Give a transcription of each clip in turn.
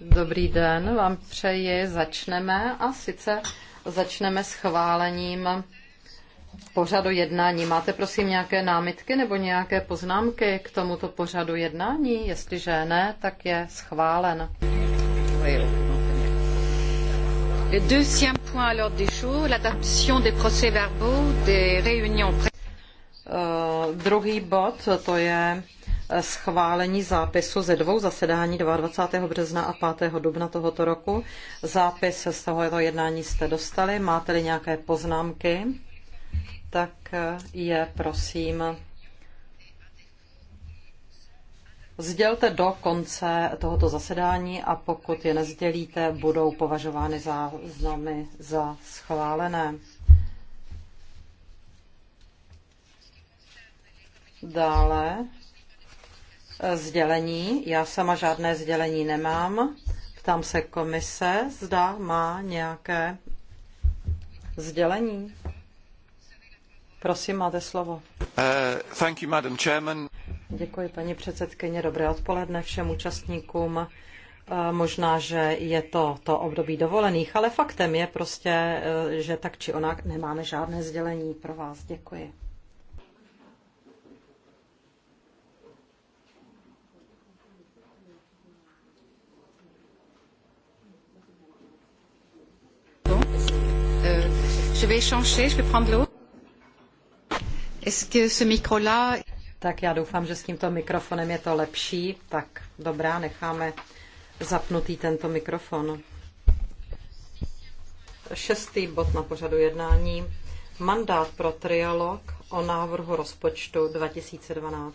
Dobrý den, vám přeji, začneme a sice začneme s chválením pořadu jednání. Máte prosím nějaké námitky nebo nějaké poznámky k tomuto pořadu jednání? Jestliže ne, tak je schválen. Deuxième point à l'ordre du jour, l'adoption des procès-verbaux des réunions Eh, druhý bod, to je eh, schválení zápisu ze dvou zasedání 22. března a 5. dubna tohoto roku. Zápis z tohoto jednání jste dostali. Máte-li nějaké poznámky, tak eh, je prosím sdělte do konce tohoto zasedání a pokud je nezdělíte, budou považovány záznamy za schválené. Dále eh, sdělení. Já sama žádné sdělení nemám. Ptám se komise, zda má nějaké sdělení. Prosím, máte slovo. Uh, thank you, Madam Chairman. Děkuji, paní předsedkyně. Dobré odpoledne všem účastníkům. Eh, možná, že je to to období dovolených, ale faktem je prostě, že tak či onak nemáme žádné sdělení pro vás. Děkuji. Je vais changer, je vais prendre Est-ce que ce micro-là... Tak já doufám, že s tímto mikrofonem je to lepší. Tak dobrá, necháme zapnutý tento mikrofon. Šestý bod na pořadu jednání. Mandát pro trialog o návrhu rozpočtu 2012.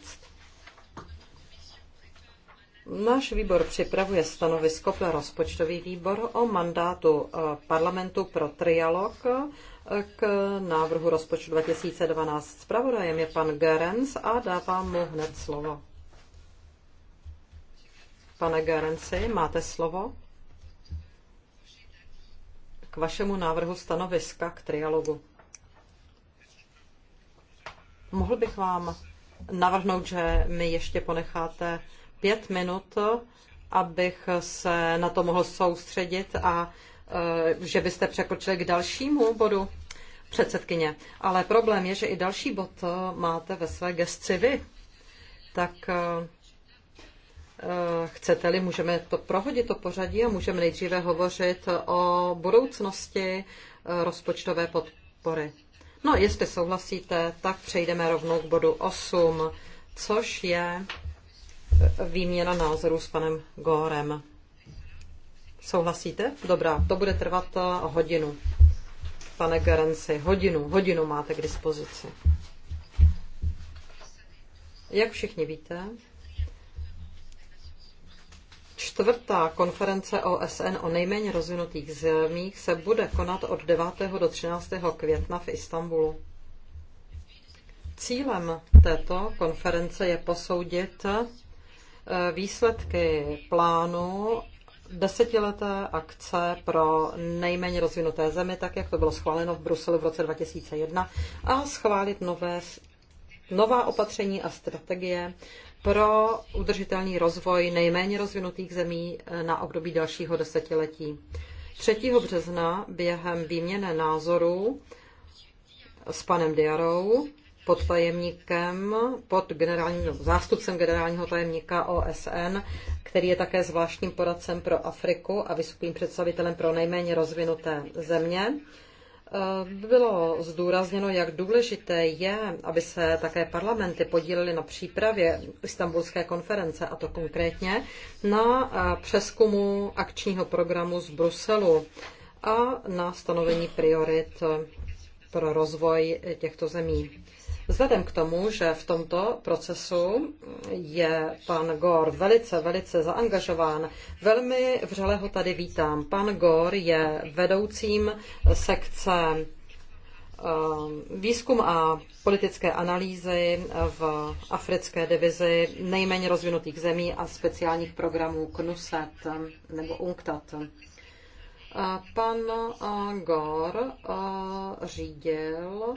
Náš výbor připravuje stanovisko pro rozpočtový výbor o mandátu eh, parlamentu pro trialog k návrhu rozpočtu 2012. Spravodajem je pan Gerens a dávám mu hned slovo. Pane Gerenci, máte slovo k vašemu návrhu stanoviska k trialogu. Mohl bych vám navrhnout, že mi ještě ponecháte pět minut, abych se na to mohl soustředit a Eh, že byste překročili k dalšímu bodu předsedkyně. Ale problém je, že i další bod eh, máte ve své gesci vy. Tak eh, chcete-li, můžeme to prohodit, to pořadí a můžeme nejdříve hovořit o budoucnosti rozpočtové podpory. No, jestli souhlasíte, tak přejdeme rovnou k bodu 8, což je výměna názorů s panem Górem. Souhlasíte? Dobrá, to bude trvat eh, hodinu. Pane Garanci, hodinu, hodinu máte k dispozici. Jak všichni víte, čtvrtá konference OSN o nejméně rozvinutých zemích se bude konat od 9. do 13. května v Istanbulu. Cílem této konference je posoudit eh, výsledky plánu desetileté akce pro nejméně rozvinuté zemi, tak jak to bylo schváleno v Bruselu v roce 2001, a schválit nové, nová opatření a strategie pro udržitelný rozvoj nejméně rozvinutých zemí eh, na období dalšího desetiletí. 3. března během výměny názorů s panem Diarou pod tajemníkem, pod generálním, no, zástupcem generálního tajemníka OSN, který je také zvláštním poradcem pro Afriku a vysokým představitelem pro nejméně rozvinuté země. E, bylo zdůrazněno, jak důležité je, aby se také parlamenty podílely na přípravě Istanbulské konference, a to konkrétně na e, přeskumu akčního programu z Bruselu a na stanovení priorit pro rozvoj těchto zemí. Vzhledem k tomu, že v tomto procesu je pan Gor velice, velice zaangažován, velmi vřele ho tady vítám. Pan Gor je vedoucím sekce ehm, výzkum a politické analýzy v africké divizi nejméně rozvinutých zemí a speciálních programů KNUSET nebo UNCTAD. Pan Gor řídil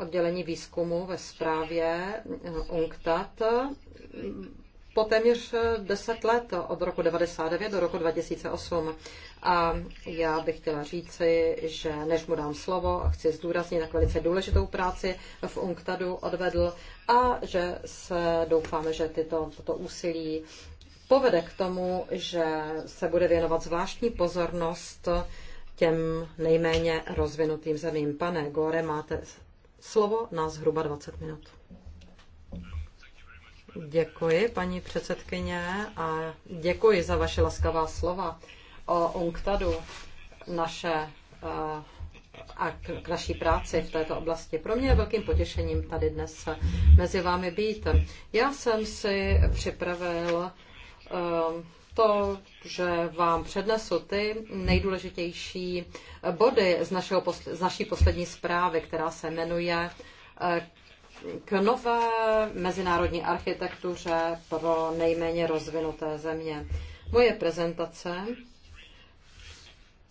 oddělení výzkumu ve zprávě eh, UNCTAD po téměř 10 eh, let od roku 99 do roku 2008. A já bych chtěla říci, že než mu dám slovo, chci zdůraznit, jak velice důležitou práci v UNCTADu odvedl a že se doufáme, že tyto, toto úsilí povede k tomu, že se bude věnovat zvláštní pozornost těm nejméně rozvinutým zemím. Pane Gore, máte slovo na zhruba 20 minut. Děkuji, paní předsedkyně, a děkuji za vaše laskavá slova o UNCTADu, naše eh, a k naší práci v této oblasti. Pro mě je velkým potěšením tady dnes eh, mezi vámi být. Já jsem si připravil eh, to, že vám přednesu ty nejdůležitější body z, našeho, z naší poslední zprávy, která se jmenuje eh, k nové mezinárodní architektuře pro nejméně rozvinuté země. Moje prezentace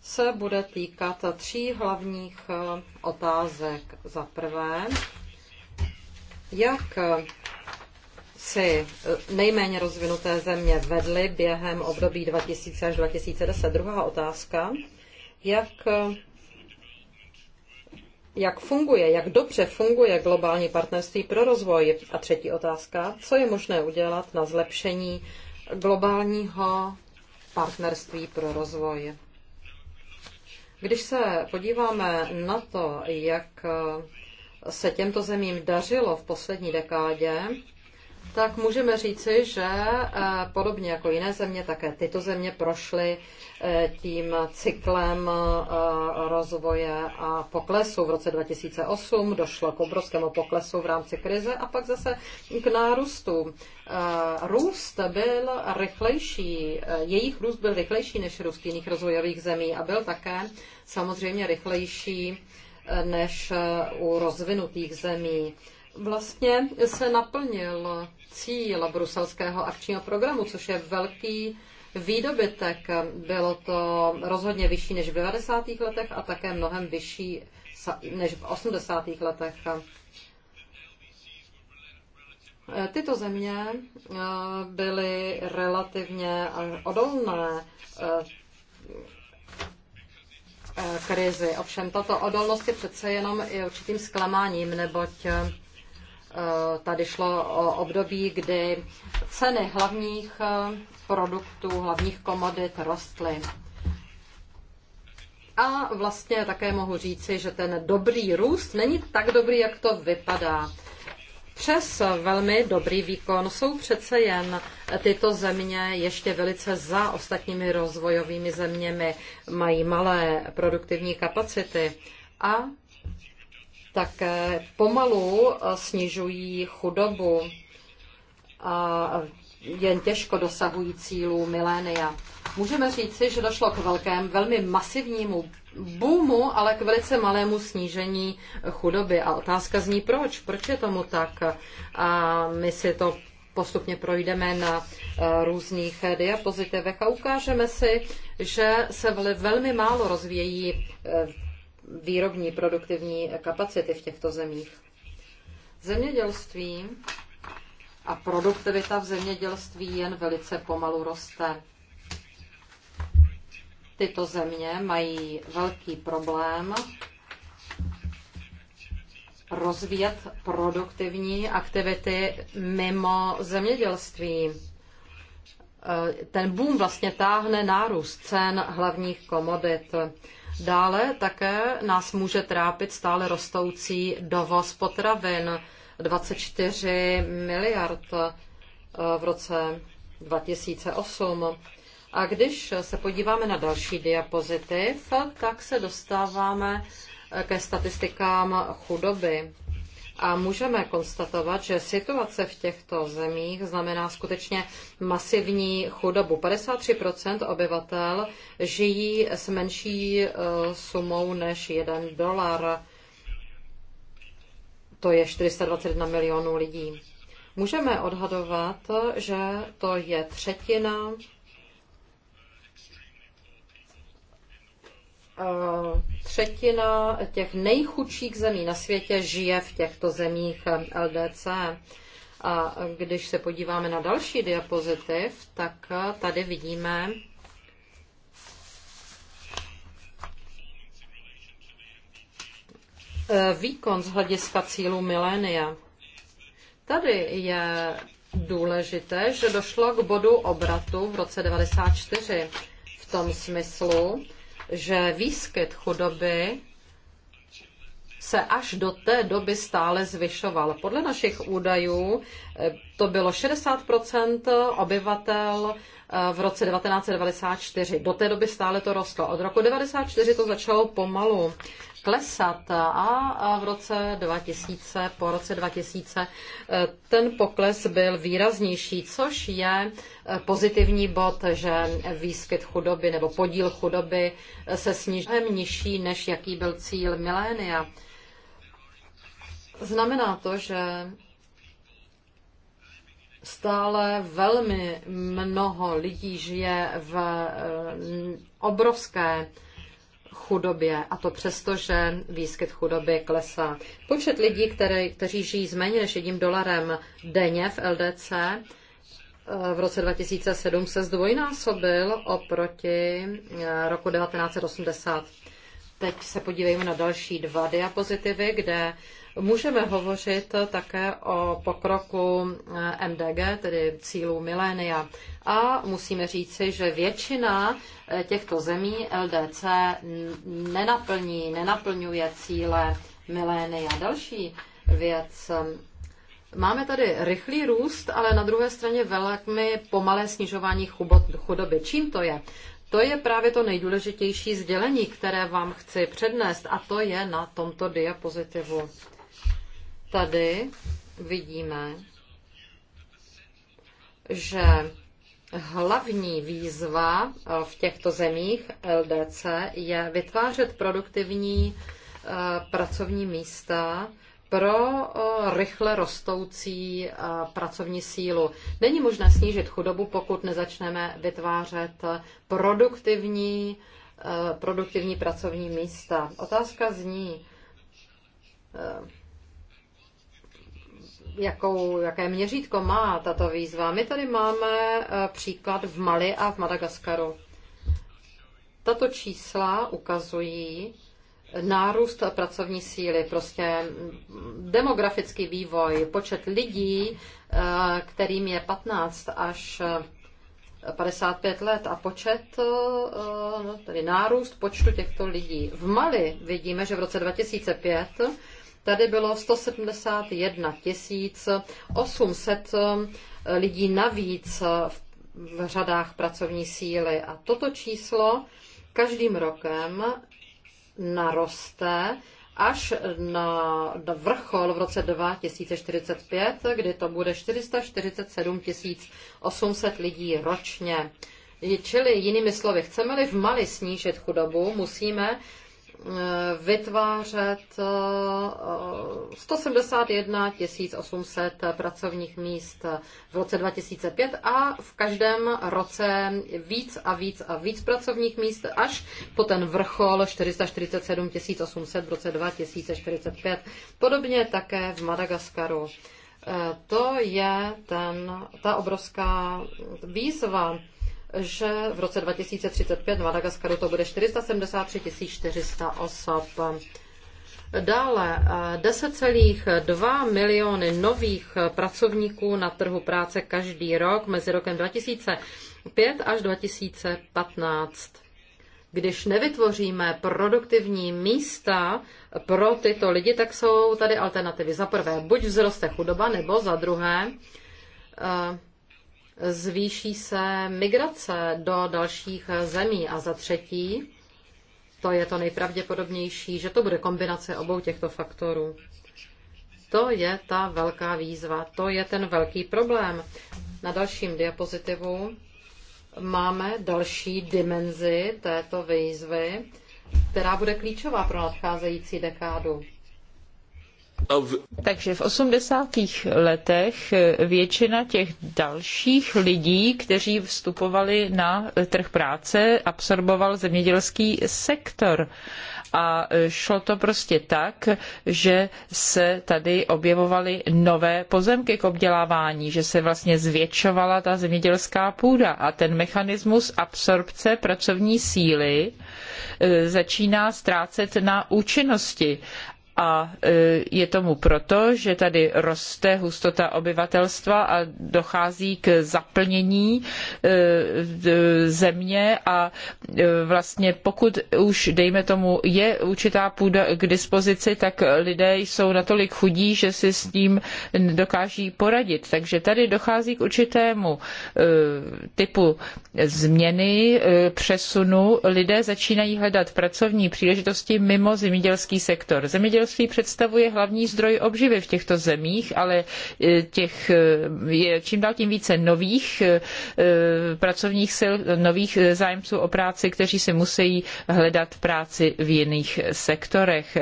se bude týkat tří hlavních eh, otázek. Za prvé, jak si eh, nejméně rozvinuté země vedly během období 2000 až 2010. Druhá otázka, jak, eh, jak funguje, jak dobře funguje globální partnerství pro rozvoj. A třetí otázka, co je možné udělat na zlepšení globálního partnerství pro rozvoj. Když se podíváme na to, jak eh, se těmto zemím dařilo v poslední dekádě, tak můžeme říci, že eh, podobně jako jiné země, také tyto země prošly eh, tím cyklem eh, rozvoje a poklesu. V roce 2008 došlo k obrovskému poklesu v rámci krize a pak zase k nárůstu. Růst byl rychlejší, jejich růst byl rychlejší než růst jiných rozvojových zemí a byl také samozřejmě rychlejší než u rozvinutých zemí vlastně se naplnil cíl bruselského akčního programu, což je velký výdobytek. Bylo to rozhodně vyšší než v 90. letech a také mnohem vyšší než v 80. letech. Tyto země eh, byly relativně eh, odolné eh, krizi. Ovšem tato odolnost je přece jenom i určitým zklamáním, neboť Eh, tady šlo o období, kdy ceny hlavních eh, produktů, hlavních komodit rostly. A vlastně také mohu říci, že ten dobrý růst není tak dobrý, jak to vypadá. Přes velmi dobrý výkon jsou přece jen tyto země ještě velice za ostatními rozvojovými zeměmi, mají malé produktivní kapacity a také pomalu eh, snižují chudobu a jen těžko dosahují cílů milénia. Můžeme říci, že došlo k velkém, velmi masivnímu boomu, ale k velice malému snížení chudoby. A otázka zní, proč? Proč je tomu tak? A my si to postupně projdeme na eh, různých diapozitivech a ukážeme si, že se velmi málo rozvíjí eh, výrobní produktivní kapacity v těchto zemích. Zemědělství a produktivita v zemědělství jen velice pomalu roste. Tyto země mají velký problém rozvíjet produktivní aktivity mimo zemědělství. Ten boom vlastně táhne nárůst cen hlavních komodit. Dále také nás může trápit stále rostoucí dovoz potravin 24 miliard eh, v roce 2008. A když se podíváme na další diapozitiv, tak se dostáváme eh, ke statistikám chudoby. A můžeme konstatovat, že situace v těchto zemích znamená skutečně masivní chudobu. 53% obyvatel žijí s menší eh, sumou než 1 dolar. To je 421 milionů lidí. Můžeme odhadovat, že to je třetina Eh, třetina těch nejchudších zemí na světě žije v těchto zemích eh, LDC. A když se podíváme na další diapozitiv, tak eh, tady vidíme výkon z hlediska cílu milénia. Tady je důležité, že došlo k bodu obratu v roce 1994 v tom smyslu, že výskyt chudoby se až do té doby stále zvyšoval. Podle našich údajů eh, to bylo 60 obyvatel v roce 1994. Do té doby stále to rostlo. Od roku 1994 to začalo pomalu klesat a v roce 2000, po roce 2000 eh, ten pokles byl výraznější, což je eh, pozitivní bod, že výskyt chudoby nebo podíl chudoby eh, se snižuje nižší, než jaký byl cíl milénia. Znamená to, že Stále velmi mnoho lidí žije v eh, obrovské chudobě, a to přesto, že výskyt chudoby klesá. Počet lidí, které, kteří žijí s méně než jedním dolarem denně v LDC, eh, v roce 2007 se zdvojnásobil oproti eh, roku 1980. Teď se podívejme na další dva diapozitivy, kde Můžeme hovořit také o pokroku eh, MDG, tedy cílů milénia. A musíme říci, že většina eh, těchto zemí LDC nenaplní, nenaplňuje cíle milénia. Další věc. Máme tady rychlý růst, ale na druhé straně velmi pomalé snižování chudoby. Čím to je? To je právě to nejdůležitější sdělení, které vám chci přednést a to je na tomto diapozitivu. Tady vidíme, že hlavní výzva eh, v těchto zemích LDC je vytvářet produktivní eh, pracovní místa pro eh, rychle rostoucí pracovní sílu. Není možné snížit chudobu, pokud nezačneme vytvářet produktivní, produktivní pracovní místa. Otázka zní, jakou, jaké měřítko má tato výzva. My tady máme eh, příklad v Mali a v Madagaskaru. Tato čísla ukazují eh, nárůst pracovní síly, prostě mm, demografický vývoj, počet lidí, eh, kterým je 15 až 55 let a počet, no, tedy nárůst počtu těchto lidí. V Mali vidíme, že v roce 2005 tady bylo 171 800 eh, lidí navíc eh, v řadách pracovní síly. A toto číslo každým rokem naroste až na vrchol v roce 2045, kdy to bude 447 800 lidí ročně. Čili jinými slovy, chceme-li v Mali snížit chudobu, musíme Eh, vytvářet 171 eh, 800 pracovních míst v roce 2005 a v každém roce víc a víc a víc pracovních míst až po ten vrchol 447 800 v roce 2045. Podobně také v Madagaskaru. Eh, to je ten, ta obrovská výzva že v roce 2035 v Madagaskaru to bude 473 400 osob. Dále 10,2 eh, miliony nových pracovníků na trhu práce každý rok mezi rokem 2005 až 2015. Když nevytvoříme produktivní místa pro tyto lidi, tak jsou tady alternativy. Za prvé, buď vzroste chudoba, nebo za druhé, eh, zvýší se migrace do dalších zemí. A za třetí, to je to nejpravděpodobnější, že to bude kombinace obou těchto faktorů. To je ta velká výzva, to je ten velký problém. Na dalším diapozitivu máme další dimenzi této výzvy, která bude klíčová pro nadcházející dekádu. Takže v 80. letech většina těch dalších lidí, kteří vstupovali na trh práce, absorboval zemědělský sektor. A šlo to prostě tak, že se tady objevovaly nové pozemky k obdělávání, že se vlastně zvětšovala ta zemědělská půda a ten mechanismus absorpce pracovní síly e, začíná ztrácet na účinnosti a e, je tomu proto, že tady roste hustota obyvatelstva a dochází k zaplnění e, e, země a vlastně pokud už, dejme tomu, je určitá půda k dispozici, tak lidé jsou natolik chudí, že si s tím dokáží poradit. Takže tady dochází k určitému typu změny, přesunu. Lidé začínají hledat pracovní příležitosti mimo zemědělský sektor. Zemědělský zemědělství představuje hlavní zdroj obživy v těchto zemích, ale e, těch e, je čím dál tím více nových e, pracovních sil, nových zájemců o práci, kteří si musí hledat práci v jiných sektorech.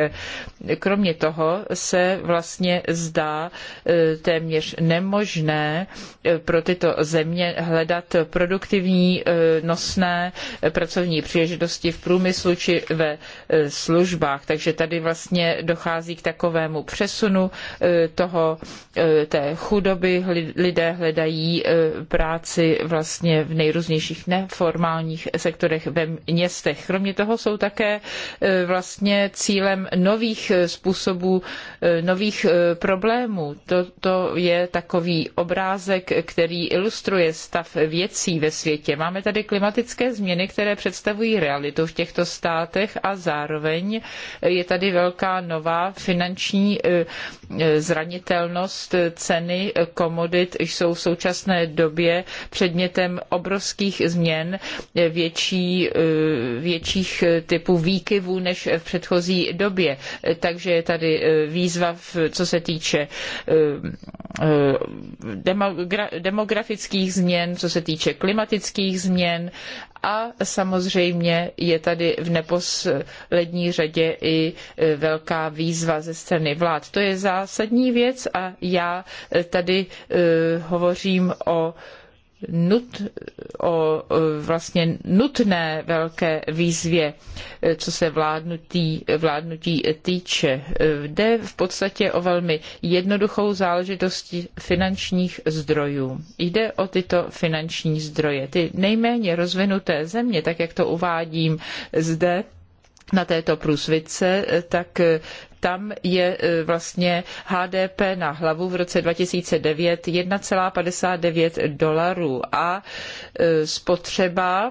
Kromě toho se vlastně zdá téměř nemožné pro tyto země hledat produktivní nosné pracovní příležitosti v průmyslu či ve službách. Takže tady vlastně dochází k takovému přesunu eh, toho, eh, té chudoby. Lidé hledají eh, práci vlastně v nejrůznějších neformálních sektorech ve městech. Kromě toho jsou také vlastně cílem nových způsobů, nových problémů. Toto je takový obrázek, který ilustruje stav věcí ve světě. Máme tady klimatické změny, které představují realitu v těchto státech a zároveň je tady velká nová nová finanční e, e, zranitelnost e, ceny komodit jsou v současné době předmětem obrovských změn, větší, větších typů výkyvů než v předchozí době. Takže je tady výzva, co se týče demografických změn, co se týče klimatických změn a samozřejmě je tady v neposlední řadě i e, velká výzva ze strany vlád. To je zásadní věc a já e, tady e, hovořím o nut, o vlastně nutné velké výzvě, e, co se vládnutí, vládnutí týče. E, jde v podstatě o velmi jednoduchou záležitost finančních zdrojů. Jde o tyto finanční zdroje. Ty nejméně rozvinuté země, tak jak to uvádím zde, na této průsvitce, tak tam je e, vlastně HDP na hlavu v roce 2009 1,59 dolarů a e, spotřeba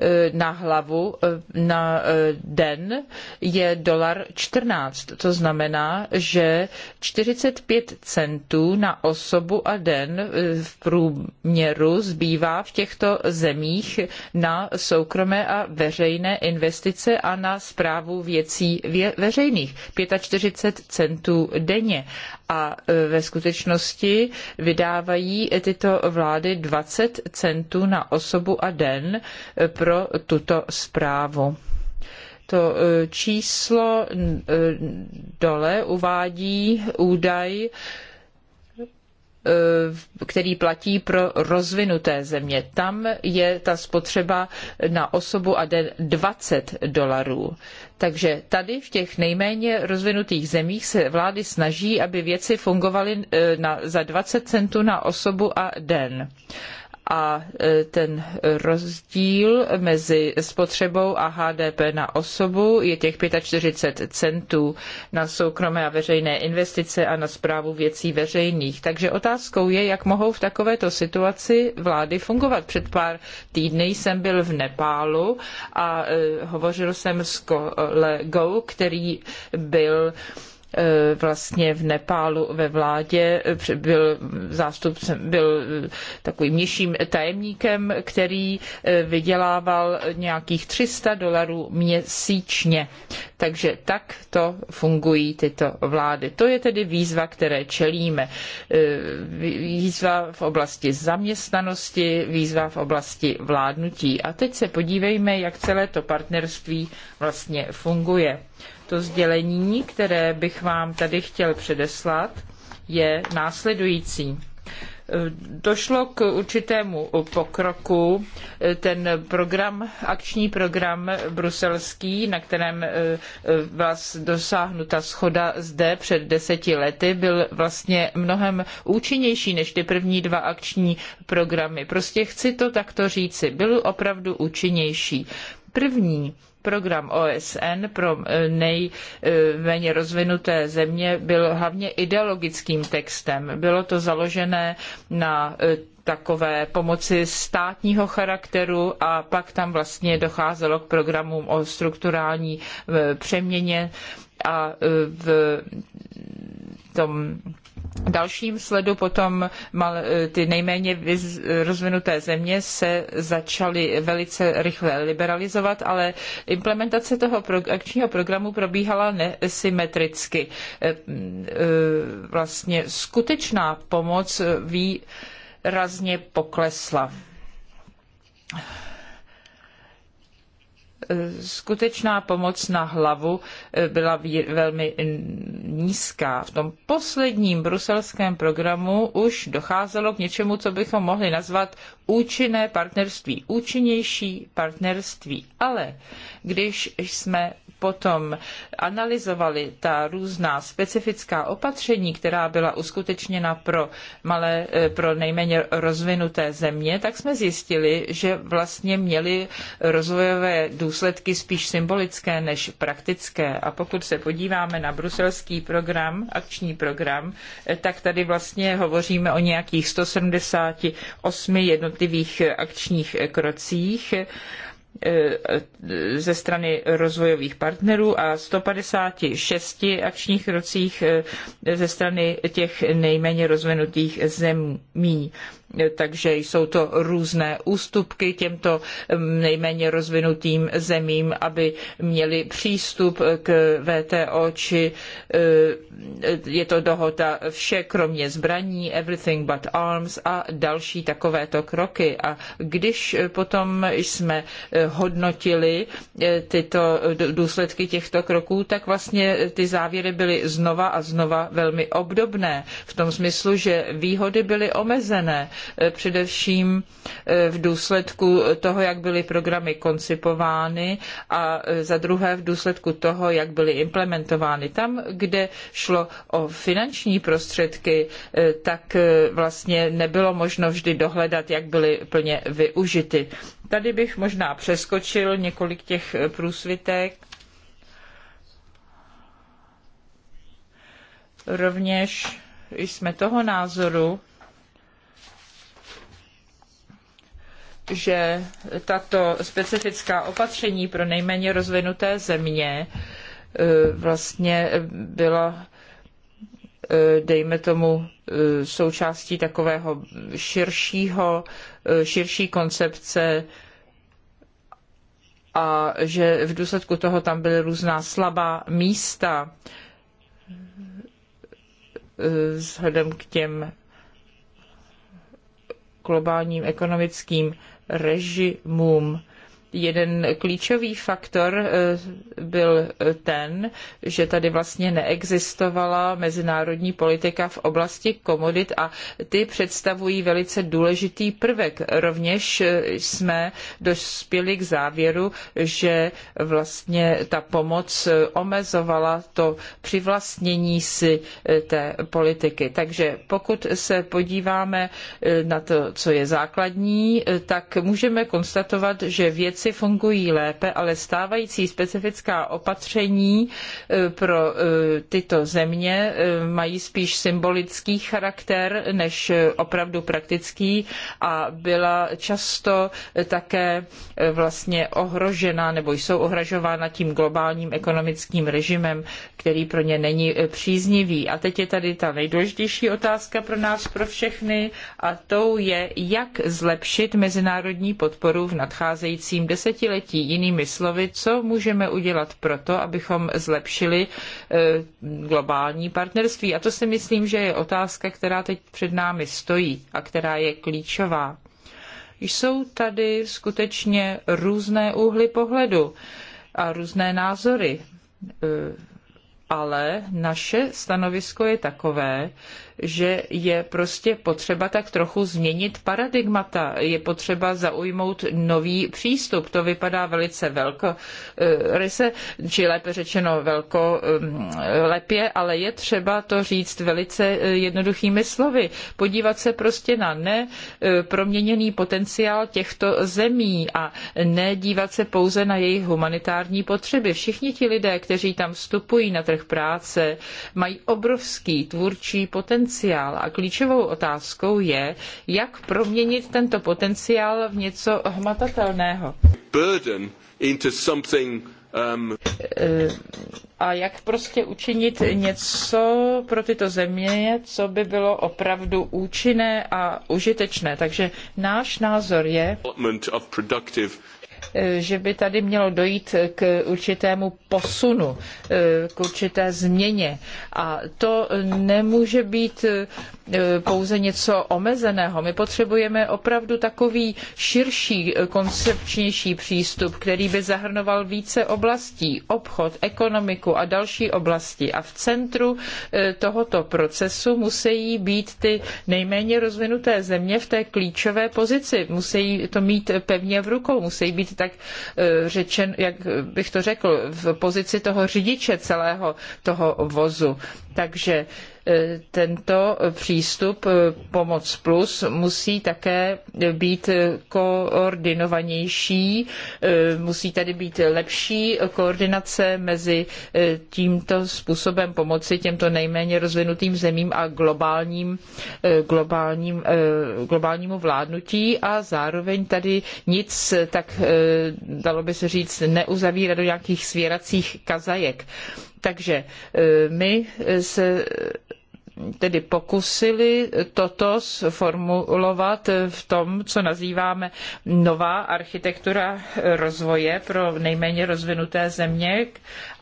Eh, na hlavu eh, na eh, den je dolar 14. To znamená, že 45 centů na osobu a den v průměru zbývá v těchto zemích na soukromé a veřejné investice a na správu věcí veřejných. 45 centů denně. A ve skutečnosti vydávají tyto vlády 20 centů na osobu a den pro tuto zprávu. To e, číslo e, dole uvádí údaj, e, který platí pro rozvinuté země. Tam je ta spotřeba na osobu a den 20 dolarů. Takže tady v těch nejméně rozvinutých zemích se vlády snaží, aby věci fungovaly na, za 20 centů na osobu a den a e, ten rozdíl mezi spotřebou a HDP na osobu je těch 45 centů na soukromé a veřejné investice a na správu věcí veřejných. Takže otázkou je, jak mohou v takovéto situaci vlády fungovat. Před pár týdny jsem byl v Nepálu a e, hovořil jsem s kolegou, který byl Eh, vlastně v Nepálu ve vládě, eh, byl zástupcem, byl eh, takovým nižším tajemníkem, který vydělával nějakých 300 dolarů měsíčně. Takže tak to fungují tyto vlády. To je tedy výzva, které čelíme. Výzva v oblasti zaměstnanosti, výzva v oblasti vládnutí. A teď se podívejme, jak celé to partnerství vlastně funguje. To sdělení, které bych vám tady chtěl předeslat, je následující došlo k určitému pokroku. Ten program, akční program bruselský, na kterém eh, eh, byla dosáhnuta schoda zde před deseti lety, byl vlastně mnohem účinnější než ty první dva akční programy. Prostě chci to takto říci. Byl opravdu účinnější. První Program OSN pro eh, nejméně eh, rozvinuté země byl hlavně ideologickým textem. Bylo to založené na eh, takové pomoci státního charakteru a pak tam vlastně docházelo k programům o strukturální přeměně a v tom dalším sledu potom mal, eh, ty nejméně eh, rozvinuté země se začaly velice rychle liberalizovat, ale implementace toho akčního programu probíhala nesymetricky. Eh, vlastně skutečná pomoc výrazně poklesla skutečná pomoc na hlavu eh, byla velmi nízká. V tom posledním bruselském programu už docházelo k něčemu, co bychom mohli nazvat účinné partnerství, účinnější partnerství. Ale když jsme potom analyzovali ta různá specifická opatření, která byla uskutečněna pro, malé, eh, pro nejméně rozvinuté země, tak jsme zjistili, že vlastně měly rozvojové důsledky spíš symbolické než praktické. A pokud se podíváme na bruselský program, akční program, eh, tak tady vlastně hovoříme o nějakých 178 jednotlivých eh, akčních krocích Eh, ze strany rozvojových partnerů a 156 akčních rocích eh, ze strany těch nejméně rozvinutých zemí takže jsou to různé ústupky těmto mm, nejméně rozvinutým zemím, aby měli přístup k VTO, či eh, je to dohoda vše kromě zbraní, everything but arms a další takovéto kroky. A když potom jsme eh, hodnotili eh, tyto důsledky těchto kroků, tak vlastně ty závěry byly znova a znova velmi obdobné v tom smyslu, že výhody byly omezené Eh, především eh, v důsledku toho, jak byly programy koncipovány a eh, za druhé v důsledku toho, jak byly implementovány. Tam, kde šlo o finanční prostředky, tak vlastně nebylo možno vždy dohledat, jak byly plně využity. Tady bych možná přeskočil několik těch průsvitek. Rovněž jsme toho názoru, že tato specifická opatření pro nejméně rozvinuté země e, vlastně byla e, dejme tomu, e, součástí takového širšího, širší koncepce a že v důsledku toho tam byly různá slabá místa vzhledem k těm globálním ekonomickým režimům Jeden klíčový faktor eh, byl ten, že tady vlastně neexistovala mezinárodní politika v oblasti komodit a ty představují velice důležitý prvek. Rovněž eh, jsme dospěli k závěru, že vlastně ta pomoc eh, omezovala to přivlastnění si té politiky. Takže pokud se podíváme na to, co je základní, tak můžeme konstatovat, že věc věci fungují lépe, ale stávající specifická opatření e, pro e, tyto země e, mají spíš symbolický charakter než opravdu praktický a byla často také vlastně ohrožena nebo jsou ohrožována tím globálním ekonomickým režimem, který pro ně není příznivý. A teď je tady ta nejdůležitější otázka pro nás, pro všechny, a tou je, jak zlepšit mezinárodní podporu v nadcházejícím desetiletí. Jinými slovy, co můžeme udělat pro to, abychom zlepšili eh, globální partnerství. A to si myslím, že je otázka, která teď před námi stojí a která je klíčová. Jsou tady skutečně různé úhly pohledu a různé názory eh, ale naše stanovisko je takové, že je prostě potřeba tak trochu změnit paradigmata, je potřeba zaujmout nový přístup. To vypadá velice velko eh, ryse, či lépe řečeno velko mm, lepě, ale je třeba to říct velice eh, jednoduchými slovy. Podívat se prostě na neproměněný eh, potenciál těchto zemí a ne dívat se pouze na jejich humanitární potřeby. Všichni ti lidé, kteří tam vstupují na trh práce, mají obrovský tvůrčí potenciál potenciál a klíčovou otázkou je, jak proměnit tento potenciál v něco hmatatelného. Burden into something Um... Eh, a jak prostě učinit něco pro tyto země, co by bylo opravdu účinné a užitečné. Takže náš názor je Eh, že by tady mělo dojít k určitému posunu, eh, k určité změně. A to nemůže být eh, pouze něco omezeného. My potřebujeme opravdu takový širší, koncepčnější přístup, který by zahrnoval více oblastí, obchod, ekonomiku a další oblasti. A v centru tohoto procesu musí být ty nejméně rozvinuté země v té klíčové pozici. Musí to mít pevně v rukou, musí být tak eh, řečen, jak bych to řekl, v pozici toho řidiče celého toho vozu. Takže E, tento přístup e, Pomoc Plus musí také být koordinovanější, e, musí tady být lepší koordinace mezi tímto způsobem pomoci těmto nejméně rozvinutým zemím a globálním, globálním, globálnímu vládnutí a zároveň tady nic, tak dalo by se říct, neuzavírat do nějakých svěracích kazajek. Takže e, my se tedy pokusili toto sformulovat v tom, co nazýváme nová architektura rozvoje pro nejméně rozvinuté země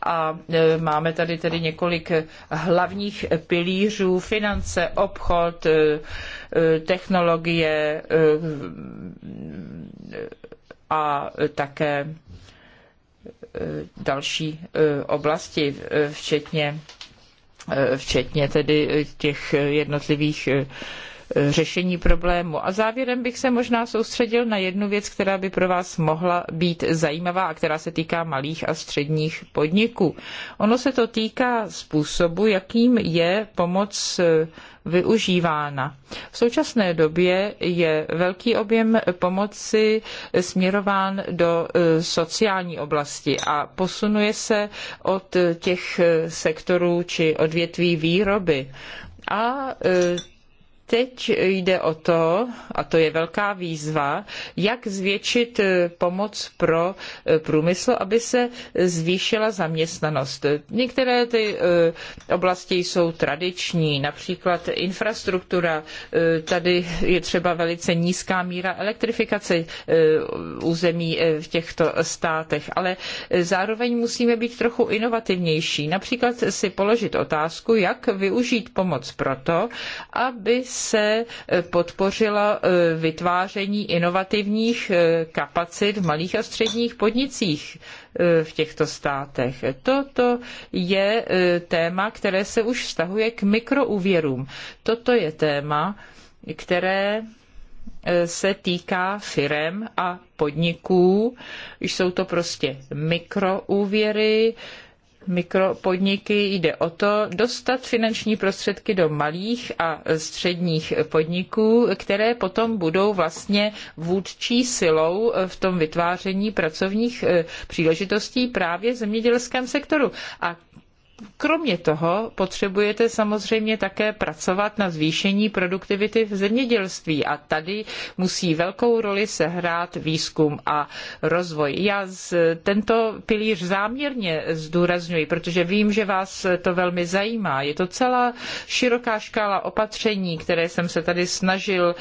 a e, máme tady tedy několik hlavních pilířů, finance, obchod, e, technologie a také Eh, další eh, oblasti, eh, včetně, včetně tedy těch jednotlivých řešení problému. A závěrem bych se možná soustředil na jednu věc, která by pro vás mohla být zajímavá a která se týká malých a středních podniků. Ono se to týká způsobu, jakým je pomoc eh, využívána. V současné době je velký objem pomoci směrován do eh, sociální oblasti a posunuje se od eh, těch sektorů či odvětví výroby. A Teď jde o to, a to je velká výzva, jak zvětšit eh, pomoc pro eh, průmysl, aby se zvýšila zaměstnanost. Některé ty eh, oblasti jsou tradiční, například infrastruktura, tady je třeba velice nízká míra elektrifikace území v těchto státech, ale zároveň musíme být trochu inovativnější. Například si položit otázku, jak využít pomoc proto, aby komise eh, podpořila eh, vytváření inovativních eh, kapacit v malých a středních podnicích v těchto státech. Toto je téma, které se už vztahuje k mikroúvěrům. Toto je téma, které se týká firem a podniků. Jsou to prostě mikroúvěry, mikropodniky jde o to dostat finanční prostředky do malých a středních podniků, které potom budou vlastně vůdčí silou v tom vytváření pracovních eh, příležitostí právě v zemědělském sektoru. A Kromě toho potřebujete samozřejmě také pracovat na zvýšení produktivity v zemědělství a tady musí velkou roli sehrát výzkum a rozvoj. Já tento pilíř záměrně zdůrazňuji, protože vím, že vás to velmi zajímá. Je to celá široká škála opatření, které jsem se tady snažil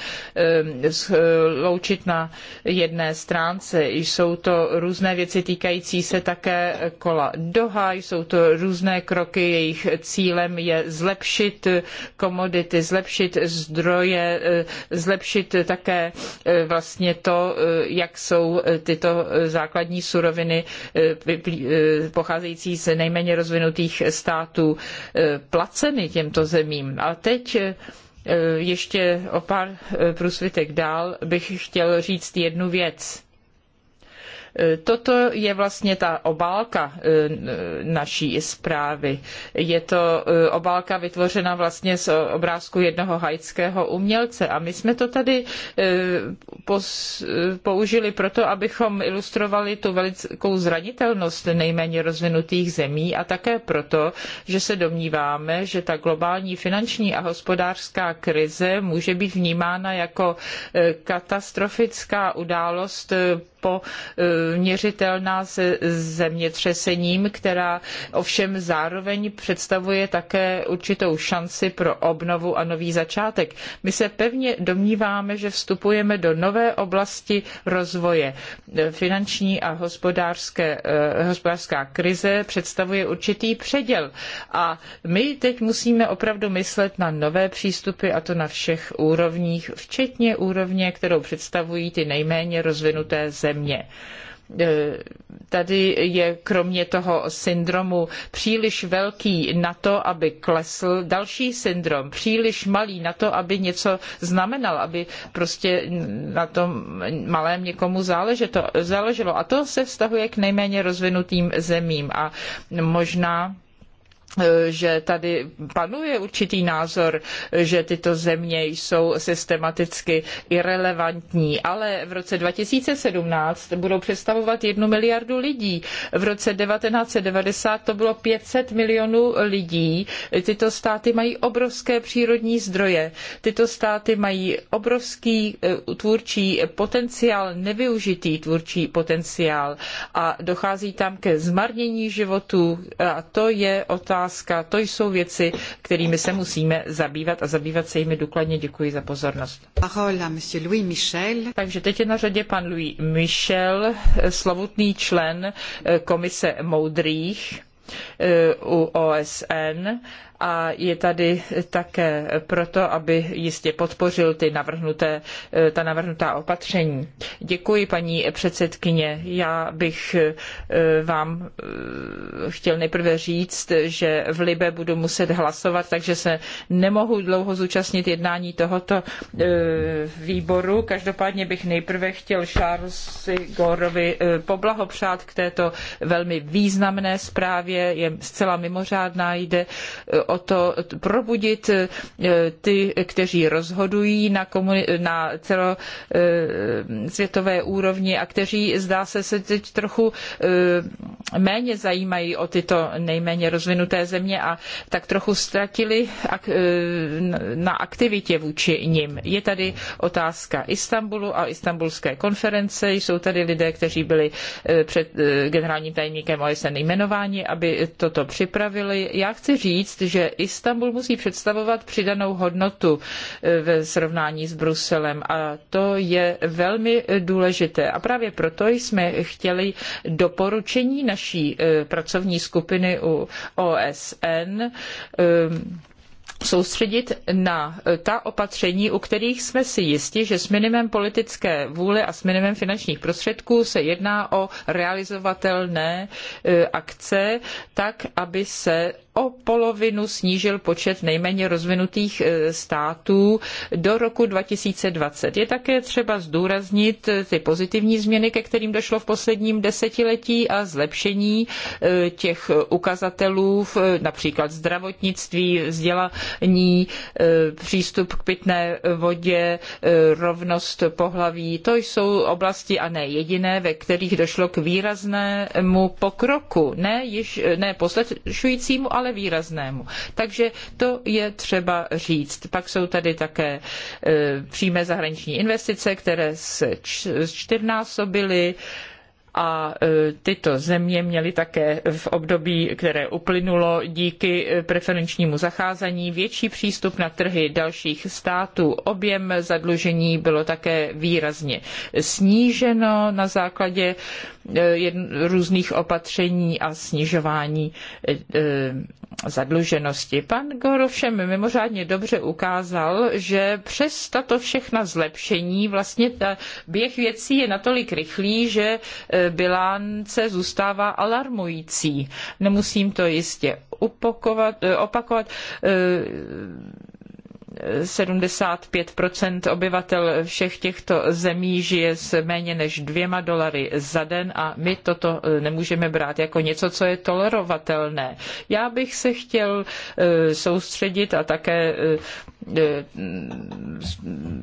loučit na jedné stránce. Jsou to různé věci týkající se také kola Doha, jsou to různé kroky. Jejich cílem je zlepšit komodity, zlepšit zdroje, eh, zlepšit také eh, vlastně to, eh, jak jsou tyto základní suroviny pocházející z nejméně rozvinutých států placeny těmto zemím. A teď ještě o pár průsvitek dál bych chtěl říct jednu věc Toto je vlastně ta obálka e, naší zprávy. Je to e, obálka vytvořena vlastně z obrázku jednoho haitského umělce a my jsme to tady e, použili proto, abychom ilustrovali tu velikou zranitelnost nejméně rozvinutých zemí a také proto, že se domníváme, že ta globální finanční a hospodářská krize může být vnímána jako katastrofická událost měřitelná se zemětřesením, která ovšem zároveň představuje také určitou šanci pro obnovu a nový začátek. My se pevně domníváme, že vstupujeme do nové oblasti rozvoje. Finanční a hospodářské, eh, hospodářská krize představuje určitý předěl a my teď musíme opravdu myslet na nové přístupy a to na všech úrovních, včetně úrovně, kterou představují ty nejméně rozvinuté země země e, tady je kromě toho syndromu příliš velký na to, aby klesl, další syndrom příliš malý na to, aby něco znamenal, aby prostě na tom malém někomu záleželo. A to se vztahuje k nejméně rozvinutým zemím. A možná Eh, že tady panuje určitý názor, že tyto země jsou systematicky irrelevantní, ale v roce 2017 budou představovat jednu miliardu lidí. V roce 1990 to bylo 500 milionů lidí. Tyto státy mají obrovské přírodní zdroje. Tyto státy mají obrovský eh, tvůrčí potenciál, nevyužitý tvůrčí potenciál a dochází tam ke zmarnění životů a to je otázka otázka. To jsou věci, kterými se musíme zabývat a zabývat se jimi důkladně. Děkuji za pozornost. Takže teď je na řadě pan Louis Michel, slovutný člen eh, Komise moudrých eh, u OSN a je tady také proto, aby jistě podpořil ty navrhnuté, eh, ta navrhnutá opatření. Děkuji, paní předsedkyně. Já bych eh, vám eh, chtěl nejprve říct, že v Libe budu muset hlasovat, takže se nemohu dlouho zúčastnit jednání tohoto výboru. Každopádně bych nejprve chtěl Charlesi Gorovi poblahopřát k této velmi významné zprávě. Je zcela mimořádná, jde o to probudit e, ty, kteří rozhodují na, komuni- na celosvětové e, úrovni a kteří, zdá se, se teď trochu e, méně zajímají o tyto nejméně rozvinuté země a tak trochu ztratili na aktivitě vůči nim. Je tady otázka Istanbulu a istambulské konference. Jsou tady lidé, kteří byli před generálním tajemníkem OSN jmenováni, aby toto připravili. Já chci říct, že že Istanbul musí představovat přidanou hodnotu eh, ve srovnání s Bruselem a to je velmi eh, důležité. A právě proto jsme chtěli doporučení naší eh, pracovní skupiny u OSN ehm, soustředit na ta opatření, u kterých jsme si jisti, že s minimem politické vůle a s minimem finančních prostředků se jedná o realizovatelné akce, tak aby se o polovinu snížil počet nejméně rozvinutých e, států do roku 2020. Je také třeba zdůraznit e, ty pozitivní změny, ke kterým došlo v posledním desetiletí a zlepšení e, těch ukazatelů, v například zdravotnictví, vzdělání, přístup k pitné vodě, rovnost pohlaví. To jsou oblasti a ne jediné, ve kterých došlo k výraznému pokroku. Ne, již, ne poslešujícímu, ale ale výraznému. Takže to je třeba říct. Pak jsou tady také e, přímé zahraniční investice, které se čtyřnásobily a e, tyto země měly také v období, které uplynulo díky e, preferenčnímu zacházení, větší přístup na trhy dalších států. Objem zadlužení bylo také výrazně sníženo na základě E, různých opatření a snižování e, e, zadluženosti. Pan Gor ovšem mimořádně dobře ukázal, že přes tato všechna zlepšení vlastně ta běh věcí je natolik rychlý, že bilance zůstává alarmující. Nemusím to jistě opakovat 75 obyvatel všech těchto zemí žije s méně než dvěma dolary za den a my toto e, nemůžeme brát jako něco, co je tolerovatelné. Já bych se chtěl e, soustředit a také e, Eh,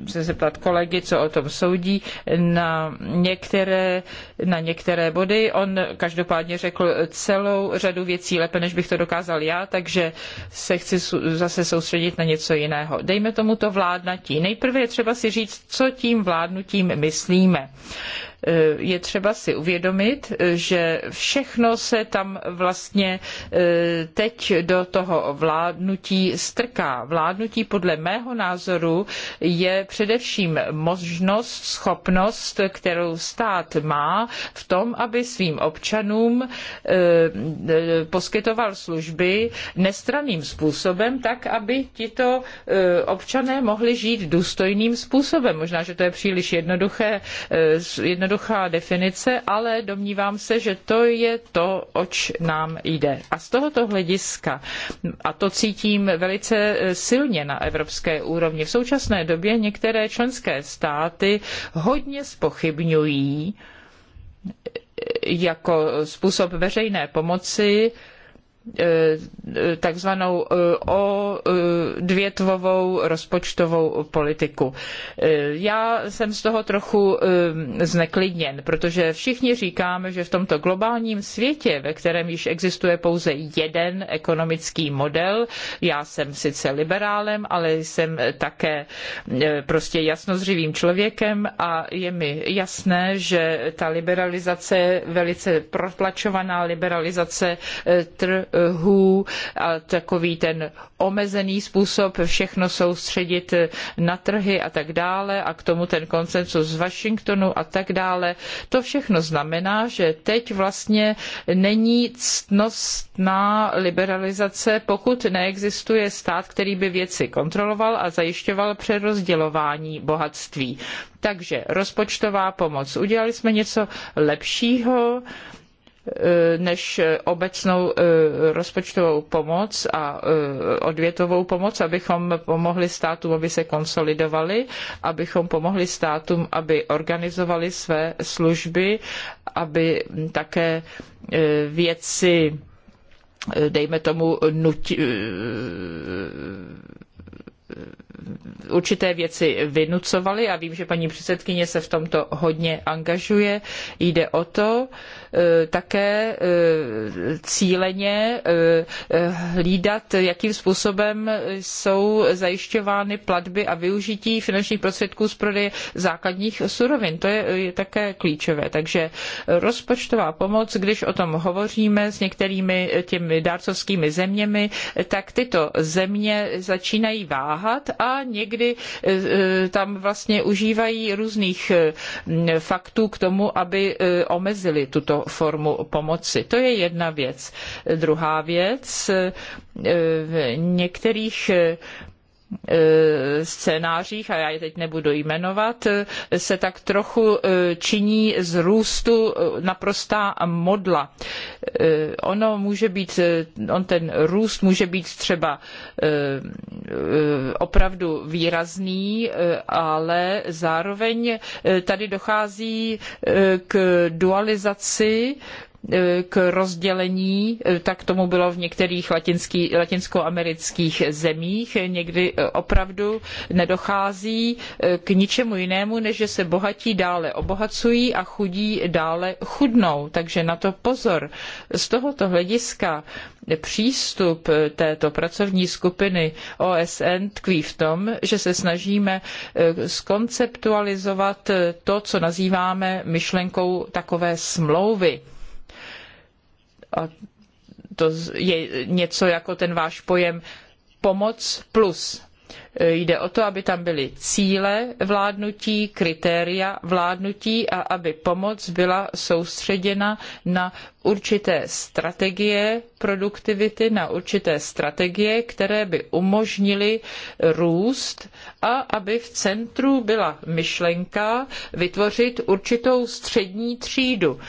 se zeptat kolegy, co o tom soudí, na některé, na některé body. On každopádně řekl celou řadu věcí lépe, než bych to dokázal já, takže se chci zase soustředit na něco jiného. Dejme tomu to vládnatí. Nejprve je třeba si říct, co tím vládnutím myslíme. Eh, je třeba si uvědomit, eh, že všechno se tam vlastně eh, teď do toho vládnutí strká. Vládnutí podle mého názoru je především možnost, schopnost, kterou stát má v tom, aby svým občanům poskytoval služby nestraným způsobem, tak aby tito občané mohli žít důstojným způsobem. Možná, že to je příliš jednoduché, jednoduché jednoduchá definice, ale domnívám se, že to je to, oč nám jde. A z tohoto hlediska, a to cítím velice eh, silně na evropské úrovni, v současné době některé členské státy hodně spochybňují eh, jako způsob veřejné pomoci Eh, takzvanou eh, odvětvovou eh, rozpočtovou politiku. Já jsem z toho trochu zneklidněn, protože všichni říkáme, že v tomto globálním světě, ve kterém již existuje pouze jeden ekonomický model, já jsem sice liberálem, ale jsem také prostě jasnozřivým člověkem a je mi jasné, že ta liberalizace, velice protlačovaná liberalizace trhu, WHO a takový ten omezený způsob všechno soustředit na trhy a tak dále a k tomu ten koncensus z Washingtonu a tak dále. To všechno znamená, že teď vlastně není ctnostná liberalizace, pokud neexistuje stát, který by věci kontroloval a zajišťoval přerozdělování bohatství. Takže rozpočtová pomoc. Udělali jsme něco lepšího, Eh, než obecnou eh, rozpočtovou pomoc a eh, odvětovou pomoc, abychom pomohli státům, aby se konsolidovali, abychom pomohli státům, aby organizovali své služby, aby také věci, dejme tomu, nutí, určité věci vynucovali a vím, že paní předsedkyně se v tomto hodně angažuje. Jde o to e, také e, cíleně e, hlídat, jakým způsobem jsou zajišťovány platby a využití finančních prostředků z prodeje základních surovin. To je také klíčové. Takže rozpočtová pomoc, když o tom hovoříme s některými těmi dárcovskými zeměmi, tak tyto země začínají váhat a a někdy eh, eh, tam vlastně užívají různých eh, faktů k tomu, aby omezili tuto formu pomoci. To je jedna věc. Druhá věc, v některých E, scénářích, a já je teď nebudu jmenovat, se tak trochu e, činí z růstu e, naprostá modla. Ono může být, on ten růst může být třeba opravdu výrazný, ale zároveň tady dochází k dualizaci E, k rozdělení, e, tak tomu bylo v některých latinský, latinskoamerických zemích. Někdy e, opravdu nedochází k ničemu jinému, než že se bohatí dále obohacují a chudí dále chudnou. Takže na to pozor. Z tohoto hlediska přístup této pracovní skupiny OSN tkví v tom, že se snažíme skonceptualizovat to, co nazýváme myšlenkou takové smlouvy a to je něco jako ten váš pojem pomoc plus. Jde o to, aby tam byly cíle vládnutí, kritéria vládnutí a aby pomoc byla soustředěna na určité strategie produktivity, na určité strategie, které by umožnily růst a aby v centru byla myšlenka vytvořit určitou střední třídu,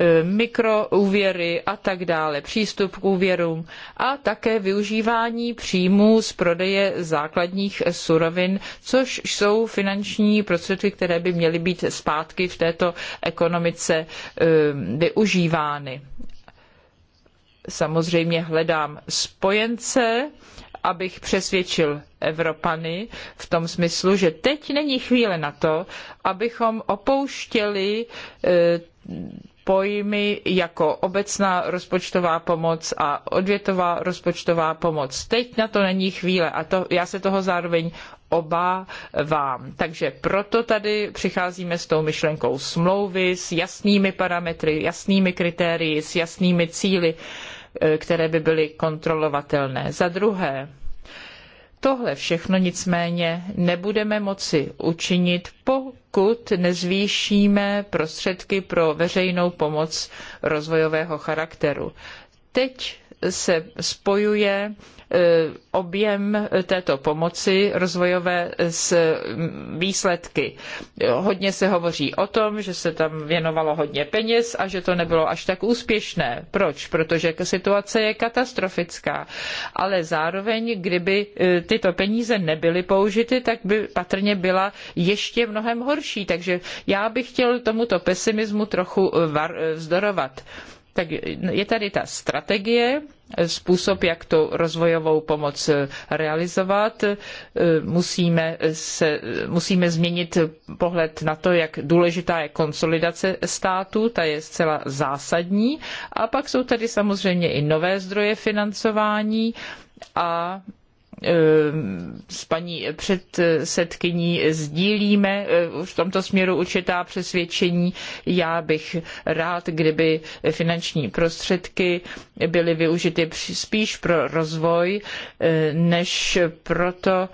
E, mikroúvěry a tak dále, přístup k úvěrům a také využívání příjmů z prodeje základních surovin, což jsou finanční prostředky, které by měly být zpátky v této ekonomice e, využívány. Samozřejmě hledám spojence, abych přesvědčil Evropany v tom smyslu, že teď není chvíle na to, abychom opouštěli e, pojmy jako obecná rozpočtová pomoc a odvětová rozpočtová pomoc. Teď na to není chvíle a to, já se toho zároveň obávám. Takže proto tady přicházíme s tou myšlenkou smlouvy, s jasnými parametry, jasnými kritérii, s jasnými cíli, eh, které by byly kontrolovatelné. Za druhé, Tohle všechno nicméně nebudeme moci učinit, pokud nezvýšíme prostředky pro veřejnou pomoc rozvojového charakteru. Teď se spojuje e, objem této pomoci rozvojové s výsledky. Hodně se hovoří o tom, že se tam věnovalo hodně peněz a že to nebylo až tak úspěšné. Proč? Protože situace je katastrofická. Ale zároveň, kdyby e, tyto peníze nebyly použity, tak by patrně byla ještě mnohem horší. Takže já bych chtěl tomuto pesimismu trochu e, vzdorovat tak je tady ta strategie, způsob, jak tu rozvojovou pomoc realizovat. Musíme, se, musíme změnit pohled na to, jak důležitá je konsolidace státu, ta je zcela zásadní. A pak jsou tady samozřejmě i nové zdroje financování a Eh, s paní předsedkyní sdílíme eh, v tomto směru určitá přesvědčení. Já bych rád, kdyby finanční prostředky byly využity spíš pro rozvoj, eh, než proto,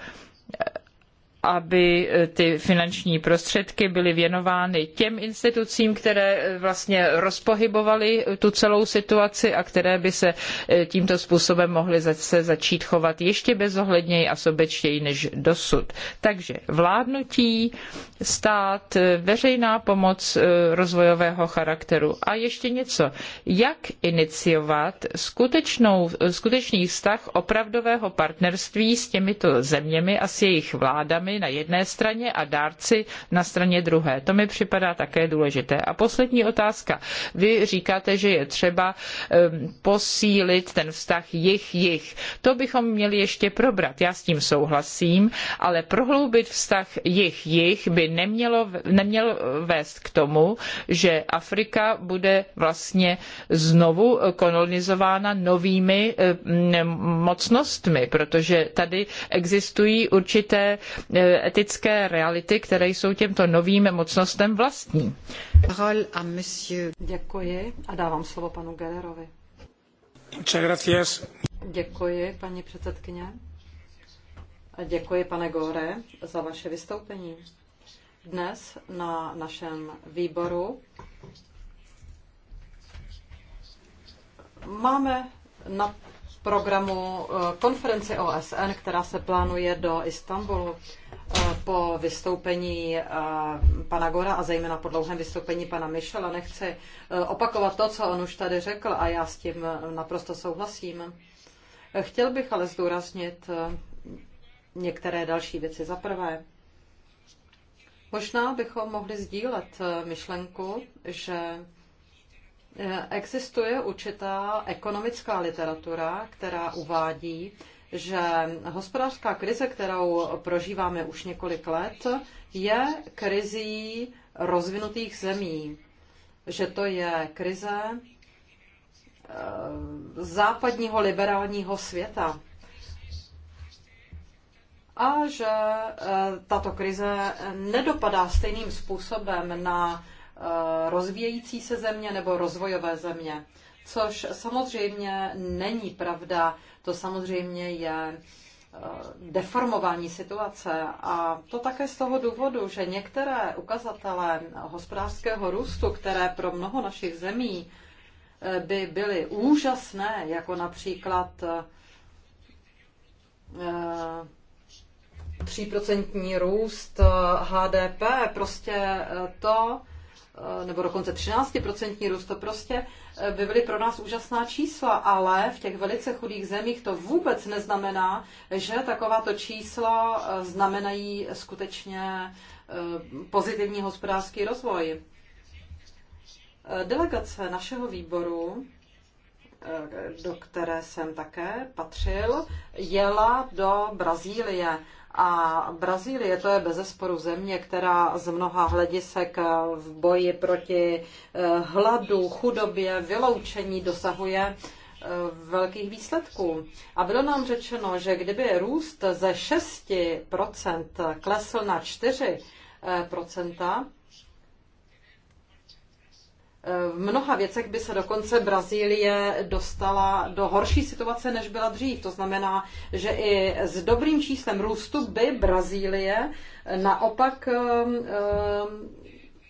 aby eh, ty finanční prostředky byly věnovány těm institucím, které eh, vlastně rozpohybovaly eh, tu celou situaci a které by se tímto způsobem mohly se začít chovat ještě bezohledněji a sobečtěji než dosud. Takže vládnutí, stát, veřejná pomoc rozvojového charakteru. A ještě něco. Jak iniciovat skutečnou, skutečný vztah opravdového partnerství s těmito zeměmi a s jejich vládami, na jedné straně a dárci na straně druhé. To mi připadá také důležité. A poslední otázka. Vy říkáte, že je třeba posílit ten vztah jich-jich. To bychom měli ještě probrat. Já s tím souhlasím, ale prohloubit vztah jich-jich by nemělo, nemělo vést k tomu, že Afrika bude vlastně znovu kolonizována novými mocnostmi, protože tady existují určité etické reality, které jsou těmto novým mocnostem vlastní. Děkuji a dávám slovo panu Gellerovi. Gererovi. Děkuji, paní předsedkyně. A děkuji, pane Gore, za vaše vystoupení. Dnes na našem výboru máme na programu eh, konferenci OSN, která se plánuje do Istanbulu po vystoupení eh, pana Gora a zejména po dlouhém vystoupení pana Michela nechci eh, opakovat to, co on už tady řekl a já s tím eh, naprosto souhlasím. Chtěl bych ale zdůraznit některé další věci. Za prvé, možná bychom mohli sdílet myšlenku, že existuje určitá ekonomická literatura, která uvádí, že hospodářská krize, kterou prožíváme už několik let, je krizí rozvinutých zemí. Že to je krize eh, západního liberálního světa. A že eh, tato krize nedopadá stejným způsobem na eh, rozvíjející se země nebo rozvojové země. Což samozřejmě není pravda to samozřejmě je eh, deformování situace a to také z toho důvodu, že některé ukazatele hospodářského růstu, které pro mnoho našich zemí eh, by byly úžasné, jako například 3% eh, růst HDP, prostě to, nebo dokonce 13% růst, to prostě by byly pro nás úžasná čísla, ale v těch velice chudých zemích to vůbec neznamená, že takováto čísla eh, znamenají skutečně eh, pozitivní hospodářský rozvoj. Eh, delegace našeho výboru do které jsem také patřil, jela do Brazílie a Brazílie to je bezesporu země, která z mnoha hledisek v boji proti eh, hladu, chudobě, vyloučení dosahuje eh, velkých výsledků. A bylo nám řečeno, že kdyby růst ze 6% klesl na 4%, v mnoha věcech by se dokonce Brazílie dostala do horší situace, než byla dřív. To znamená, že i s dobrým číslem růstu by Brazílie naopak um, um,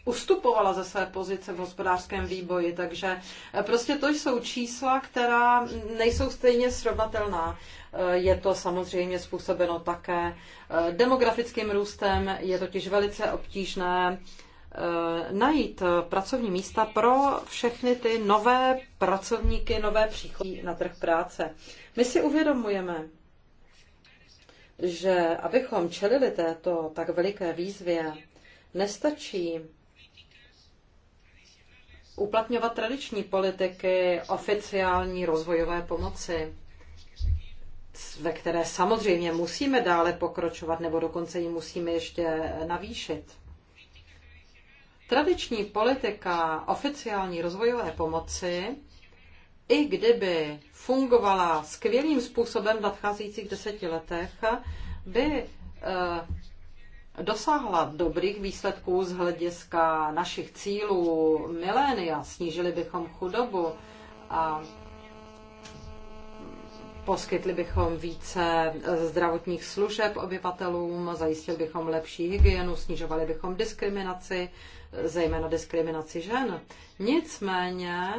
ustupovala ze své pozice v hospodářském výboji. Takže eh, prostě to jsou čísla, která nejsou stejně srovnatelná. Eh, je to samozřejmě způsobeno také eh, demografickým růstem, je totiž velice obtížné Eh, najít eh, pracovní místa pro všechny ty nové pracovníky, nové příchody na trh práce. My si uvědomujeme, že abychom čelili této tak veliké výzvě, nestačí uplatňovat tradiční politiky oficiální rozvojové pomoci, ve které samozřejmě musíme dále pokročovat, nebo dokonce ji musíme ještě navýšit. Tradiční politika oficiální rozvojové pomoci, i kdyby fungovala skvělým způsobem v nadcházejících deseti letech, by eh, dosáhla dobrých výsledků z hlediska našich cílů milénia, snížili bychom chudobu a poskytli bychom více eh, zdravotních služeb obyvatelům, zajistili bychom lepší hygienu, snižovali bychom diskriminaci zejména diskriminaci žen. Nicméně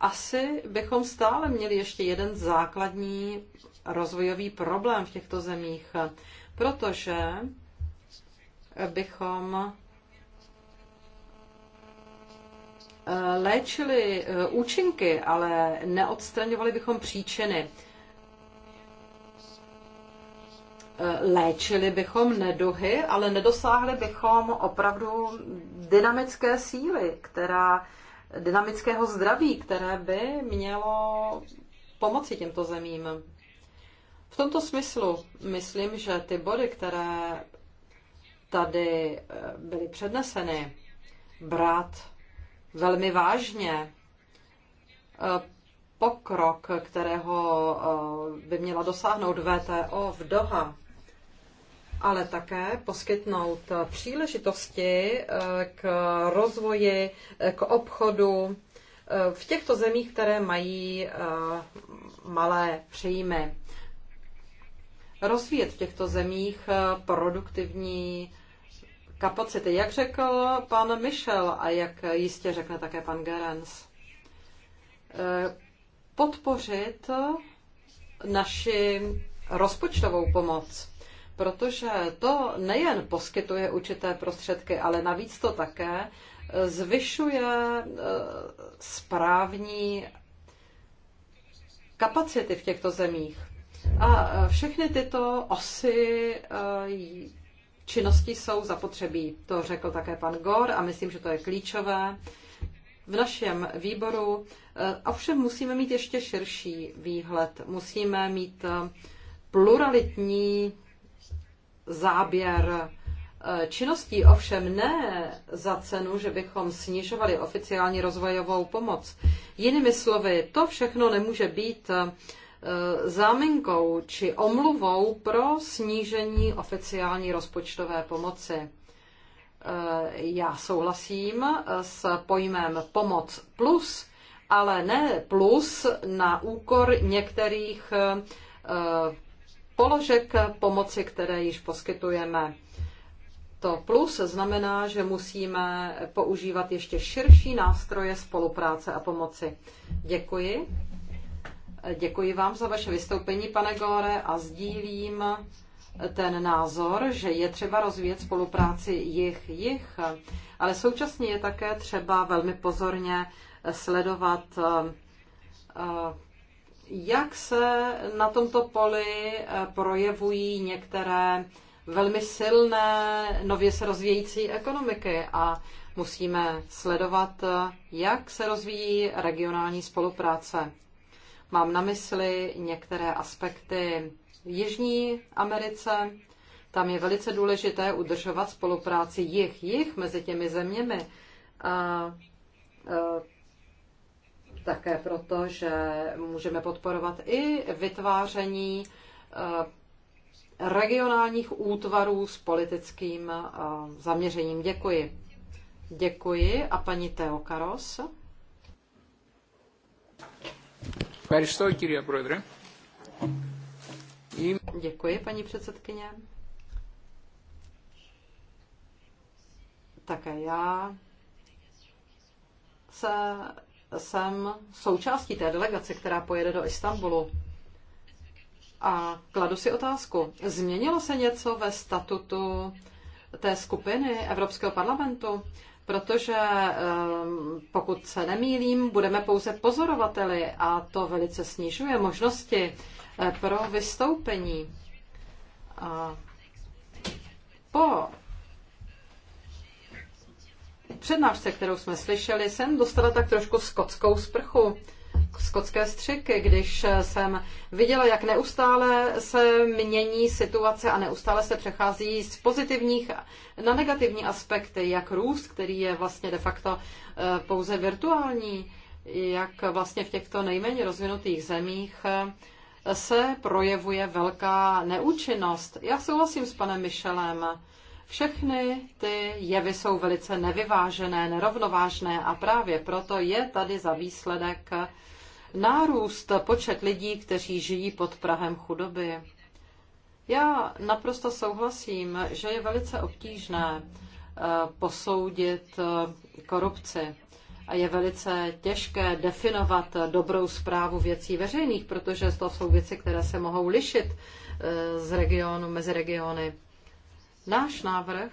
asi bychom stále měli ještě jeden základní rozvojový problém v těchto zemích, protože bychom eh, léčili eh, účinky, ale neodstraňovali bychom příčiny. Eh, léčili bychom neduhy, ale nedosáhli bychom opravdu dynamické síly, která, dynamického zdraví, které by mělo pomoci těmto zemím. V tomto smyslu myslím, že ty body, které tady eh, byly předneseny, brát velmi vážně eh, pokrok, kterého by měla dosáhnout VTO v Doha, ale také poskytnout eh, příležitosti eh, k rozvoji, eh, k obchodu v těchto zemích, které mají malé příjmy. Rozvíjet v těchto zemích produktivní kapacity, jak řekl pan Michel a jak jistě řekne také pan Gerens. Podpořit naši rozpočtovou pomoc protože to nejen poskytuje určité prostředky, ale navíc to také eh, zvyšuje eh, správní kapacity v těchto zemích. A eh, všechny tyto osy činnosti jsou zapotřebí. To řekl také pan Gor a myslím, že to je klíčové. V našem výboru ovšem musíme mít ještě širší výhled. Musíme mít pluralitní záběr eh, činností, ovšem ne za cenu, že bychom snižovali oficiální rozvojovou pomoc. Jinými slovy, to všechno nemůže být eh, záminkou či omluvou pro snížení oficiální rozpočtové pomoci. Eh, já souhlasím s pojmem pomoc plus, ale ne plus na úkor některých položek pomoci, které již poskytujeme. To plus znamená, že musíme používat ještě širší nástroje spolupráce a pomoci. Děkuji. Děkuji vám za vaše vystoupení, pane Gore, a sdílím ten názor, že je třeba rozvíjet spolupráci jich-jich, ale současně je také třeba velmi pozorně sledovat eh, jak se na tomto poli eh, projevují některé velmi silné, nově se rozvíjející ekonomiky a musíme sledovat, eh, jak se rozvíjí regionální spolupráce. Mám na mysli některé aspekty v Jižní Americe. Tam je velice důležité udržovat spolupráci jich, jich mezi těmi zeměmi. Eh, také proto, že můžeme podporovat i vytváření eh, regionálních útvarů s politickým eh, zaměřením. Děkuji. Děkuji. A paní Teo Karos. Děkuji, paní předsedkyně. Také já se jsem součástí té delegace, která pojede do Istanbulu. A kladu si otázku, změnilo se něco ve statutu té skupiny Evropského parlamentu? Protože ehm, pokud se nemýlím, budeme pouze pozorovateli a to velice snižuje možnosti eh, pro vystoupení. A po přednášce, kterou jsme slyšeli, jsem dostala tak trošku skotskou sprchu skotské střiky, když jsem viděla, jak neustále se mění situace a neustále se přechází z pozitivních na negativní aspekty, jak růst, který je vlastně de facto eh, pouze virtuální, jak vlastně v těchto nejméně rozvinutých zemích eh, se projevuje velká neúčinnost. Já souhlasím s panem Michelem všechny ty jevy jsou velice nevyvážené, nerovnovážné a právě proto je tady za výsledek nárůst počet lidí, kteří žijí pod Prahem chudoby. Já naprosto souhlasím, že je velice obtížné eh, posoudit eh, korupci a je velice těžké definovat dobrou zprávu věcí veřejných, protože to jsou věci, které se mohou lišit eh, z regionu, mezi regiony. Náš návrh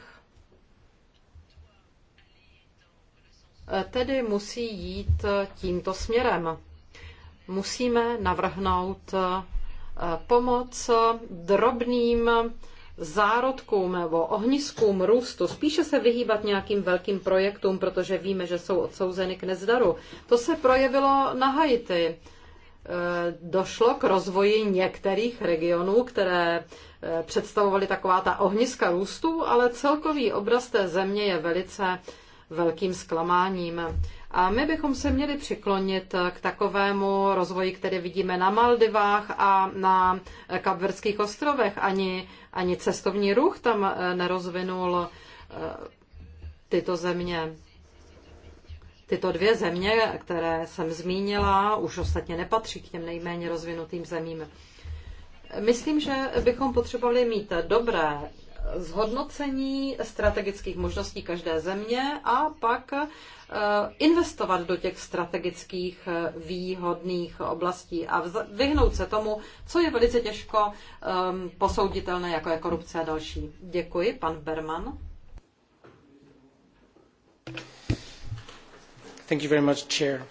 eh, tedy musí jít eh, tímto směrem. Musíme navrhnout eh, pomoc drobným zárodkům nebo ohniskům růstu, spíše se vyhýbat nějakým velkým projektům, protože víme, že jsou odsouzeny k nezdaru. To se projevilo na Haiti. Eh, došlo k rozvoji některých regionů, které eh, představovaly taková ta ohniska růstu, ale celkový obraz té země je velice velkým zklamáním. A my bychom se měli přiklonit eh, k takovému rozvoji, který vidíme na Maldivách a na Kapverských ostrovech. Ani, ani cestovní ruch tam nerozvinul tyto země. Tyto dvě země, které jsem zmínila, už ostatně nepatří k těm nejméně rozvinutým zemím. Myslím, že bychom potřebovali mít dobré zhodnocení strategických možností každé země a pak eh, investovat do těch strategických eh, výhodných oblastí a vyhnout se tomu, co je velice těžko ehm, posouditelné, jako je korupce a další. Děkuji, pan Berman. Thank you very much, chair.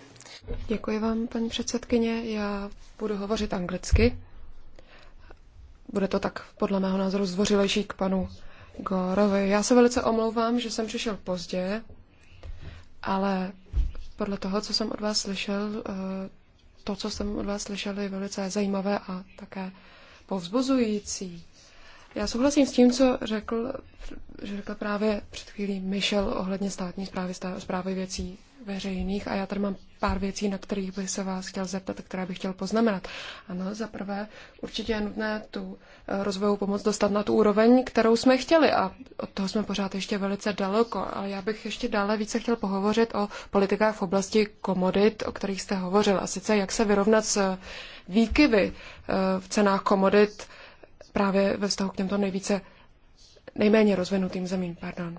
Děkuji vám, paní předsedkyně. Já budu hovořit anglicky. Bude to tak podle mého názoru zdvořilejší k panu Gorovi. Já se velice omlouvám, že jsem přišel pozdě, ale podle toho, co jsem od vás slyšel, eh, to, co jsem od vás slyšel, je velice zajímavé a také povzbuzující. Já souhlasím s tím, co řekl, že řekl právě před chvílí Michel ohledně státní zprávy, zprávy věcí veřejných a já tady mám pár věcí, na kterých bych se vás chtěl zeptat které bych chtěl poznamenat. Ano, za prvé, určitě je nutné tu eh, rozvojovou pomoc dostat na tu úroveň, kterou jsme chtěli a od toho jsme pořád ještě velice daleko, ale já bych ještě dále více chtěl pohovořit o politikách v oblasti komodit, o kterých jste hovořil, a sice jak se vyrovnat s výkyvy eh, v cenách komodit právě ve vztahu k těmto nejvíce nejméně rozvinutým zemím. Pardon.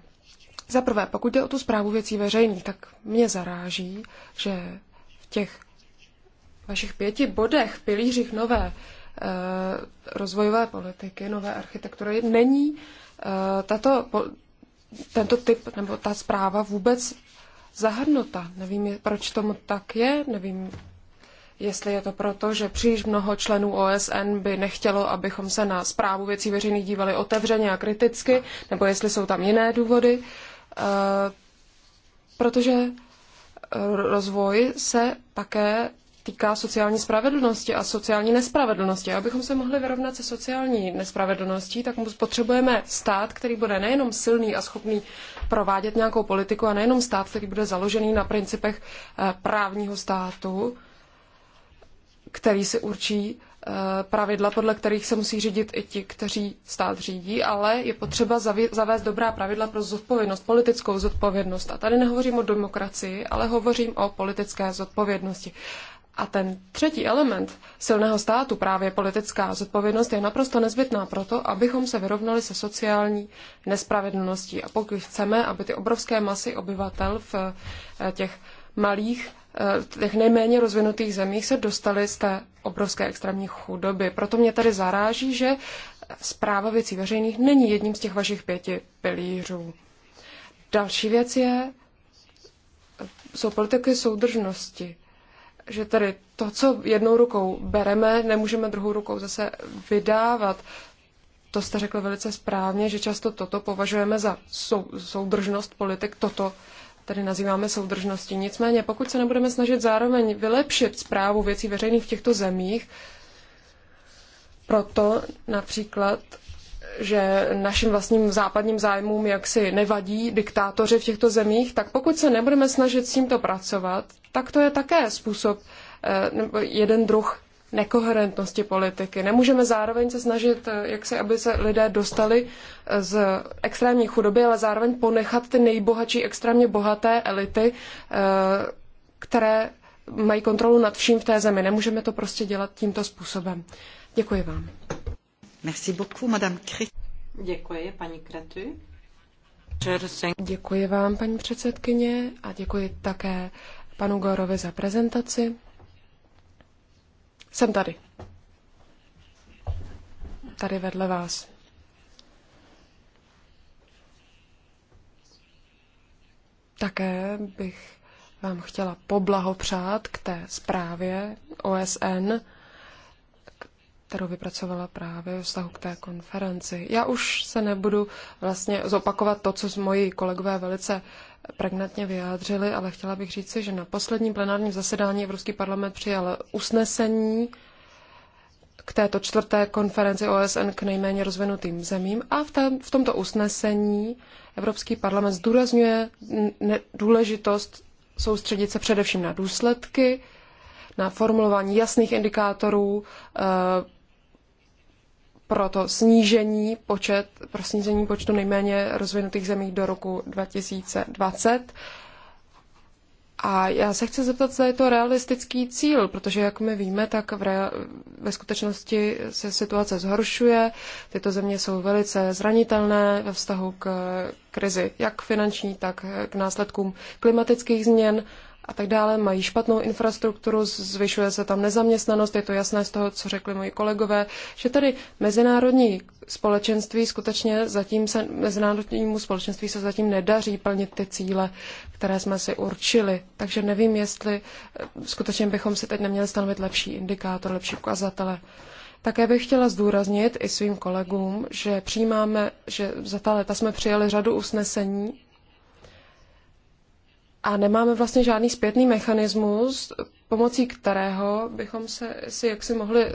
Za prvé, pokud jde o tu zprávu věcí veřejných, tak mě zaráží, že v těch vašich pěti bodech, pilířích nové eh, rozvojové politiky, nové architektury, není eh, tato, tento typ nebo ta zpráva vůbec zahrnuta. Nevím, proč tomu tak je, nevím, jestli je to proto, že příliš mnoho členů OSN by nechtělo, abychom se na zprávu věcí veřejných dívali otevřeně a kriticky, nebo jestli jsou tam jiné důvody. Eh, Eh, protože eh, rozvoj se také týká sociální spravedlnosti a sociální nespravedlnosti. Abychom se mohli vyrovnat se sociální nespravedlností, tak potřebujeme stát, který bude nejenom silný a schopný provádět nějakou politiku, a nejenom stát, který bude založený na principech eh, právního státu, který si určí Eh, pravidla, podle kterých se musí řídit i ti, kteří stát řídí, ale je potřeba zavést dobrá pravidla pro zodpovědnost, politickou zodpovědnost. A tady nehovořím o demokracii, ale hovořím o politické zodpovědnosti. A ten třetí element silného státu, právě politická zodpovědnost, je naprosto nezbytná proto, abychom se vyrovnali se sociální nespravedlností. A pokud chceme, aby ty obrovské masy obyvatel v eh, těch malých v těch nejméně rozvinutých zemích se dostali z té obrovské extrémní chudoby. Proto mě tady zaráží, že zpráva věcí veřejných není jedním z těch vašich pěti pilířů. Další věc je, jsou politiky soudržnosti. Že tedy to, co jednou rukou bereme, nemůžeme druhou rukou zase vydávat. To jste řekl velice správně, že často toto považujeme za sou, soudržnost politik, toto tady nazýváme soudržností. Nicméně, pokud se nebudeme snažit zároveň vylepšit zprávu věcí veřejných v těchto zemích, proto například že našim vlastním západním zájmům jaksi nevadí diktátoři v těchto zemích, tak pokud se nebudeme snažit s tímto pracovat, tak to je také způsob, eh, jeden druh nekoherentnosti politiky. Nemůžeme zároveň se snažit, eh, jak se, aby se lidé dostali eh, z extrémní chudoby, ale zároveň ponechat ty nejbohatší, extrémně bohaté elity, eh, které mají kontrolu nad vším v té zemi. Nemůžeme to prostě dělat tímto způsobem. Děkuji vám. Merci beaucoup, Madame Děkuji, paní Kretu. Děkuji vám, paní předsedkyně, a děkuji také panu Gorovi za prezentaci. Jsem tady. Tady vedle vás. Také bych vám chtěla poblahopřát k té zprávě OSN, kterou vypracovala právě v vztahu k té konferenci. Já už se nebudu vlastně zopakovat to, co z moji kolegové velice pregnantně vyjádřili, ale chtěla bych říci, že na posledním plenárním zasedání Evropský parlament přijal usnesení k této čtvrté konferenci OSN k nejméně rozvinutým zemím a v, tém, v tomto usnesení Evropský parlament zdůrazňuje důležitost soustředit se především na důsledky, na formulování jasných indikátorů eh, pro to snížení počet, pro snížení počtu nejméně rozvinutých zemí do roku 2020. A já se chci zeptat, zda je to realistický cíl, protože jak my víme, tak v rea- ve skutečnosti se situace zhoršuje, tyto země jsou velice zranitelné ve vztahu k krizi jak finanční, tak k následkům klimatických změn a tak dále, mají špatnou infrastrukturu, zvyšuje se tam nezaměstnanost, je to jasné z toho, co řekli moji kolegové, že tady mezinárodní společenství skutečně zatím se, mezinárodnímu společenství se zatím nedaří plnit ty cíle, které jsme si určili. Takže nevím, jestli eh, skutečně bychom si teď neměli stanovit lepší indikátor, lepší ukazatele. Také bych chtěla zdůraznit i svým kolegům, že přijímáme, že za ta léta jsme přijali řadu usnesení a nemáme vlastně žádný zpětný mechanismus, pomocí kterého bychom se, si jaksi mohli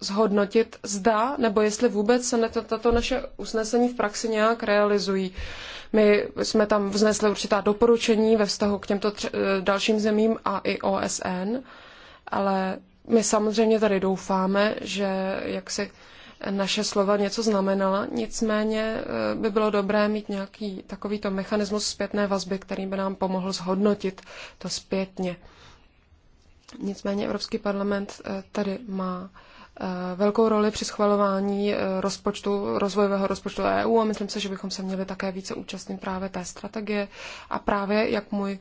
zhodnotit, zda, nebo jestli vůbec se tato naše usnesení v praxi nějak realizují. My jsme tam vznesli určitá doporučení ve vztahu k těmto tři, eh, dalším zemím a i OSN, ale my samozřejmě tady doufáme, že jak si naše slova něco znamenala, nicméně eh, by bylo dobré mít nějaký takovýto mechanismus zpětné vazby, který by nám pomohl zhodnotit to zpětně. Nicméně Evropský parlament eh, tady má eh, velkou roli při schvalování rozpočtu, rozvojového rozpočtu EU a myslím se, že bychom se měli také více účastnit právě té strategie a právě, jak můj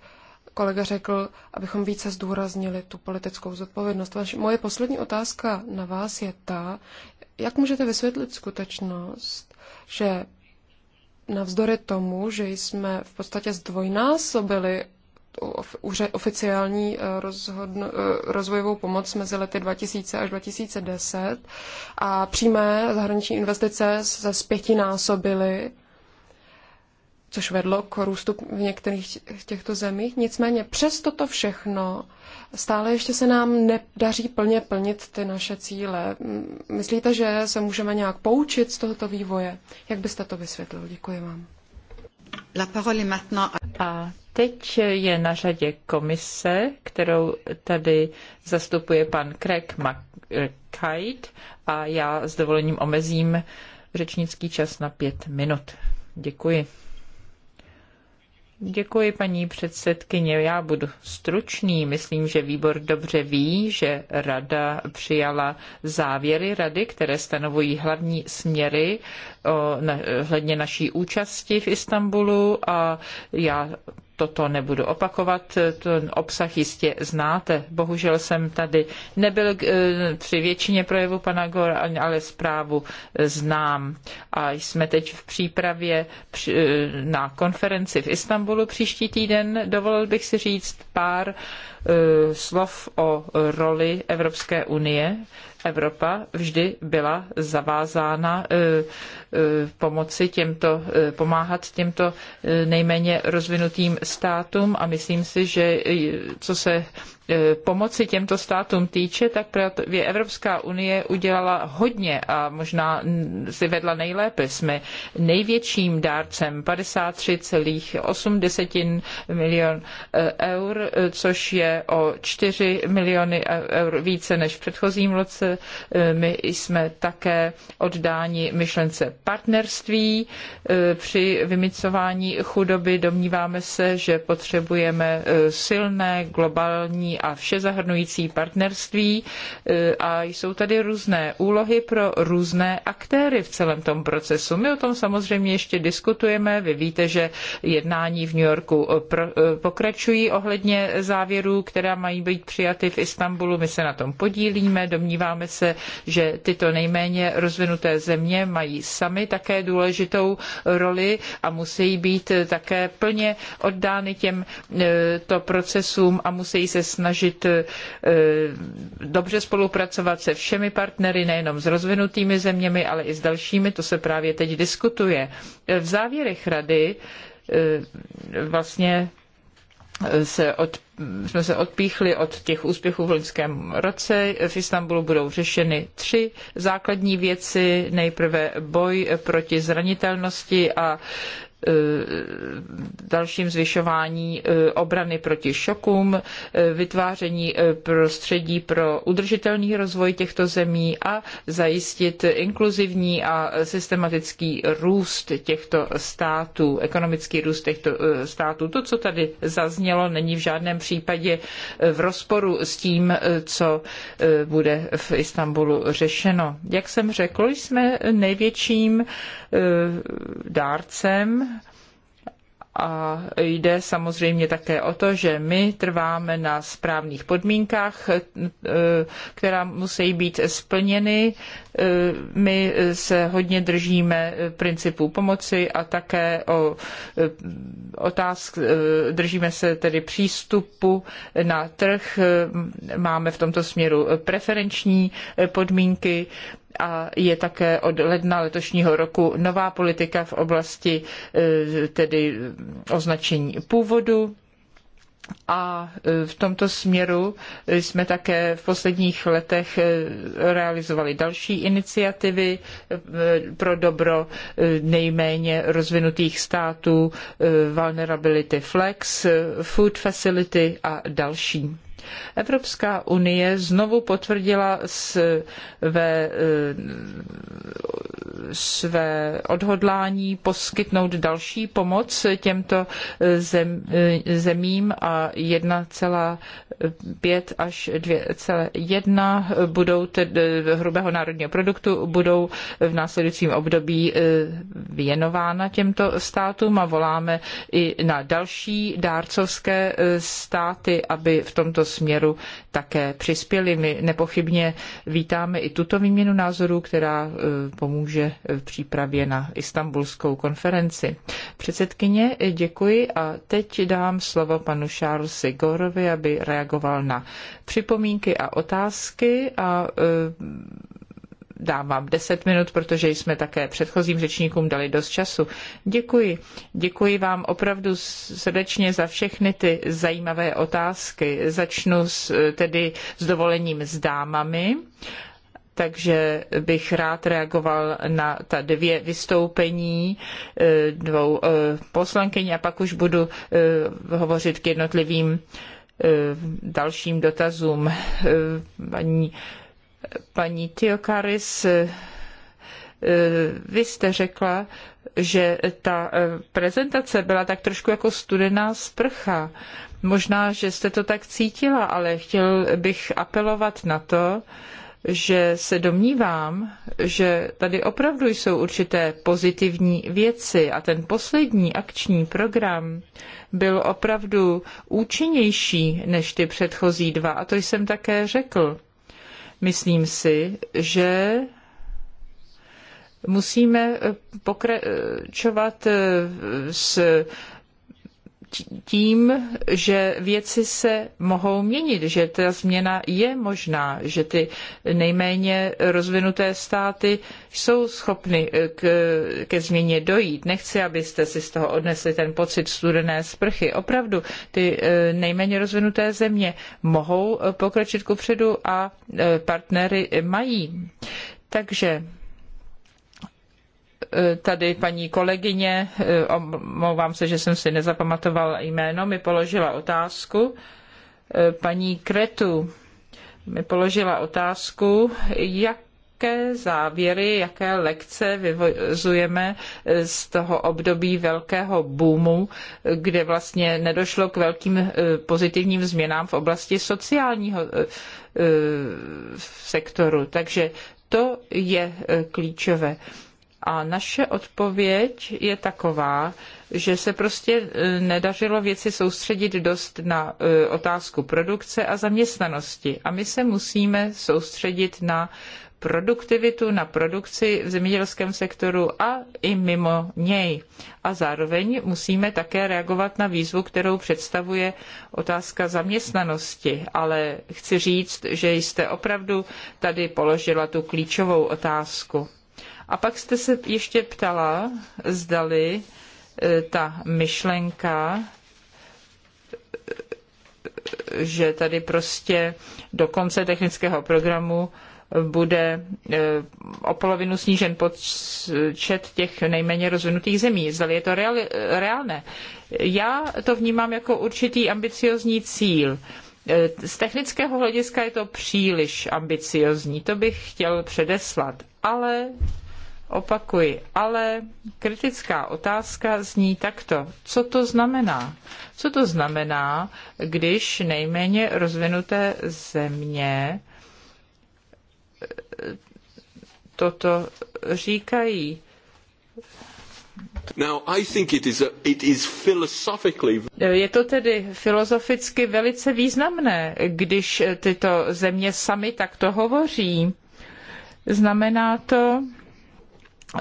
kolega řekl, abychom více zdůraznili tu politickou zodpovědnost. moje poslední otázka na vás je ta, jak můžete vysvětlit skutečnost, že navzdory tomu, že jsme v podstatě zdvojnásobili oficiální eh, rozhodno, eh, rozvojovou pomoc mezi lety 2000 až 2010 a přímé zahraniční investice se zpětinásobily což vedlo k růstu v některých těchto zemích. Nicméně přes toto všechno stále ještě se nám nedaří plně plnit ty naše cíle. Myslíte, že se můžeme nějak poučit z tohoto vývoje? Jak byste to vysvětlil? Děkuji vám. La parole est maintenant... A teď je na řadě komise, kterou tady zastupuje pan Craig McKite a já s dovolením omezím řečnický čas na pět minut. Děkuji. Děkuji, paní předsedkyně. Já budu stručný. Myslím, že výbor dobře ví, že rada přijala závěry rady, které stanovují hlavní směry ohledně eh, na, eh, naší účasti v Istanbulu a já toto nebudu opakovat, ten obsah jistě znáte. Bohužel jsem tady nebyl eh, při většině projevu pana Gora, ale zprávu eh, znám. A jsme teď v přípravě eh, na konferenci v Istanbulu příští týden. Dovolil bych si říct pár slov o roli Evropské unie Evropa vždy byla zavázána e, e, pomoci těmto, e, pomáhat těmto nejméně rozvinutým státům a myslím si, že co se E, pomoci těmto státům týče, tak právě Evropská unie udělala hodně a možná si vedla nejlépe. Jsme největším dárcem 53,8 milion e, eur, e, což je o 4 miliony eur více než v předchozím roce. My jsme také oddáni myšlence partnerství při vymicování chudoby. Domníváme se, že potřebujeme silné globální a všezahrnující partnerství e, a jsou tady různé úlohy pro různé aktéry v celém tom procesu. My o tom samozřejmě ještě diskutujeme. Vy víte, že jednání v New Yorku e, e, pokračují ohledně závěrů, která mají být přijaty v Istanbulu. My se na tom podílíme. Domníváme se, že tyto nejméně rozvinuté země mají sami také důležitou roli a musí být také plně oddány těmto procesům a musí se snažit snažit eh, dobře spolupracovat se všemi partnery, nejenom s rozvinutými zeměmi, ale i s dalšími. To se právě teď diskutuje. V závěrech rady eh, vlastně eh, se od, jsme se odpíchli od těch úspěchů v loňském roce. V Istanbulu budou řešeny tři základní věci. Nejprve boj proti zranitelnosti a Eh, dalším zvyšování eh, obrany proti šokům, eh, vytváření prostředí pro udržitelný rozvoj těchto zemí a zajistit inkluzivní a systematický růst těchto států, ekonomický růst těchto států. To, co tady zaznělo, není v žádném případě v rozporu s tím, co bude v Istanbulu řešeno. Jak jsem řekl, jsme největším dárcem a jde samozřejmě také o to, že my trváme na správných podmínkách, e, která musí být splněny. E, my se hodně držíme principů pomoci a také o e, otázk, držíme se tedy přístupu na trh. Máme v tomto směru preferenční podmínky a je také od ledna letošního roku nová politika v oblasti e, tedy označení původu. A e, v tomto směru jsme také v posledních letech e, realizovali další iniciativy pro dobro nejméně rozvinutých států, Vulnerability Flex, Food Facility a další. Evropská unie znovu potvrdila své, své odhodlání poskytnout další pomoc těmto zemím a 1, 5 až 2,1 budou tedy hrubého národního produktu budou v následujícím období e, věnována těmto státům a voláme i na další dárcovské e, státy, aby v tomto směru také přispěli. My nepochybně vítáme i tuto výměnu názorů, která e, pomůže v přípravě na istambulskou konferenci. Předsedkyně, děkuji a teď dám slovo panu Charlesi Gorovi, aby reagoval reagoval na připomínky a otázky a e, dám vám 10 minut, protože jsme také předchozím řečníkům dali dost času. Děkuji. Děkuji vám opravdu srdečně za všechny ty zajímavé otázky. Začnu s, e, tedy s dovolením s dámami takže bych rád reagoval na ta dvě vystoupení e, dvou poslankyň a pak už budu hovořit k jednotlivým Eh, dalším dotazům. Eh, paní, paní Tiokaris, eh, vy jste řekla, že ta prezentace byla tak trošku jako studená sprcha. Možná, že jste to tak cítila, ale chtěl bych apelovat na to, že se domnívám, že tady opravdu jsou určité pozitivní věci a ten poslední akční program byl opravdu účinnější než ty předchozí dva a to jsem také řekl. Myslím si, že musíme pokračovat s tím, že věci se mohou měnit, že ta změna je možná, že ty nejméně rozvinuté státy jsou schopny k, ke změně dojít. Nechci, abyste si z toho odnesli ten pocit studené sprchy. Opravdu, ty eh, nejméně rozvinuté země mohou pokročit kupředu a eh, partnery mají. Takže tady paní kolegyně, eh, omlouvám se, že jsem si nezapamatoval jméno, mi položila otázku. Eh, paní Kretu mi položila otázku, jaké závěry, jaké lekce vyvozujeme eh, z toho období velkého boomu, kde vlastně nedošlo k velkým pozitivním změnám v oblasti sociálního sektoru. Takže to je klíčové. A naše odpověď je taková, že se prostě e, nedařilo věci soustředit dost na e, otázku produkce a zaměstnanosti. A my se musíme soustředit na produktivitu, na produkci v zemědělském sektoru a i mimo něj. A zároveň musíme také reagovat na výzvu, kterou představuje otázka zaměstnanosti. Ale chci říct, že jste opravdu tady položila tu klíčovou otázku. A pak jste se ještě ptala, zdali e, ta myšlenka, e, že tady prostě do konce technického programu bude e, o polovinu snížen počet těch nejméně rozvinutých zemí. Zdali je to reálné. Já to vnímám jako určitý ambiciozní cíl. Z technického hlediska je to příliš ambiciozní, to bych chtěl předeslat, ale Opakuji, ale kritická otázka zní takto. Co to znamená? Co to znamená, když nejméně rozvinuté země eh, toto říkají? Je to tedy filozoficky velice významné, když tyto země sami takto hovoří. Znamená to,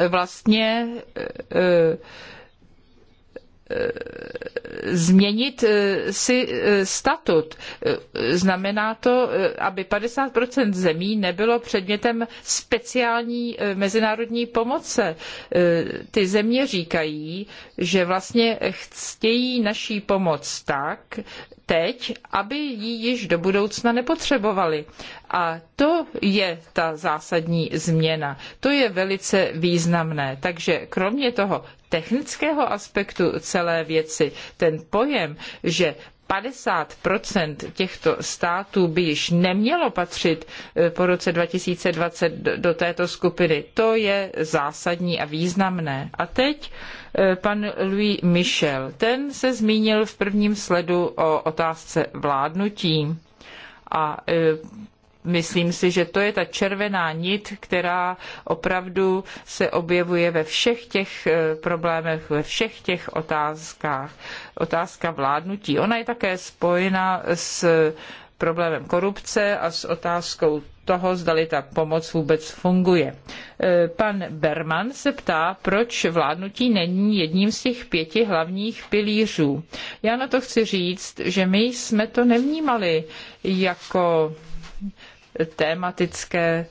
vlastně eh, eh, změnit eh, si eh, statut. Eh, znamená to, aby 50 zemí nebylo předmětem speciální mezinárodní pomoci. Ty země říkají, že vlastně chtějí naší pomoc tak, teď, aby ji již do budoucna nepotřebovali. A to je ta zásadní změna. To je velice významné. Takže kromě toho, technického aspektu celé věci ten pojem, že 50 těchto států by již nemělo patřit eh, po roce 2020 do této skupiny. To je zásadní a významné. A teď eh, pan Louis Michel. Ten se zmínil v prvním sledu o otázce vládnutí. A eh, Myslím si, že to je ta červená nit, která opravdu se objevuje ve všech těch eh, problémech, ve všech těch otázkách. Otázka vládnutí. Ona je také spojena s problémem korupce a s otázkou toho, zdali ta pomoc vůbec funguje. Eh, pan Berman se ptá, proč vládnutí není jedním z těch pěti hlavních pilířů. Já na to chci říct, že my jsme to nevnímali jako tématické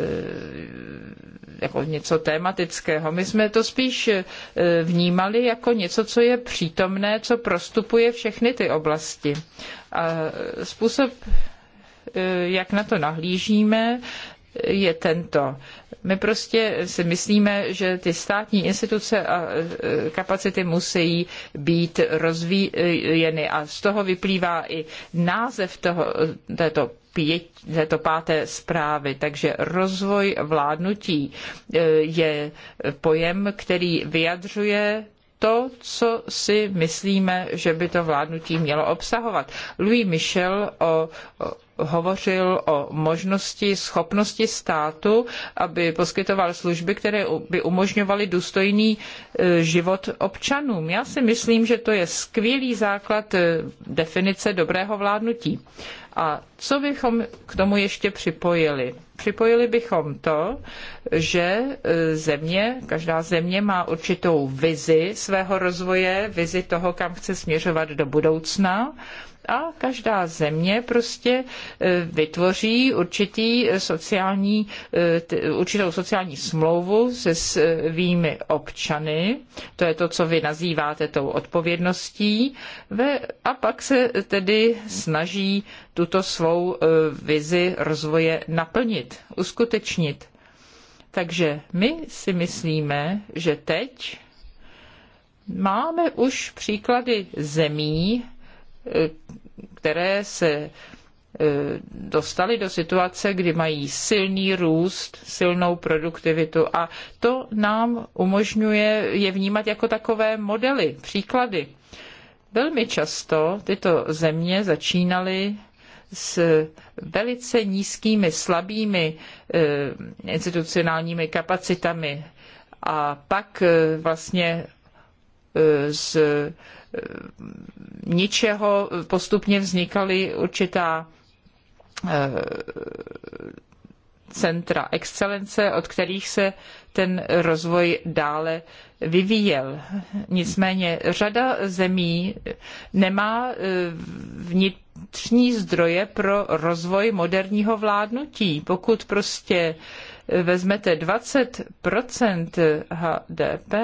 eh, jako něco tématického. My jsme to spíš eh, vnímali jako něco, co je přítomné, co prostupuje všechny ty oblasti. A způsob, eh, jak na to nahlížíme, je tento. My prostě si myslíme, že ty státní instituce a kapacity musí být rozvíjeny a z toho vyplývá i název toho, této pět, této páté zprávy. Takže rozvoj vládnutí e, je pojem, který vyjadřuje to, co si myslíme, že by to vládnutí mělo obsahovat. Louis Michel o, o hovořil o možnosti, schopnosti státu, aby poskytoval služby, které by umožňovaly důstojný e, život občanům. Já si myslím, že to je skvělý základ e, definice dobrého vládnutí. A co bychom k tomu ještě připojili? Připojili bychom to, že e, země, každá země má určitou vizi svého rozvoje, vizi toho, kam chce směřovat do budoucna a každá země prostě e, vytvoří určitý sociální, e, určitou sociální smlouvu se svými občany. To je to, co vy nazýváte tou odpovědností. A pak se tedy snaží tuto svou e, vizi rozvoje naplnit, uskutečnit. Takže my si myslíme, že teď máme už příklady zemí, které se eh, dostali do situace, kdy mají silný růst, silnou produktivitu a to nám umožňuje je vnímat jako takové modely, příklady. Velmi často tyto země začínaly s velice nízkými, slabými eh, institucionálními kapacitami a pak eh, vlastně s Eh, ničeho postupně vznikaly určitá eh, centra excelence, od kterých se ten rozvoj dále vyvíjel. Nicméně řada zemí nemá eh, vnitřní zdroje pro rozvoj moderního vládnutí. Pokud prostě vezmete 20 HDP,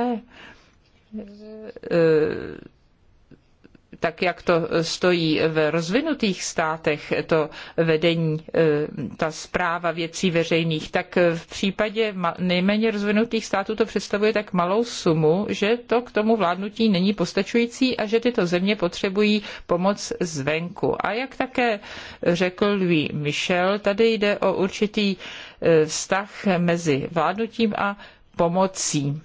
tak jak to stojí v rozvinutých státech, to vedení, eh, ta zpráva věcí veřejných, tak v případě nejméně rozvinutých států to představuje tak malou sumu, že to k tomu vládnutí není postačující a že tyto země potřebují pomoc zvenku. A jak také řekl Louis Michel, tady jde o určitý eh, vztah mezi vládnutím a pomocí.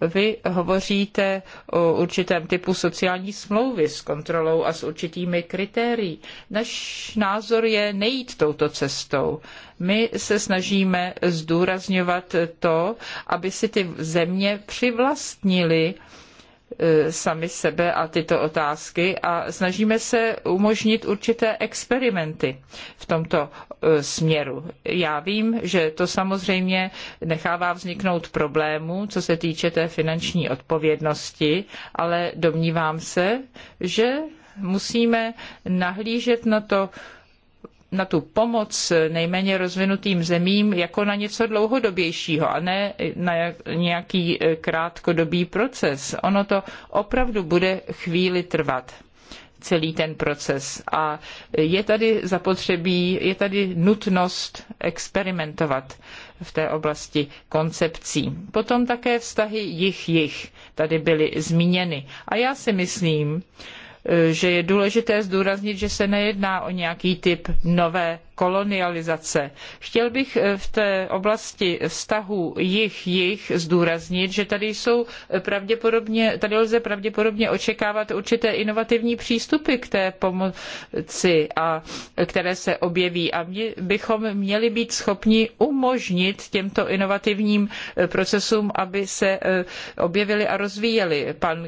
Vy hovoříte o určitém typu sociální smlouvy s kontrolou a s určitými kritérii. Náš názor je nejít touto cestou. My se snažíme zdůrazňovat to, aby si ty země přivlastnili E, sami sebe a tyto otázky a snažíme se umožnit určité experimenty v tomto e, směru. Já vím, že to samozřejmě nechává vzniknout problému, co se týče té finanční odpovědnosti, ale domnívám se, že musíme nahlížet na to, na tu pomoc nejméně rozvinutým zemím jako na něco dlouhodobějšího a ne na nějaký eh, krátkodobý proces. Ono to opravdu bude chvíli trvat celý ten proces. A je tady zapotřebí, je tady nutnost experimentovat v té oblasti koncepcí. Potom také vztahy jich-jich tady byly zmíněny. A já si myslím, že je důležité zdůraznit, že se nejedná o nějaký typ nové kolonializace. Chtěl bych eh, v té oblasti vztahu jich-jich zdůraznit, že tady jsou pravděpodobně, tady lze pravděpodobně očekávat určité inovativní přístupy k té pomoci, a, které se objeví. A my bychom měli být schopni umožnit těmto inovativním eh, procesům, aby se eh, objevily a rozvíjely. Pan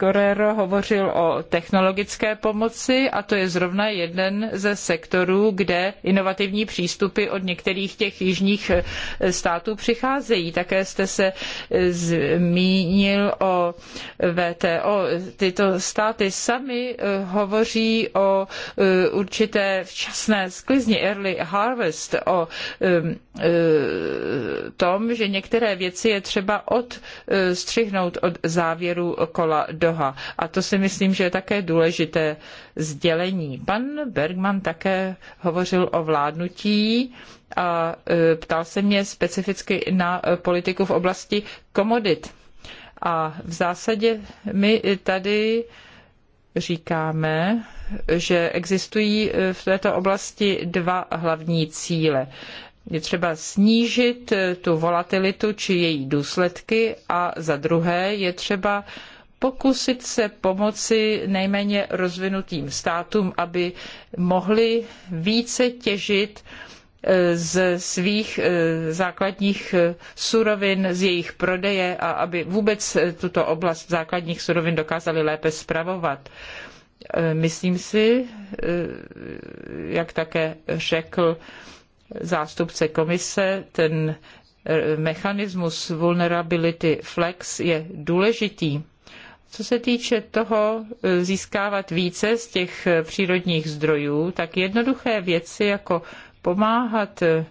Correro hovořil o technologické pomoci a to je zrovna jeden ze sektorů, kde inovativní přístupy od některých těch jižních eh, států přicházejí. Také jste se eh, zmínil o VTO. Tyto státy sami eh, hovoří o určité včasné sklizni early harvest, o ehm, tom, že některé věci je třeba odstřihnout od závěru kola Doha. A to si myslím, že je také důležité sdělení. Pan Bergman také hovořil mluvil o vládnutí a e, ptal se mě specificky na politiku v oblasti komodit. A v zásadě my tady říkáme, že existují e, v této oblasti dva hlavní cíle. Je třeba snížit e, tu volatilitu či její důsledky a za druhé je třeba pokusit se pomoci nejméně rozvinutým státům, aby mohli více těžit eh, z svých eh, základních eh, surovin, z jejich prodeje a aby vůbec tuto oblast základních surovin dokázali lépe spravovat. Myslím si, jak také řekl zástupce komise, ten mechanismus vulnerability flex je důležitý co se týče toho e, získávat více z těch e, přírodních zdrojů, tak jednoduché věci jako pomáhat e,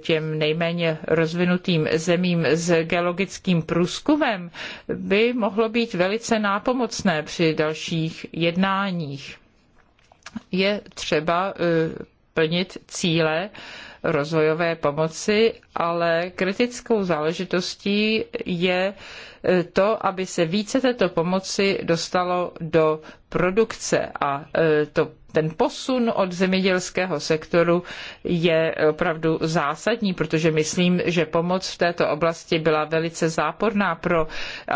těm nejméně rozvinutým zemím s geologickým průzkumem by mohlo být velice nápomocné při dalších jednáních. Je třeba plnit cíle, rozvojové pomoci, ale kritickou záležitostí je eh, to, aby se více této pomoci dostalo do produkce a eh, to ten posun od zemědělského sektoru je opravdu zásadní, protože myslím, že pomoc v této oblasti byla velice záporná pro eh,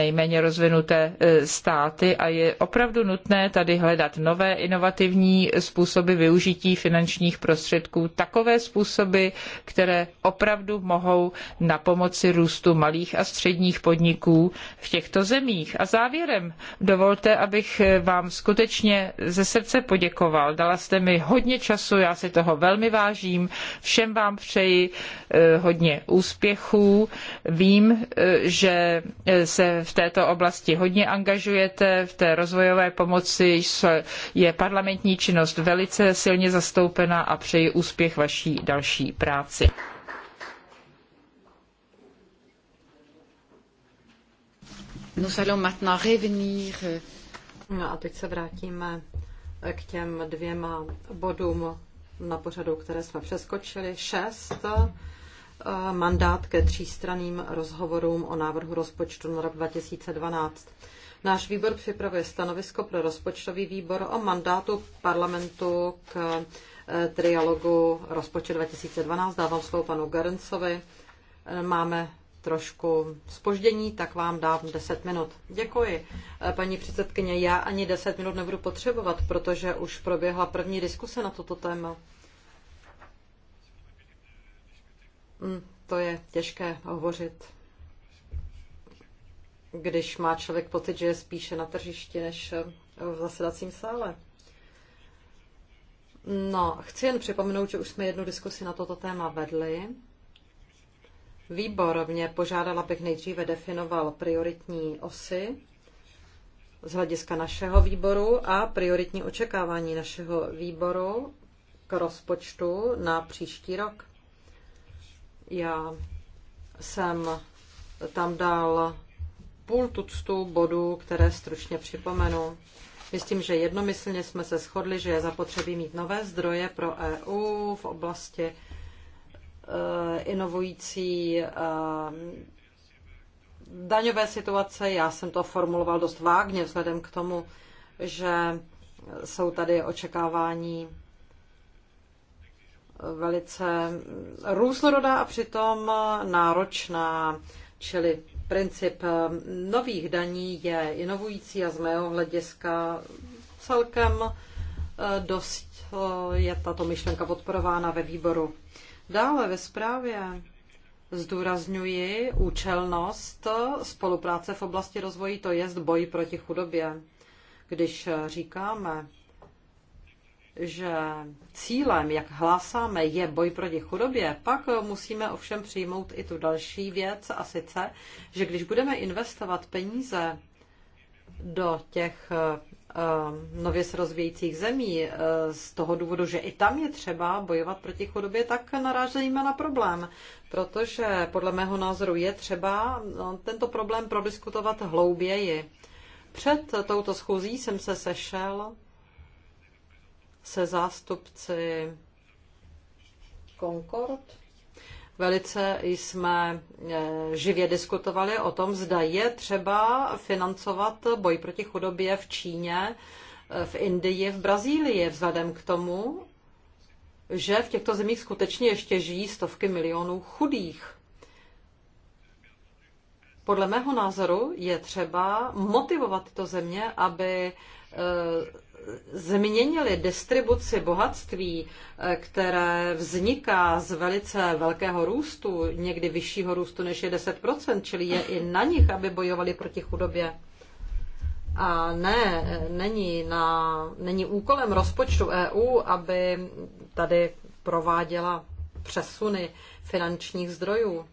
nejméně rozvinuté eh, státy a je opravdu nutné tady hledat nové inovativní způsoby využití finančních prostředků, takové způsoby, které opravdu mohou na pomoci růstu malých a středních podniků v těchto zemích. A závěrem dovolte, abych vám skutečně ze srdce poděkoval. Dala jste mi hodně času, já si toho velmi vážím. Všem vám přeji eh, hodně úspěchů. Vím, eh, že eh, se v této oblasti hodně angažujete. V té rozvojové pomoci je parlamentní činnost velice silně zastoupena a přeji úspěch vaší další práci. Nous allons maintenant revenir euh, No a teď se vrátíme k těm dvěma bodům na pořadu, které jsme přeskočili. Šest eh, mandát ke třístraným rozhovorům o návrhu rozpočtu na rok 2012. Náš výbor připravuje stanovisko pro rozpočtový výbor o mandátu parlamentu k eh, trialogu rozpočet 2012. Dávám slovo panu Garencovi. Máme trošku spoždění, tak vám dám 10 minut. Děkuji. Eh, paní předsedkyně, já ani 10 minut nebudu potřebovat, protože už proběhla první diskuse na toto téma. Mm, to je těžké hovořit, když má člověk pocit, že je spíše na tržišti než eh, v zasedacím sále. No, chci jen připomenout, že už jsme jednu diskusi na toto téma vedli Výbor mě požádal, abych nejdříve definoval prioritní osy z hlediska našeho výboru a prioritní očekávání našeho výboru k rozpočtu na příští rok. Já jsem tam dal půl tuctu bodů, které stručně připomenu. Myslím, že jednomyslně jsme se shodli, že je zapotřebí mít nové zdroje pro EU v oblasti Eh, inovující eh, daňové situace. Já jsem to formuloval dost vágně vzhledem k tomu, že jsou tady očekávání velice různorodá a přitom náročná, čili princip nových daní je inovující a z mého hlediska celkem eh, dost je tato myšlenka podporována ve výboru. Dále ve zprávě zdůrazňuji účelnost spolupráce v oblasti rozvoji, to jest boj proti chudobě. Když říkáme, že cílem, jak hlásáme, je boj proti chudobě, pak musíme ovšem přijmout i tu další věc, a sice, že když budeme investovat peníze do těch Eh, nově se rozvíjejících zemí eh, z toho důvodu, že i tam je třeba bojovat proti chudobě, tak narážíme na problém. Protože podle mého názoru je třeba no, tento problém prodiskutovat hlouběji. Před touto schůzí jsem se sešel se zástupci Concord, Velice jsme eh, živě diskutovali o tom, zda je třeba financovat boj proti chudobě v Číně, eh, v Indii, v Brazílii, vzhledem k tomu, že v těchto zemích skutečně ještě žijí stovky milionů chudých. Podle mého názoru je třeba motivovat tyto země, aby eh, změnili distribuci bohatství, eh, které vzniká z velice velkého růstu, někdy vyššího růstu než je 10%, čili je i na nich, aby bojovali proti chudobě. A ne, není, na, není úkolem rozpočtu EU, aby tady prováděla přesuny finančních zdrojů.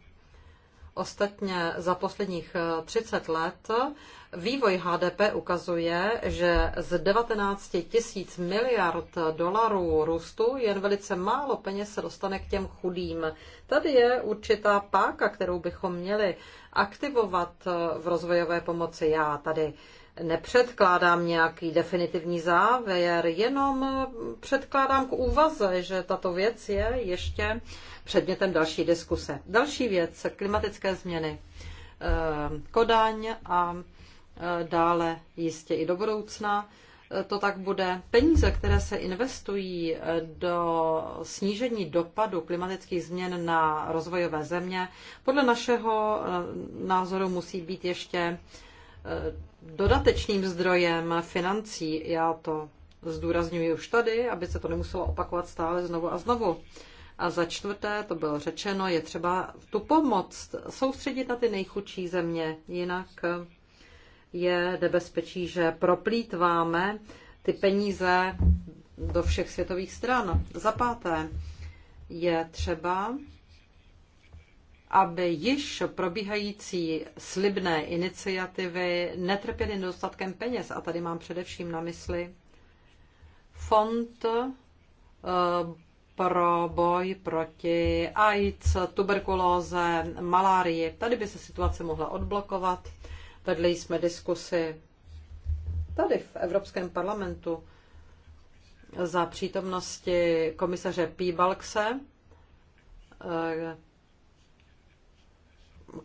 Ostatně za posledních 30 eh, let Vývoj HDP ukazuje, že z 19 tisíc miliard dolarů růstu jen velice málo peněz se dostane k těm chudým. Tady je určitá páka, kterou bychom měli aktivovat v rozvojové pomoci. Já tady nepředkládám nějaký definitivní závěr, jenom předkládám k úvaze, že tato věc je ještě předmětem další diskuse. Další věc, klimatické změny. Eh, Kodaň a Eh, dále jistě i do budoucna eh, to tak bude. Peníze, které se investují eh, do snížení dopadu klimatických změn na rozvojové země, podle našeho názoru musí být ještě dodatečným zdrojem financí. Já to zdůrazňuji už tady, aby se to nemuselo opakovat stále znovu a znovu. A za čtvrté, to bylo řečeno, je třeba tu pomoc soustředit na ty nejchudší země, jinak je nebezpečí, že proplítváme ty peníze do všech světových stran. Za páté je třeba, aby již probíhající slibné iniciativy netrpěly nedostatkem peněz. A tady mám především na mysli fond eh, pro boj proti AIDS, tuberkulóze, malárii. Tady by se situace mohla odblokovat Vedli jsme diskusy tady v Evropském parlamentu za přítomnosti komisaře Píbalkse, eh,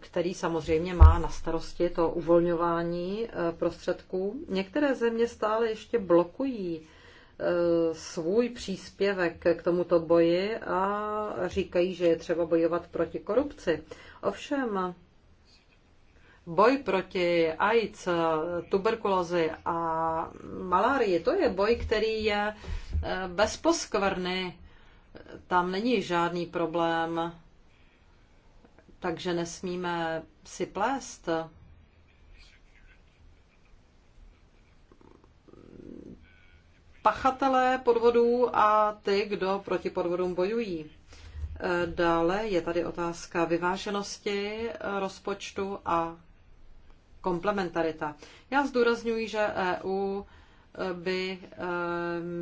který samozřejmě má na starosti to uvolňování eh, prostředků. Některé země stále ještě blokují eh, svůj příspěvek k tomuto boji a říkají, že je třeba bojovat proti korupci. Ovšem, Boj proti AIDS, tuberkulózy a malárii, to je boj, který je eh, bez poskvrny. Tam není žádný problém, takže nesmíme si plést. pachatelé podvodů a ty, kdo proti podvodům bojují. Eh, dále je tady otázka vyváženosti eh, rozpočtu a komplementarita. Já zdůrazňuji, že EU e, by e,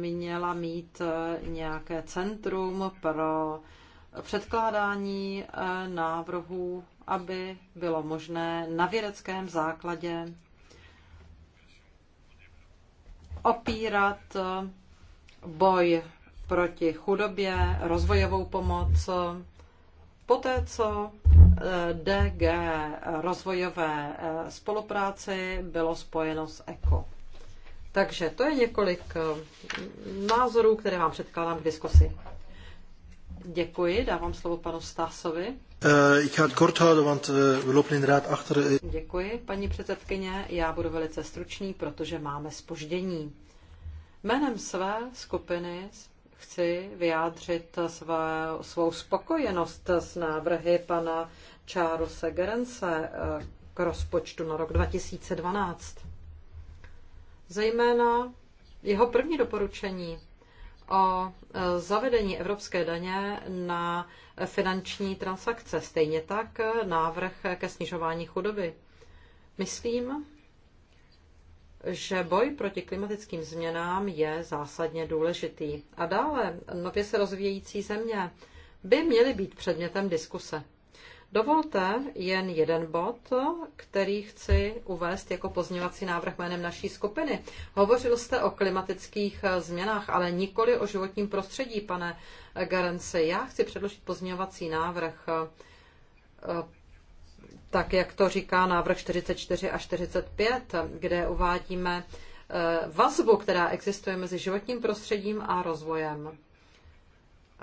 měla mít e, nějaké centrum pro předkládání návrhů, aby bylo možné na vědeckém základě opírat boj proti chudobě, rozvojovou pomoc, poté co DG rozvojové eh, spolupráci bylo spojeno s ECO. Takže to je několik eh, názorů, které vám předkládám k diskusi. Děkuji, dávám slovo panu Stásovi. Eh, Děkuji, paní předsedkyně. Já budu velice stručný, protože máme spoždění. Jménem své skupiny chci vyjádřit své, svou spokojenost s návrhy pana Charlesa Gerense eh, k rozpočtu na rok 2012. Zejména jeho první doporučení o eh, zavedení evropské daně na finanční transakce, stejně tak návrh ke snižování chudoby. Myslím, že boj proti klimatickým změnám je zásadně důležitý. A dále nově se rozvíjející země by měly být předmětem diskuse. Dovolte jen jeden bod, který chci uvést jako pozměňovací návrh jménem naší skupiny. Hovořil jste o klimatických změnách, ale nikoli o životním prostředí, pane Garenci. Já chci předložit pozměňovací návrh tak jak to říká návrh 44 a 45, kde uvádíme eh, vazbu, která existuje mezi životním prostředím a rozvojem.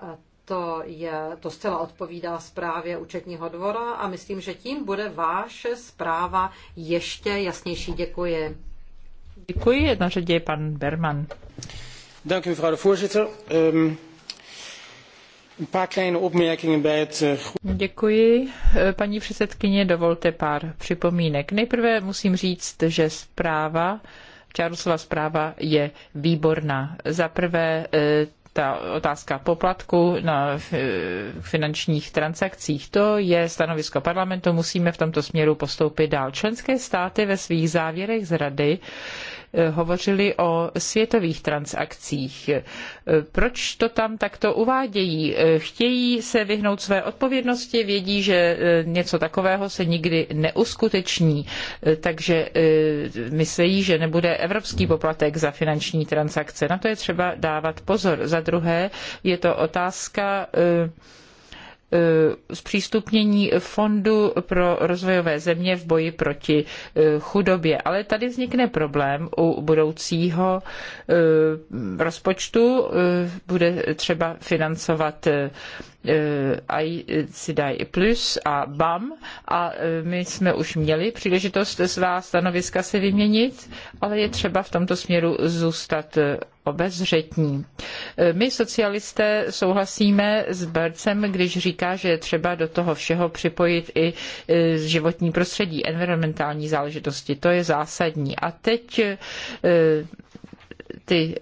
Eh, to, je, to zcela odpovídá zprávě účetního dvora a myslím, že tím bude váše zpráva ještě jasnější. Děkuji. Děkuji, na řadě je pan Berman. Děkuji, frau voorzitter. Um... Eh, Děkuji, eh, paní předsedkyně, dovolte pár připomínek. Nejprve musím říct, že zpráva, Čárusova zpráva je výborná. Za prvé eh, ta otázka poplatku na finančních transakcích, to je stanovisko parlamentu, musíme v tomto směru postoupit dál. Členské státy ve svých závěrech z rady Eh, hovořili o světových transakcích. Eh, proč to tam takto uvádějí? Eh, chtějí se vyhnout své odpovědnosti, vědí, že něco takového se nikdy neuskuteční, takže myslí, že nebude evropský poplatek za finanční transakce. Na to je třeba dávat pozor. Za druhé je to otázka Eh, zpřístupnění Fondu pro rozvojové země v boji proti eh, chudobě. Ale tady vznikne problém u budoucího eh, rozpočtu. Bude třeba financovat Eh, i eh, Plus a BAM a eh, my jsme už měli příležitost svá stanoviska si vyměnit, ale je třeba v tomto směru zůstat obezřetní. My socialisté souhlasíme s Bercem, když říká, že je třeba do toho všeho připojit i životní prostředí, environmentální záležitosti. To je zásadní. A teď ty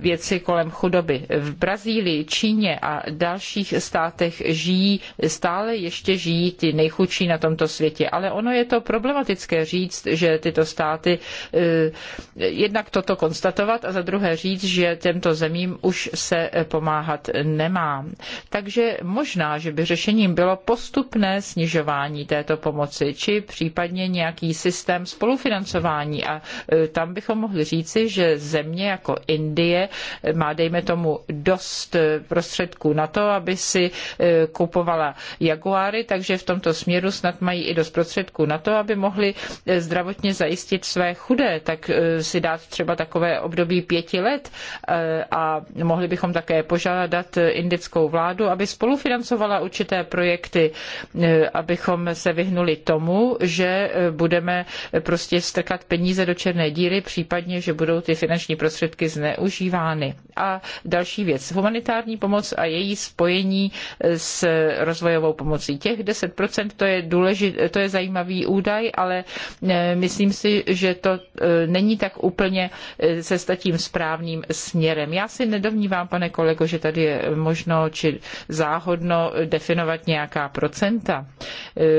věci kolem chudoby. V Brazílii, Číně a dalších státech žijí, stále ještě žijí ti nejchudší na tomto světě. Ale ono je to problematické říct, že tyto státy eh, jednak toto konstatovat a za druhé říct, že těmto zemím už se pomáhat nemá. Takže možná, že by řešením bylo postupné snižování této pomoci, či případně nějaký systém spolufinancování. A eh, tam bychom mohli říci, že země jako Indie má, dejme tomu, dost eh, prostředků na to, aby si eh, kupovala Jaguáry, takže v tomto směru snad mají i dost prostředků na to, aby mohli eh, zdravotně zajistit své chudé, tak si dát třeba takové období pěti let a mohli bychom také požádat indickou vládu, aby spolufinancovala určité projekty, abychom se vyhnuli tomu, že budeme prostě strkat peníze do černé díry, případně, že budou ty finanční prostředky zneužívány orgány. A další věc, humanitární pomoc a její spojení s rozvojovou pomocí. Těch 10% to je, důležit, to je zajímavý údaj, ale eh, myslím si, že to eh, není tak úplně cesta eh, tím správným směrem. Já si nedomnívám, pane kolego, že tady je možno či záhodno definovat nějaká procenta.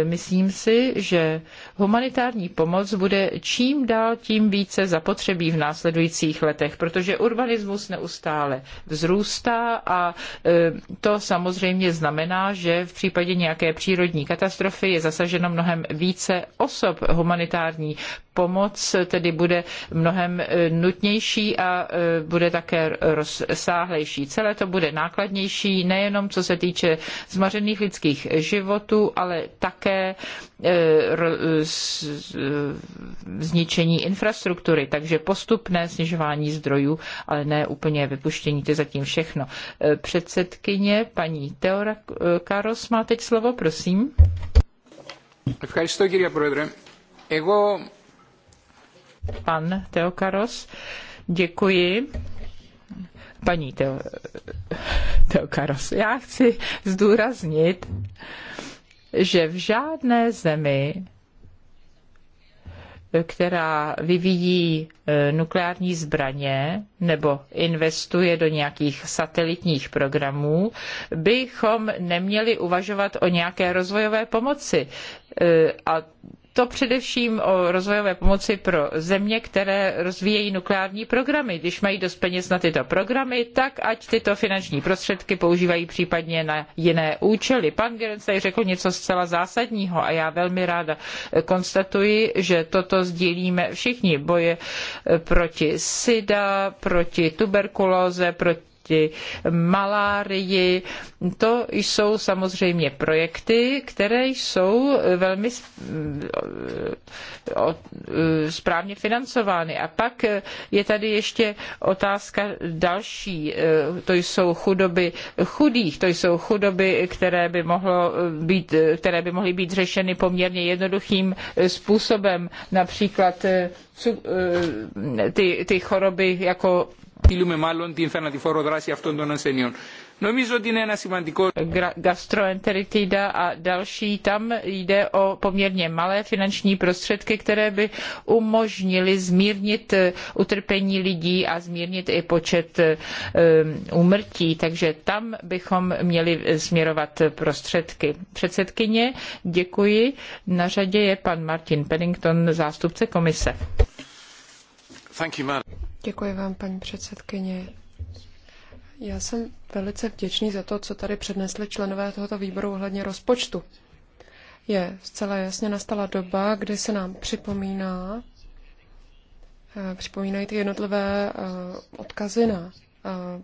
Myslím si, že humanitární pomoc bude čím dál tím více zapotřebí v následujících letech, protože urbanizace Terorismus neustále vzrůstá a e, to samozřejmě znamená, že v případě nějaké přírodní katastrofy je zasaženo mnohem více osob. Humanitární pomoc tedy bude mnohem e, nutnější a e, bude také rozsáhlejší. Celé to bude nákladnější, nejenom co se týče zmařených lidských životů, ale také zničení infrastruktury, takže postupné snižování zdrojů, ale žádné úplně vypuštění, to je zatím všechno. E, předsedkyně, paní Teora e, Karos má teď slovo, prosím. Ευχαριστώ κύριε Πρόεδρε. Pan Teokaros, děkuji paní Teo, Teokaros, já chci zdůraznit, že v žádné zemi která vyvíjí e, nukleární zbraně nebo investuje do nějakých satelitních programů, bychom neměli uvažovat o nějaké rozvojové pomoci. E, a to především o rozvojové pomoci pro země, které rozvíjejí nukleární programy. Když mají dost peněz na tyto programy, tak ať tyto finanční prostředky používají případně na jiné účely. Pan Gerenc tady řekl něco zcela zásadního a já velmi ráda konstatuji, že toto sdílíme všichni. Boje proti SIDA, proti tuberkulóze, proti proti malárii. To jsou samozřejmě projekty, které jsou velmi správně financovány. A pak je tady ještě otázka další. To jsou chudoby chudých, to jsou chudoby, které by, mohlo být, které by mohly být řešeny poměrně jednoduchým způsobem. Například eh, eh, ty, ty choroby jako Ήλουμε μάλλον την θανατηφόρο δράση αυτών των ασθενειών. Νομίζω ότι είναι ένα σημαντικό... Gastroenteritida a další, tam jde o poměrně malé finanční prostředky, které by umožnily zmírnit eh, utrpení lidí a zmírnit i počet eh, eh, úmrtí, takže tam bychom měli směrovat prostředky. Předsedkyně, děkuji. Na řadě je pan Martin Pennington, zástupce komise. Thank you, man. Děkuji vám, paní předsedkyně. Já jsem velice vděčný za to, co tady přednesli členové tohoto výboru ohledně rozpočtu. Je zcela jasně nastala doba, kdy se nám připomíná, eh, připomínají ty jednotlivé eh, odkazy na eh,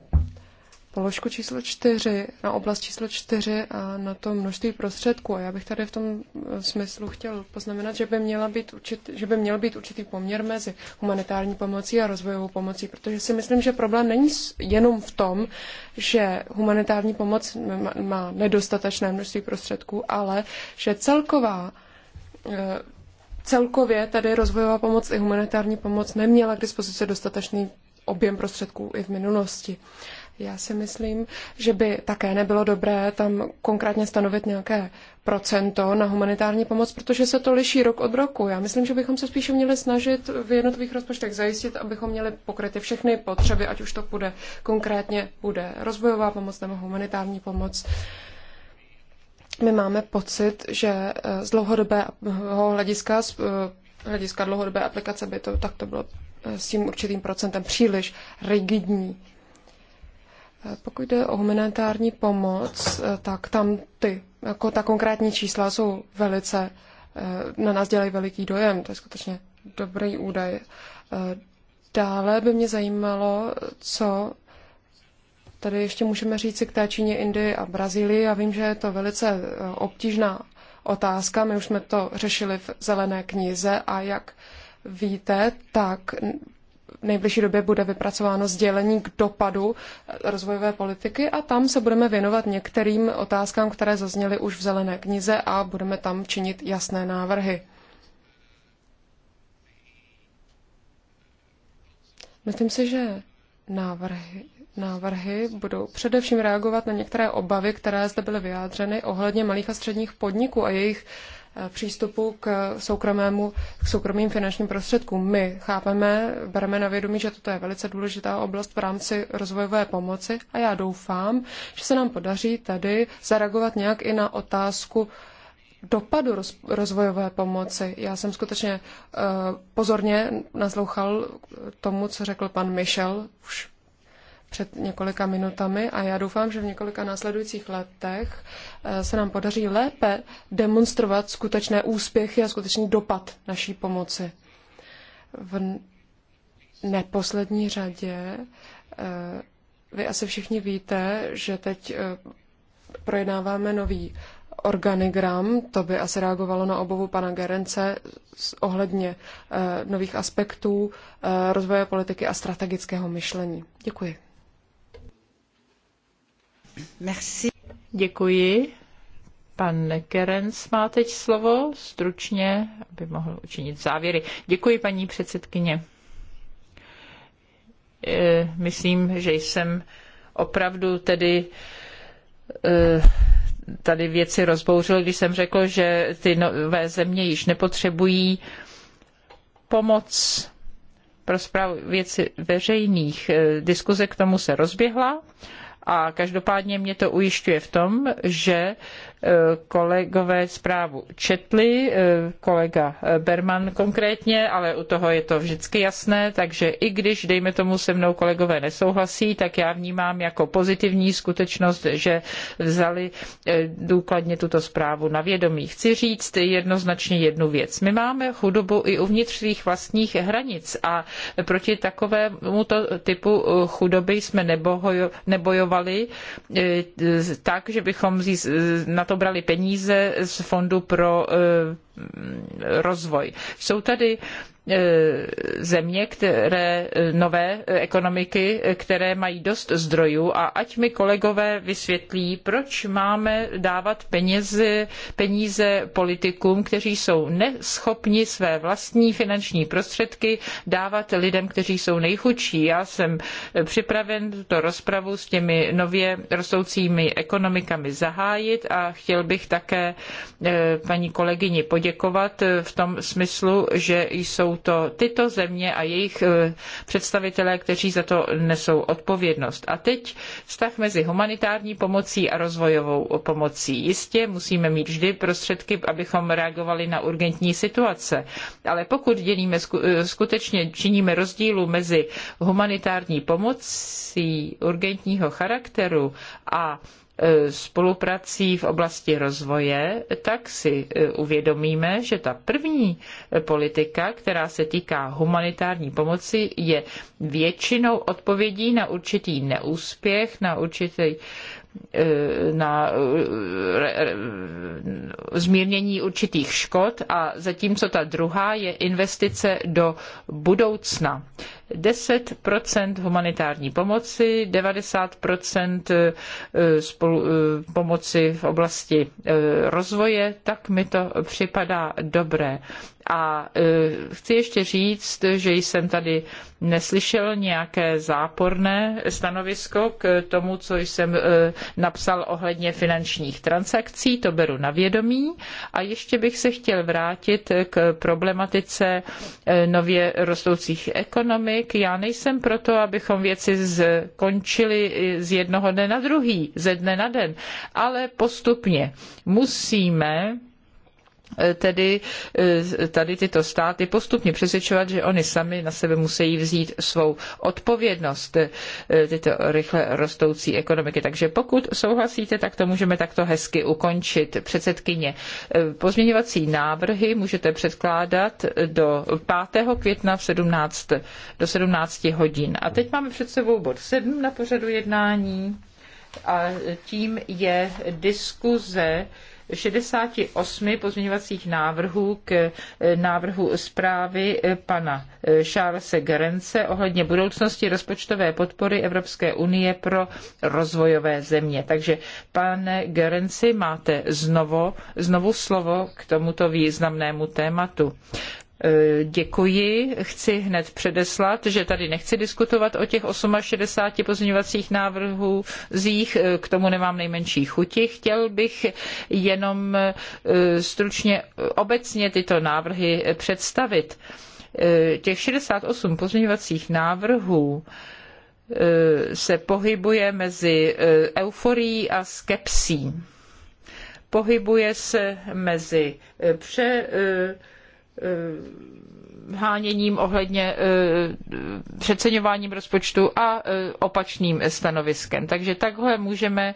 položku číslo čtyři, na oblast číslo čtyři a na to množství prostředků. A já bych tady v tom eh, smyslu chtěl poznamenat, že by, měla být určitý, že by měl být určitý poměr mezi humanitární pomocí a rozvojovou pomocí, protože si myslím, že problém není jenom v tom, že humanitární pomoc má nedostatečné množství prostředků, ale že celková eh, celkově tady rozvojová pomoc i humanitární pomoc neměla k dispozici dostatečný objem prostředků i v minulosti. Já si myslím, že by také nebylo dobré tam konkrétně stanovit nějaké procento na humanitární pomoc, protože se to liší rok od roku. Já myslím, že bychom se spíše měli snažit v jednotlivých rozpočtech zajistit, abychom měli pokryty všechny potřeby, ať už to bude konkrétně bude rozvojová pomoc nebo humanitární pomoc. My máme pocit, že eh, z dlouhodobého hlediska, z eh, hlediska dlouhodobé aplikace by to takto bylo eh, s tím určitým procentem příliš rigidní. Eh, pokud jde o humanitární pomoc, eh, tak tam ty, jako ta konkrétní čísla jsou velice, eh, na nás dělají veliký dojem, to je skutečně dobrý údaj. Dále by mě zajímalo, co tady ještě můžeme si k té Číně, Indii a Brazílii. Já vím, že je to velice obtížná otázka. My už jsme to řešili v zelené knize a jak víte, tak v nejbližší době bude vypracováno sdělení k dopadu eh, rozvojové politiky a tam se budeme věnovat některým otázkám, které zazněly už v zelené knize a budeme tam činit jasné návrhy. Myslím si, že návrhy, návrhy budou především reagovat na některé obavy, které zde byly vyjádřeny ohledně malých a středních podniků a jejich uh, přístupu k, soukromému, k soukromým finančním prostředkům. My chápeme, bereme na vědomí, že toto je velice důležitá oblast v rámci rozvojové pomoci a já doufám, že se nám podaří tady zareagovat nějak i na otázku dopadu roz, rozvojové pomoci. Já jsem skutečně uh, pozorně naslouchal tomu, co řekl pan Michel už před několika minutami a já doufám, že v několika následujících letech eh, se nám podaří lépe demonstrovat skutečné úspěchy a skutečný dopad naší pomoci. V neposlední řadě eh, vy asi všichni víte, že teď eh, projednáváme nový organigram, to by asi reagovalo na obovu pana Gerence ohledně nových aspektů rozvoje politiky a strategického myšlení. Děkuji. Merci. Děkuji. Pan Kerens má teď slovo stručně, aby mohl učinit závěry. Děkuji, paní předsedkyně. E, myslím, že jsem opravdu tedy e, tady věci rozbouřil, když jsem řekl, že ty nové země již nepotřebují pomoc pro správu věci veřejných. E, diskuze k tomu se rozběhla a každopádně mě to ujišťuje v tom, že Eh, kolegové zprávu četli, eh, kolega Berman konkrétně, ale u toho je to vždycky jasné, takže i když, dejme tomu, se mnou kolegové nesouhlasí, tak já vnímám jako pozitivní skutečnost, že vzali eh, důkladně tuto zprávu na vědomí. Chci říct jednoznačně jednu věc. My máme chudobu i uvnitř svých vlastních hranic a proti takovému typu chudoby jsme nebojovali tak, že bychom na to brali peníze z Fondu pro eh, rozvoj. Jsou tady E, země, které e, nové ekonomiky, které mají dost zdrojů a ať mi kolegové vysvětlí, proč máme dávat peněze, peníze politikům, kteří jsou neschopni své vlastní finanční prostředky dávat lidem, kteří jsou nejchudší. Já jsem připraven tuto rozpravu s těmi nově rostoucími ekonomikami zahájit a chtěl bych také e, paní kolegyni poděkovat v tom smyslu, že jsou to tyto země a jejich eh, představitelé, kteří za to nesou odpovědnost. A teď vztah mezi humanitární pomocí a rozvojovou pomocí. Jistě musíme mít vždy prostředky, abychom reagovali na urgentní situace, ale pokud dělíme, eh, skutečně činíme rozdílu mezi humanitární pomocí urgentního charakteru a E, spoluprací v oblasti rozvoje, tak si e, uvědomíme, že ta první e, politika, která se týká humanitární pomoci, je většinou odpovědí na určitý neúspěch, na určitý Eh, na eh, zmírnění určitých škod a zatímco ta druhá je investice do budoucna. 10 humanitární pomoci, 90 eh, spolu, pomoci v oblasti rozvoje, tak mi to připadá dobré. A e, chci ještě říct, že jsem tady neslyšel nějaké záporné stanovisko k tomu, co jsem e, napsal ohledně finančních transakcí, to beru na vědomí. A ještě bych se chtěl vrátit k problematice e, nově rostoucích ekonomik. Já nejsem proto, abychom věci skončili z jednoho dne na druhý, ze dne na den, ale postupně musíme Eh, tedy eh, tady tyto státy postupně přesvědčovat, že oni sami na sebe musí vzít svou odpovědnost eh, tyto rychle rostoucí ekonomiky. Takže pokud souhlasíte, tak to můžeme takto hezky ukončit. Předsedkyně, pozměňovací návrhy můžete předkládat do 5. května v 17, do 17 hodin. A teď máme před sebou bod 7 na pořadu jednání a tím je diskuze 68 pozměňovacích návrhů k eh, návrhu zprávy eh, pana eh, Charlesa Gerence ohledně budoucnosti rozpočtové podpory Evropské unie pro rozvojové země. Takže pane Garenci, máte znovu, znovu slovo k tomuto významnému tématu. E, děkuji. Chci hned předeslat, že tady nechci diskutovat o těch 68 pozměňovacích návrhů zích, e, k tomu nemám nejmenší chuti. Chtěl bych jenom e, stručně obecně tyto návrhy představit. Těch 68 pozměňovacích návrhů se pohybuje mezi euforií a skepsí. Pohybuje se mezi pře, Eh, háněním ohledně eh, přeceňováním rozpočtu a eh, opačným stanoviskem. Takže takhle můžeme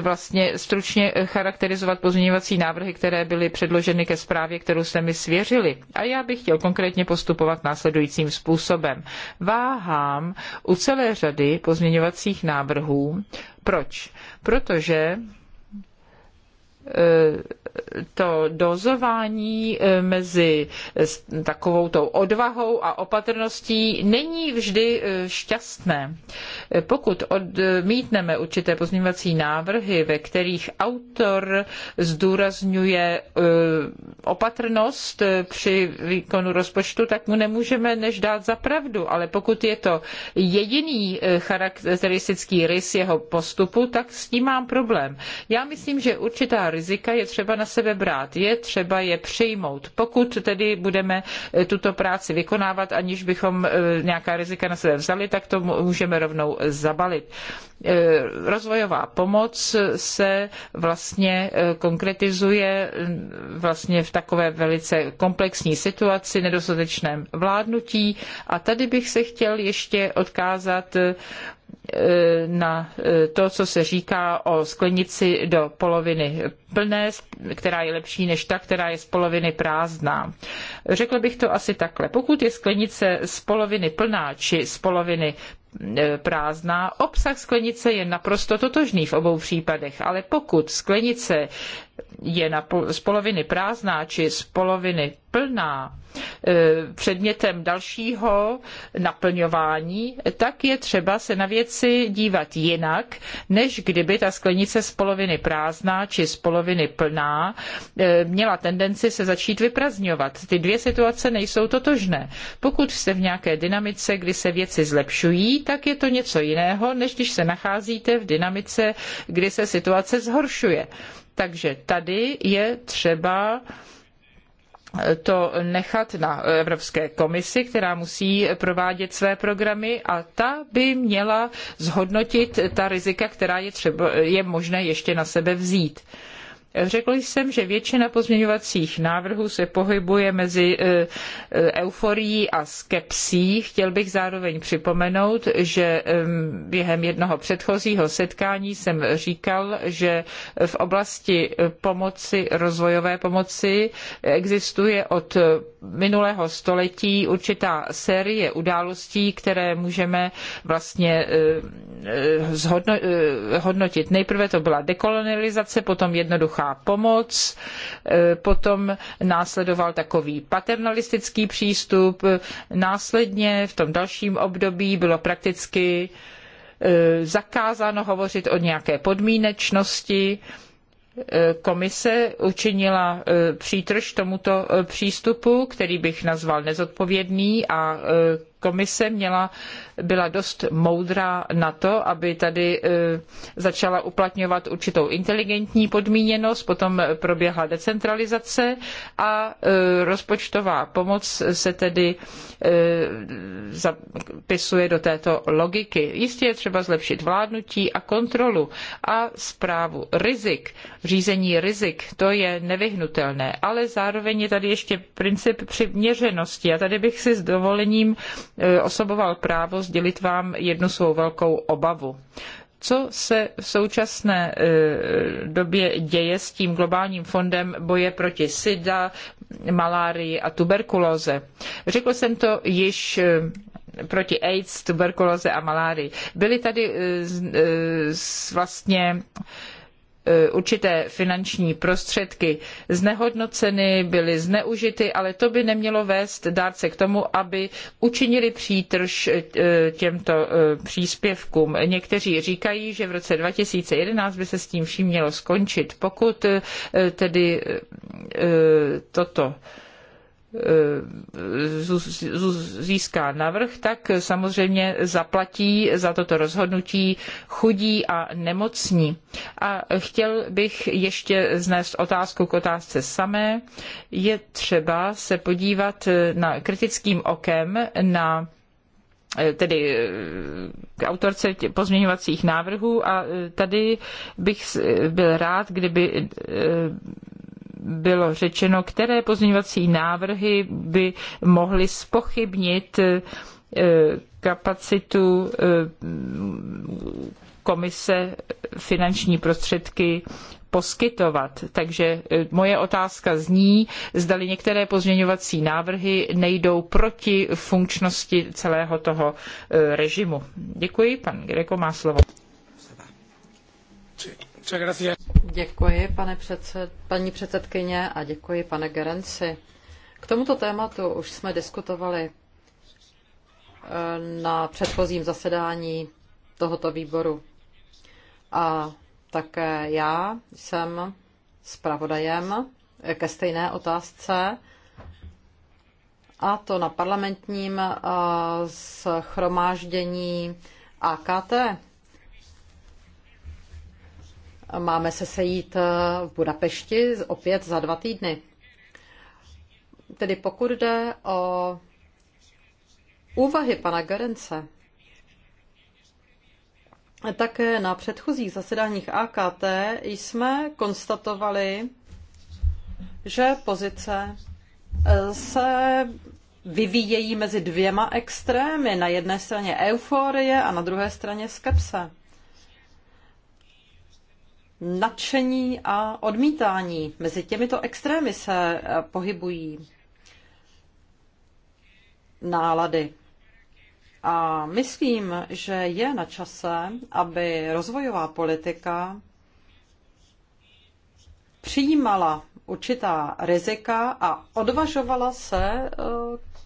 vlastně stručně charakterizovat pozměňovací návrhy, které byly předloženy ke zprávě, kterou jste mi svěřili. A já bych chtěl konkrétně postupovat následujícím způsobem. Váhám u celé řady pozměňovacích návrhů. Proč? Protože to dozování eh, mezi eh, takovou tou odvahou a opatrností není vždy eh, šťastné. Pokud odmítneme určité pozměňovací návrhy, ve kterých autor zdůrazňuje opatrnost při výkonu rozpočtu, tak mu nemůžeme než dát za pravdu. Ale pokud je to jediný charakteristický rys jeho postupu, tak s tím mám problém. Já myslím, že určitá rizika je třeba na sebe brát, je třeba je přijmout. Pokud tedy budeme eh, tuto práci vykonávat, aniž bychom eh, nějaká rizika na sebe vzali, tak to můžeme rovnou zabalit. Eh, rozvojová pomoc se vlastně konkretizuje mm, vlastně v takové velice komplexní situaci, nedostatečném vládnutí. A tady bych se chtěl ještě odkázat Eh, na eh, to, co se říká o sklenici do poloviny plné, která je lepší než ta, která je z poloviny prázdná. Řekl bych to asi takhle. Pokud je sklenice z poloviny plná či z poloviny eh, prázdná. Obsah sklenice je naprosto totožný v obou případech, ale pokud sklenice je na pol, z poloviny prázdná či z poloviny plná e, předmětem dalšího naplňování, tak je třeba se na věci dívat jinak, než kdyby ta sklenice z poloviny prázdná či z poloviny plná e, měla tendenci se začít vyprazňovat. Ty dvě situace nejsou totožné. Pokud jste v nějaké dynamice, kdy se věci zlepšují, tak je to něco jiného, než když se nacházíte v dynamice, kdy se situace zhoršuje. Takže tady je třeba to nechat na Evropské komisi, která musí provádět své programy a ta by měla zhodnotit ta rizika, která je, třeba, je možné ještě na sebe vzít. Řekl jsem, že většina pozměňovacích návrhů se pohybuje mezi e, e, euforií a skepsí. Chtěl bych zároveň připomenout, že během jednoho předchozího setkání jsem říkal, že v oblasti pomoci, rozvojové pomoci existuje od minulého století určitá série událostí, které můžeme vlastně e, hodnotit. Nejprve to byla dekolonizace, potom jednoduchá nějaká pomoc. E, potom následoval takový paternalistický přístup. Následně v tom dalším období bylo prakticky e, zakázáno hovořit o nějaké podmínečnosti. E, komise učinila přítrž tomuto přístupu, který bych nazval nezodpovědný a komise měla, byla dost moudrá na to, aby tady e, začala uplatňovat určitou inteligentní podmíněnost, potom proběhla decentralizace a e, rozpočtová pomoc se tedy e, zapisuje do této logiky. Jistě je třeba zlepšit vládnutí a kontrolu a správu rizik, řízení rizik, to je nevyhnutelné, ale zároveň je tady ještě princip přiměřenosti a tady bych si s dovolením E, osoboval právo sdělit vám jednu svou velkou obavu co se v současné e, době děje s tím globálním fondem boje proti SIDA, malárii a tuberkulóze. Řekl jsem to již e, proti AIDS, tuberkulóze a malárii. Byly tady vlastně Eh, určité finanční prostředky znehodnoceny, byly zneužity, ale to by nemělo vést dárce k tomu, aby učinili přítrž eh, těmto eh, příspěvkům. Někteří říkají, že v roce 2011 by se s tím vším mělo skončit, pokud tedy toto Eh, získá navrh, tak samozřejmě zaplatí za toto rozhodnutí chudí a nemocní. A chtěl bych ještě znést otázku k otázce samé. Je třeba se podívat eh, na kritickým okem na eh, tedy k autorce pozměňovacích návrhů a tady bych byl rád, kdyby bylo řečeno, které pozměňovací návrhy by mohly spochybnit eh, kapacitu eh, komise finanční prostředky poskytovat. Takže eh, moje otázka zní, zdali některé pozměňovací návrhy nejdou proti funkčnosti celého toho režimu. Děkuji, pan Greko má slovo. Děkuji, pane předsed, paní předsedkyně, a děkuji, pane Gerenci. K tomuto tématu už jsme diskutovali eh, na předchozím zasedání tohoto výboru. A také já jsem zpravodajem ke stejné otázce, a to na parlamentním eh, schromáždění AKT Máme se sejít eh, v Budapešti opět za dva týdny. Tedy pokud jde o úvahy pana Garence, také na předchozích zasedáních AKT jsme konstatovali, že pozice eh, se vyvíjejí mezi dvěma extrémy. Na jedné straně euforie a na druhé straně skepse nadšení a odmítání. Mezi těmito extrémy se eh, pohybují nálady. A myslím, že je na čase, aby rozvojová politika přijímala určitá rizika a odvažovala se eh,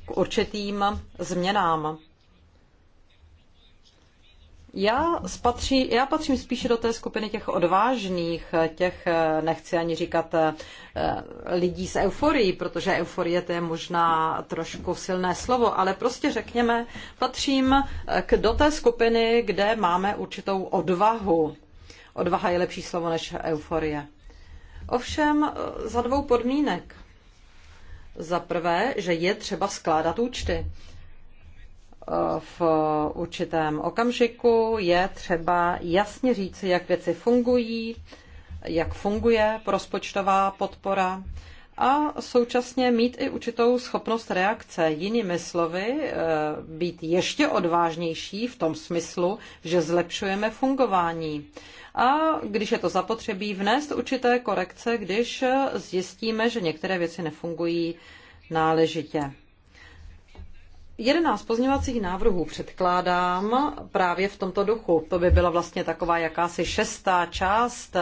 k určitým změnám. Já, spatří, já patřím spíše do té skupiny těch odvážných, těch, eh, nechci ani říkat, eh, lidí s euforií, protože euforie to je možná trošku silné slovo, ale prostě řekněme, patřím eh, k, do té skupiny, kde máme určitou odvahu. Odvaha je lepší slovo než euforie. Ovšem za dvou podmínek. Za prvé, že je třeba skládat účty v určitém okamžiku je třeba jasně říci, jak věci fungují, jak funguje rozpočtová podpora a současně mít i určitou schopnost reakce. Jinými slovy, eh, být ještě odvážnější v tom smyslu, že zlepšujeme fungování. A když je to zapotřebí, vnést určité korekce, když zjistíme, že některé věci nefungují náležitě. Jedenáct pozměňovacích návrhů předkládám právě v tomto duchu. To by byla vlastně taková jakási šestá část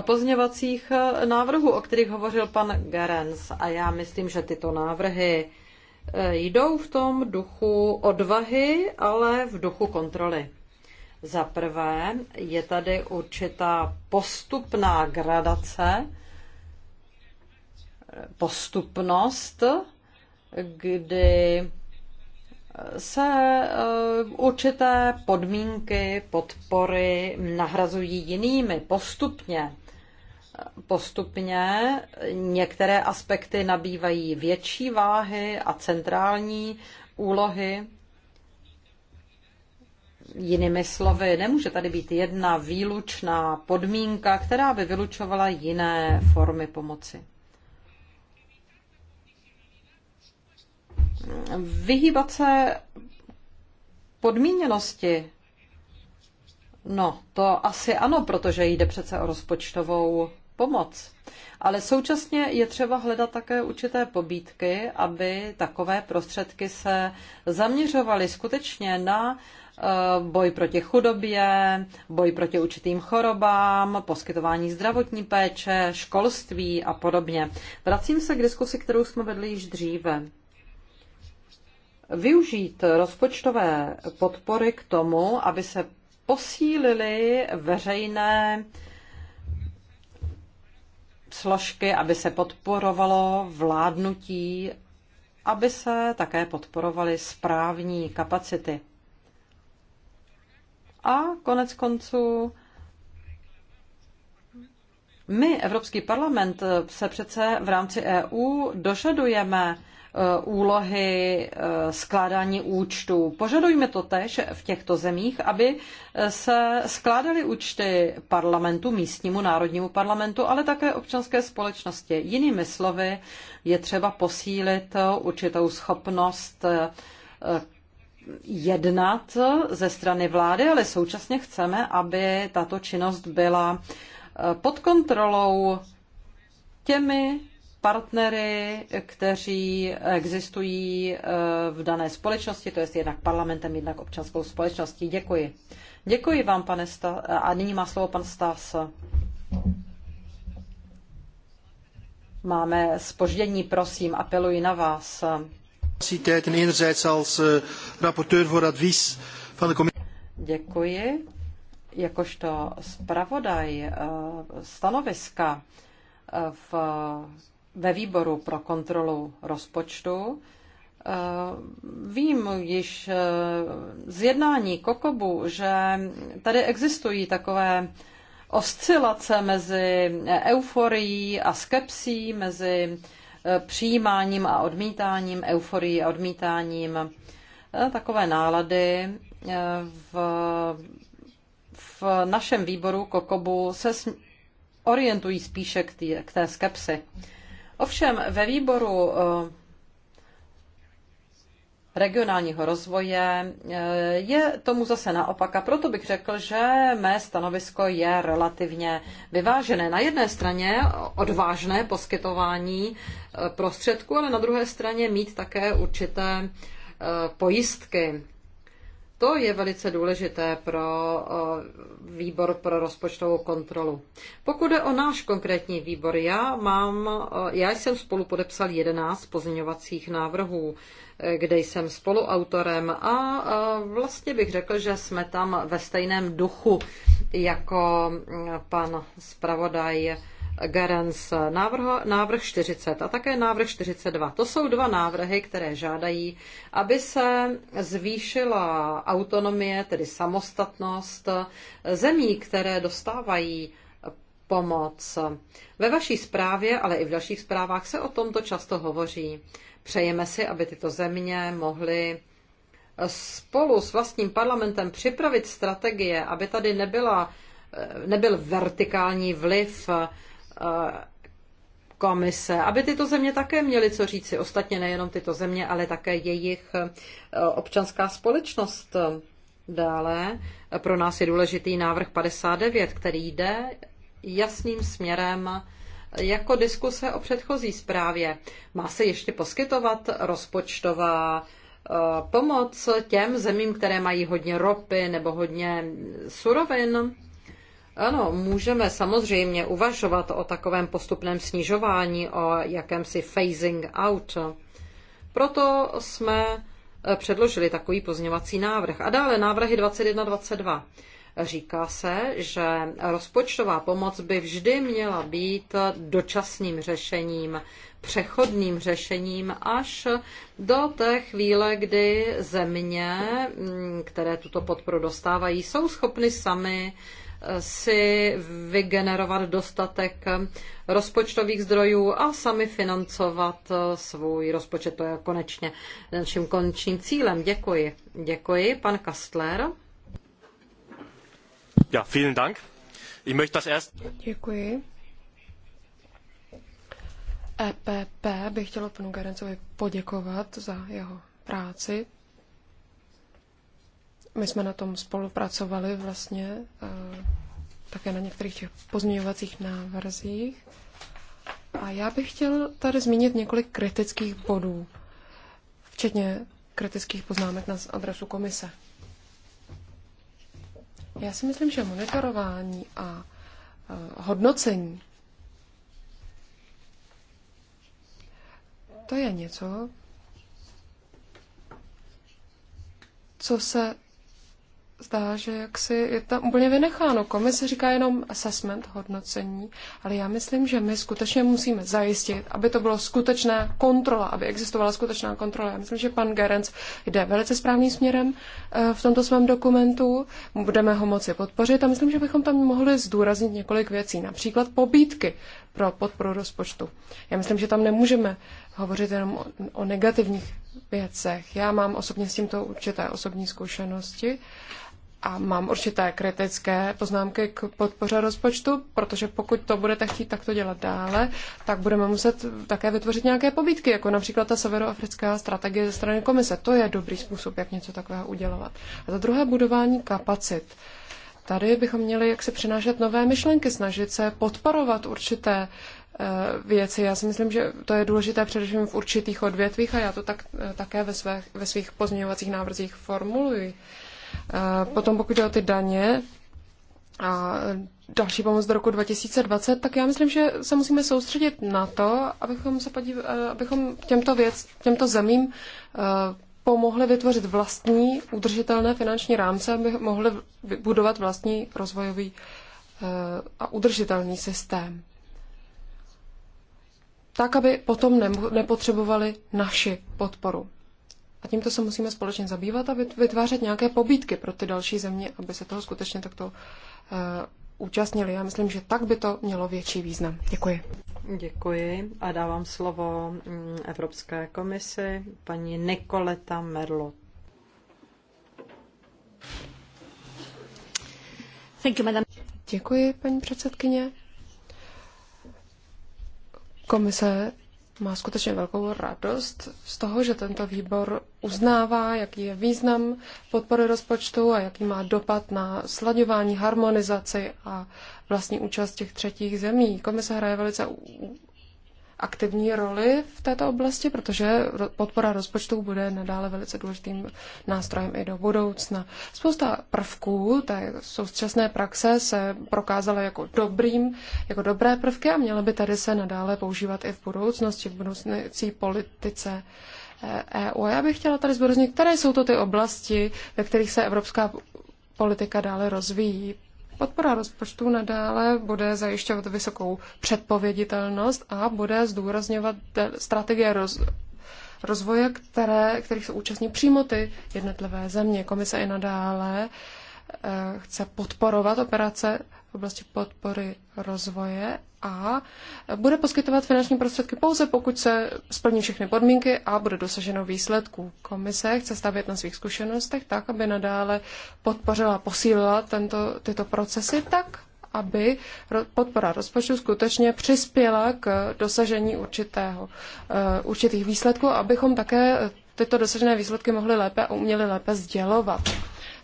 pozměňovacích návrhů, o kterých hovořil pan Gerens. A já myslím, že tyto návrhy eh, jdou v tom duchu odvahy, ale v duchu kontroly. Za prvé je tady určitá postupná gradace, eh, postupnost, kdy se eh, určité podmínky podpory nahrazují jinými postupně. Postupně některé aspekty nabývají větší váhy a centrální úlohy. Jinými slovy, nemůže tady být jedna výlučná podmínka, která by vylučovala jiné formy pomoci. vyhýbat se podmíněnosti. No, to asi ano, protože jde přece o rozpočtovou pomoc. Ale současně je třeba hledat také určité pobídky, aby takové prostředky se zaměřovaly skutečně na eh, boj proti chudobě, boj proti určitým chorobám, poskytování zdravotní péče, školství a podobně. Vracím se k diskusi, kterou jsme vedli již dříve využít rozpočtové podpory k tomu, aby se posílily veřejné složky, aby se podporovalo vládnutí, aby se také podporovaly správní kapacity. A konec konců my, Evropský parlament, se přece v rámci EU dožadujeme Eh, úlohy eh, skládání účtů. Požadujme to tež v těchto zemích, aby eh, se skládaly účty parlamentu, místnímu národnímu parlamentu, ale také občanské společnosti. Jinými slovy, je třeba posílit určitou schopnost jednat ze strany vlády, ale současně chceme, aby tato činnost byla pod kontrolou těmi partnery, kteří existují eh, v dané společnosti, to jest jednak parlamentem, jednak občanskou společností. Děkuji. Děkuji vám, pane sta. A nyní má slovo pan Stas. Máme spoždění, prosím, apeluji na vás. Eh, Děkuji. Jakožto zpravodaj eh, stanoviska v ve výboru pro kontrolu rozpočtu eh, Vím již eh, z jednání Kokobu, že tady existují takové oscilace mezi euforií a skepsí, mezi eh, přijímáním a odmítáním, euforií a odmítáním. Takové nálady v, v našem výboru Kokobu se orientují spíše k, k té skepsi. Ovšem ve výboru eh, regionálního rozvoje eh, je tomu zase naopak a proto bych řekl, že mé stanovisko je relativně vyvážené. Na jedné straně odvážné poskytování eh, prostředků, ale na druhé straně mít také určité pojistky to je velice důležité pro eh, výbor pro rozpočtovou kontrolu. Pokud je o náš konkrétní výbor, já, mám, eh, já jsem spolu podepsal 11 pozměňovacích návrhů, eh, kde jsem spoluautorem a vlastně bych řekl, že jsme tam ve stejném duchu jako mm, pan zpravodaj Garance, návrh, návrh 40 a také návrh 42. To jsou dva návrhy, které žádají, aby se zvýšila autonomie, tedy samostatnost zemí, které dostávají pomoc. Ve vaší zprávě, ale i v dalších zprávách se o tomto často hovoří. Přejeme si, aby tyto země mohly spolu s vlastním parlamentem připravit strategie, aby tady nebyla, nebyl vertikální vliv Eh, komise, aby tyto země také měly co říci. Ostatně nejenom tyto země, ale také jejich eh, občanská společnost. Dále eh, pro nás je důležitý návrh 59, který jde jasným směrem jako diskuse o předchozí zprávě. Má se ještě poskytovat rozpočtová pomoc těm zemím, které mají hodně ropy nebo hodně surovin. Ano, můžeme samozřejmě uvažovat o takovém postupném snižování, o jakémsi phasing out. Proto jsme eh, předložili takový pozněvací návrh. A dále návrhy 21-22. Říká se, že rozpočtová pomoc by vždy měla být dočasným řešením, přechodným řešením až do té chvíle, kdy země, mm, které tuto podporu dostávají, jsou schopny sami si vygenerovat dostatek rozpočtových zdrojů a sami financovat eh, svůj rozpočet. To je konečně naším končním cílem. Děkuji. Děkuji, pan Kastler. Ja, vielen Dank. Ich möchte das erst... Děkuji. EPP bych chtěla panu Garencovi poděkovat za jeho práci. My jsme na tom spolupracovali vlastně eh, také na některých těch pozměňovacích návrzích. A já bych chtěl tady zmínit několik kritických bodů, včetně kritických poznámek na adresu komise. Já si myslím, že monitorování a eh, hodnocení to je něco, co se zdá, že jaksi je tam úplně vynecháno. Komise říká jenom assessment, hodnocení, ale já myslím, že my skutečně musíme zajistit, aby to bylo skutečná kontrola, aby existovala skutečná kontrola. Já myslím, že pan Gerenc jde velice správným směrem eh, v tomto svém dokumentu, budeme ho moci podpořit a myslím, že bychom tam mohli zdůraznit několik věcí, například pobídky pro podporu rozpočtu. Já myslím, že tam nemůžeme hovořit jenom o, o negativních věcech. Já mám osobně s tímto určité osobní zkušenosti a mám určité kritické poznámky k podpoře rozpočtu, protože pokud to budete chtít takto dělat dále, tak budeme muset také vytvořit nějaké pobídky, jako například ta severoafrická strategie ze strany komise. To je dobrý způsob, jak něco takového udělovat. A za druhé budování kapacit. Uh, Tady bychom měli jak se přinášet nové myšlenky, snažit se podporovat určité eh, věci. Já si myslím, že to je důležité především v určitých odvětvích a já to tak, eh, také ve, své, ve svých pozměňovacích návrzích formuluji. Eh, potom pokud jde o ty daně a další pomoc do roku 2020, tak já myslím, že se musíme soustředit na to, abychom, se podívali, abychom těmto, věc, těmto zemím pomohly vytvořit vlastní udržitelné finanční rámce, aby mohly budovat vlastní rozvojový eh, a udržitelný systém. Tak, aby potom nepotřebovali naši podporu. A tímto se musíme společně zabývat a vytvářet nějaké pobídky pro ty další země, aby se toho skutečně takto eh, účastnili. Já myslím, že tak by to mělo větší význam. Děkuji. Děkuji a dávám slovo mm, Evropské komisi paní Nikoleta Merlo. Thank you, madam. Děkuji, paní předsedkyně. Komise má skutečně velkou radost z toho, že tento výbor uznává, jaký je význam podpory rozpočtu a jaký má dopad na slaďování, harmonizaci a vlastní účast těch třetích zemí. Komise hraje velice aktivní roli v této oblasti, protože podpora rozpočtu bude nadále velice důležitým nástrojem i do budoucna. Spousta prvků té současné praxe se prokázala jako dobrým, jako dobré prvky a měly by tady se nadále používat i v budoucnosti, v budoucnosti politice. EU. Eh, e Já bych chtěla tady zboroznit, které jsou to ty oblasti, ve kterých se evropská politika dále rozvíjí. Podpora rozpočtu nadále bude zajišťovat vysokou předpověditelnost a bude zdůrazňovat strategie roz, rozvoje, které, kterých se účastní přímo ty jednotlivé země. Komise i nadále eh, chce podporovat operace v oblasti podpory rozvoje a bude poskytovat finanční prostředky pouze, pokud se splní všechny podmínky a bude dosaženo výsledků. Komise chce stavět na svých zkušenostech tak, aby nadále podpořila, posílila tento, tyto procesy tak, aby podpora rozpočtu skutečně přispěla k dosažení určitého, eh, určitých výsledků, abychom také tyto dosažené výsledky mohli lépe a uměli lépe sdělovat.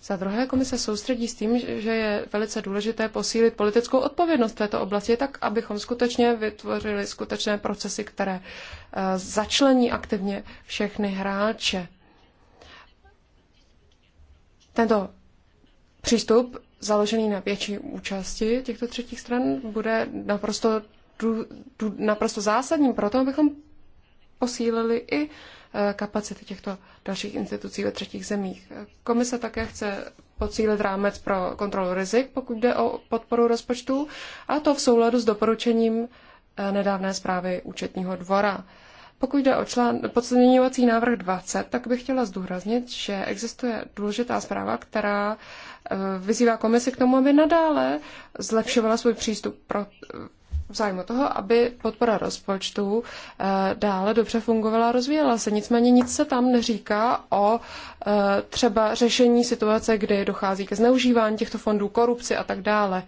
Za druhé, komise soustředí s tím, že je velice důležité posílit politickou odpovědnost této oblasti, tak abychom skutečně vytvořili skutečné procesy, které eh, začlení aktivně všechny hráče. Tento přístup založený na větší účasti těchto třetích stran bude naprosto, naprosto zásadním proto, abychom posílili i Eh, kapacity těchto dalších institucí ve třetích zemích. Komise také chce pocílit rámec pro kontrolu rizik, pokud jde o podporu rozpočtů, a to v souladu s doporučením eh, nedávné zprávy účetního dvora. Pokud jde o člán, podceňovací návrh 20, tak bych chtěla zdůraznit, že existuje důležitá zpráva, která eh, vyzývá komisi k tomu, aby nadále zlepšovala svůj přístup pro, v zájmu toho, aby podpora rozpočtu eh, dále dobře fungovala a rozvíjela se. Nicméně nic se tam neříká o eh, třeba řešení situace, kdy dochází ke zneužívání těchto fondů, korupci a tak dále.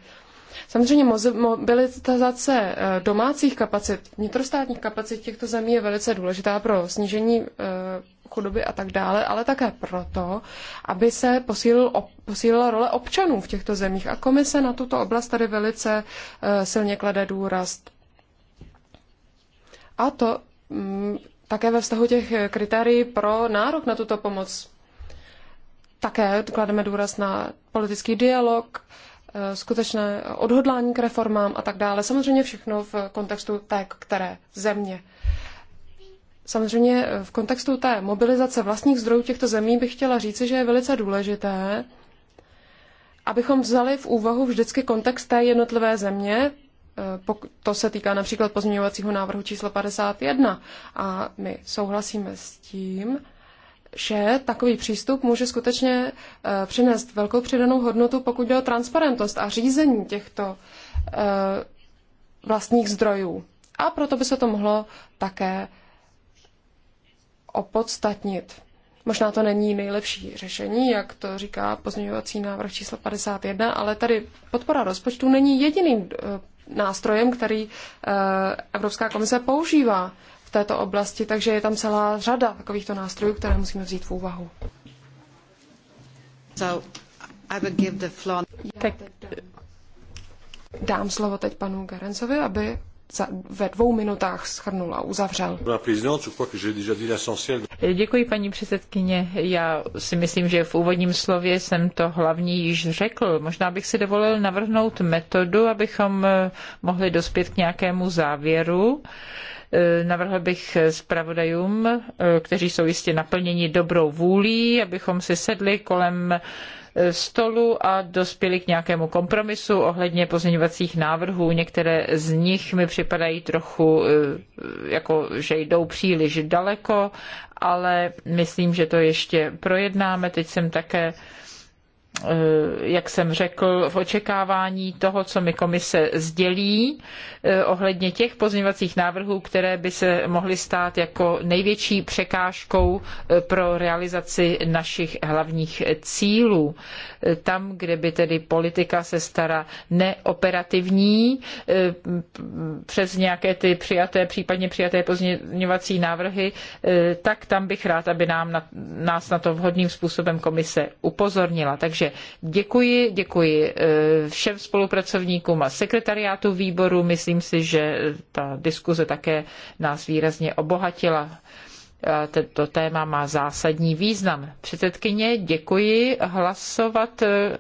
Samozřejmě mobilizace eh, domácích kapacit, vnitrostátních kapacit těchto zemí je velice důležitá pro snížení eh, chudoby a tak dále, ale také proto, aby se posílil, posílila role občanů v těchto zemích. A komise na tuto oblast tady velice eh, silně klade důraz. A to mm, také ve vztahu těch kritérií pro nárok na tuto pomoc. Také klademe důraz na politický dialog, Eh, skutečné odhodlání k reformám a tak dále. Samozřejmě všechno v kontextu té, které země. Samozřejmě eh, v kontextu té mobilizace vlastních zdrojů těchto zemí bych chtěla říci, že je velice důležité, abychom vzali v úvahu vždycky kontext té jednotlivé země, eh, to se týká například pozměňovacího návrhu číslo 51 a my souhlasíme s tím, že takový přístup může skutečně eh, přinést velkou přidanou hodnotu, pokud jde o transparentnost a řízení těchto eh, vlastních zdrojů. A proto by se to mohlo také opodstatnit. Možná to není nejlepší řešení, jak to říká pozměňovací návrh číslo 51, ale tady podpora rozpočtu není jediným eh, nástrojem, který Evropská komise používá této oblasti, takže je tam celá řada takovýchto nástrojů, které musíme vzít v úvahu. So, I will give the floor. Tak. Dám slovo teď panu Garencovi, aby za, ve dvou minutách schrnul a uzavřel. Děkuji, paní předsedkyně. Já si myslím, že v úvodním slově jsem to hlavní již řekl. Možná bych si dovolil navrhnout metodu, abychom eh, mohli dospět k nějakému závěru Eh, navrhl bych zpravodajům, eh, kteří jsou jistě naplněni dobrou vůlí, abychom si sedli kolem eh, stolu a dospěli k nějakému kompromisu ohledně pozměňovacích návrhů. Některé z nich mi připadají trochu, jako že jdou příliš daleko, ale myslím, že to ještě projednáme. Teď jsem také Eh, jak jsem řekl, v očekávání toho, co mi komise sdělí eh, ohledně těch pozměňovacích návrhů, které by se mohly stát jako největší překážkou eh, pro realizaci našich hlavních cílů. Tam, kde by tedy politika se stala neoperativní, přes nějaké ty přijaté, případně přijaté pozměňovací návrhy, tak tam bych rád, aby nám, nás na to vhodným způsobem komise upozornila. Takže takže děkuji, děkuji eh, všem spolupracovníkům a sekretariátu výboru. Myslím si, že ta diskuze také nás výrazně obohatila. Tento téma má zásadní význam. Předsedkyně, děkuji. Hlasovat eh,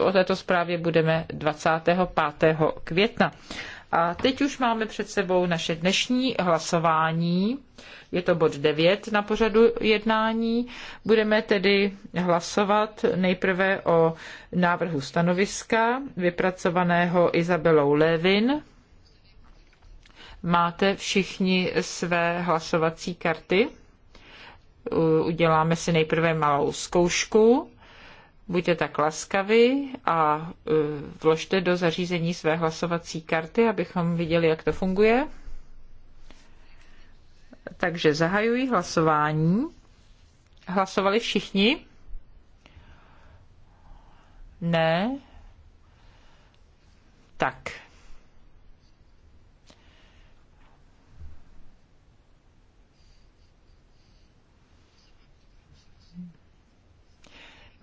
o této zprávě budeme 25. května. A teď už máme před sebou naše dnešní hlasování. Je to bod 9 na pořadu jednání. Budeme tedy hlasovat nejprve o návrhu stanoviska vypracovaného Izabelou Levin. Máte všichni své hlasovací karty? Uděláme si nejprve malou zkoušku buďte tak laskavi a e, vložte do zařízení své hlasovací karty, abychom viděli, jak to funguje. Takže zahajuji hlasování. Hlasovali všichni? Ne. Tak.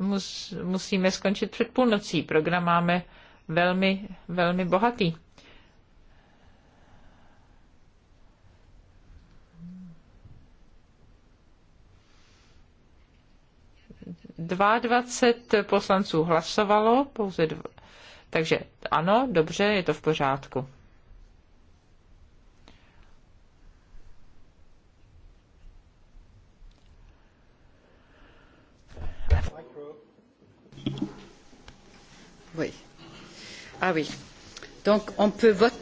mus, musíme skončit před půlnocí. Program máme velmi, velmi bohatý. Dva dvacet poslanců hlasovalo, pouze dv... takže ano, dobře, je to v pořádku. Oui. Ah oui. Donc on peut voter.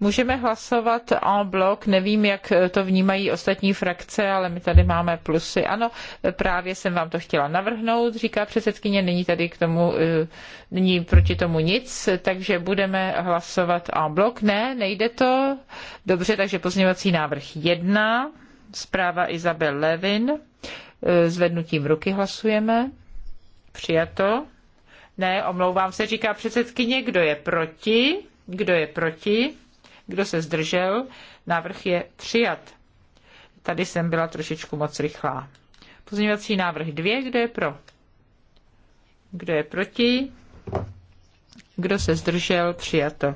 Můžeme hlasovat en bloc, nevím, jak eh, to vnímají ostatní frakce, ale my tady máme plusy. Ano, právě jsem vám to chtěla navrhnout, říká předsedkyně, není tady k tomu, eh, není proti tomu nic, takže budeme hlasovat en bloc. Ne, nejde to. Dobře, takže pozměňovací návrh 1, zpráva Izabel Levin, eh, zvednutím ruky hlasujeme. Přijato? Ne, omlouvám se, říká předsedkyně, kdo je proti, kdo je proti, kdo se zdržel, návrh je přijat. Tady jsem byla trošičku moc rychlá. Pozměňovací návrh dvě, kdo je pro? Kdo je proti? Kdo se zdržel? Přijato.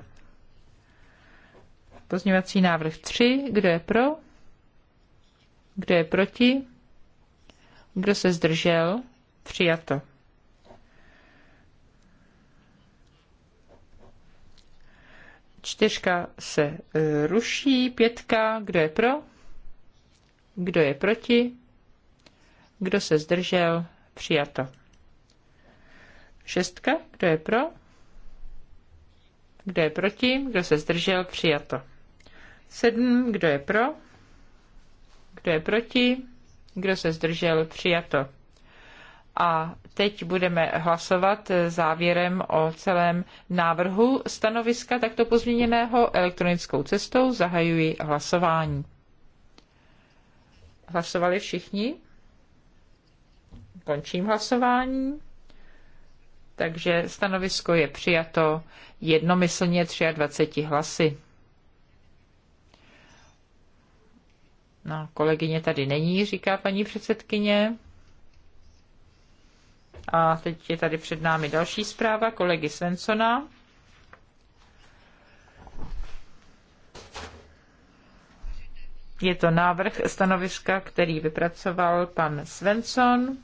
Pozměňovací návrh tři, kdo je pro? Kdo je proti? Kdo se zdržel? Přijato. Čtyřka se e, ruší, pětka, kdo je pro? Kdo je proti? Kdo se zdržel? Přijato. Šestka, kdo je pro? Kdo je proti? Kdo se zdržel? Přijato. Sedm, kdo je pro? Kdo je proti? Kdo se zdržel? Přijato. A teď budeme hlasovat závěrem o celém návrhu stanoviska takto pozměněného elektronickou cestou. Zahajuji hlasování. Hlasovali všichni? Končím hlasování. Takže stanovisko je přijato jednomyslně 23 hlasy. No, kolegyně tady není, říká paní předsedkyně. A teď je tady před námi další zpráva kolegy Svensona. Je to návrh stanoviska, který vypracoval pan Svensson.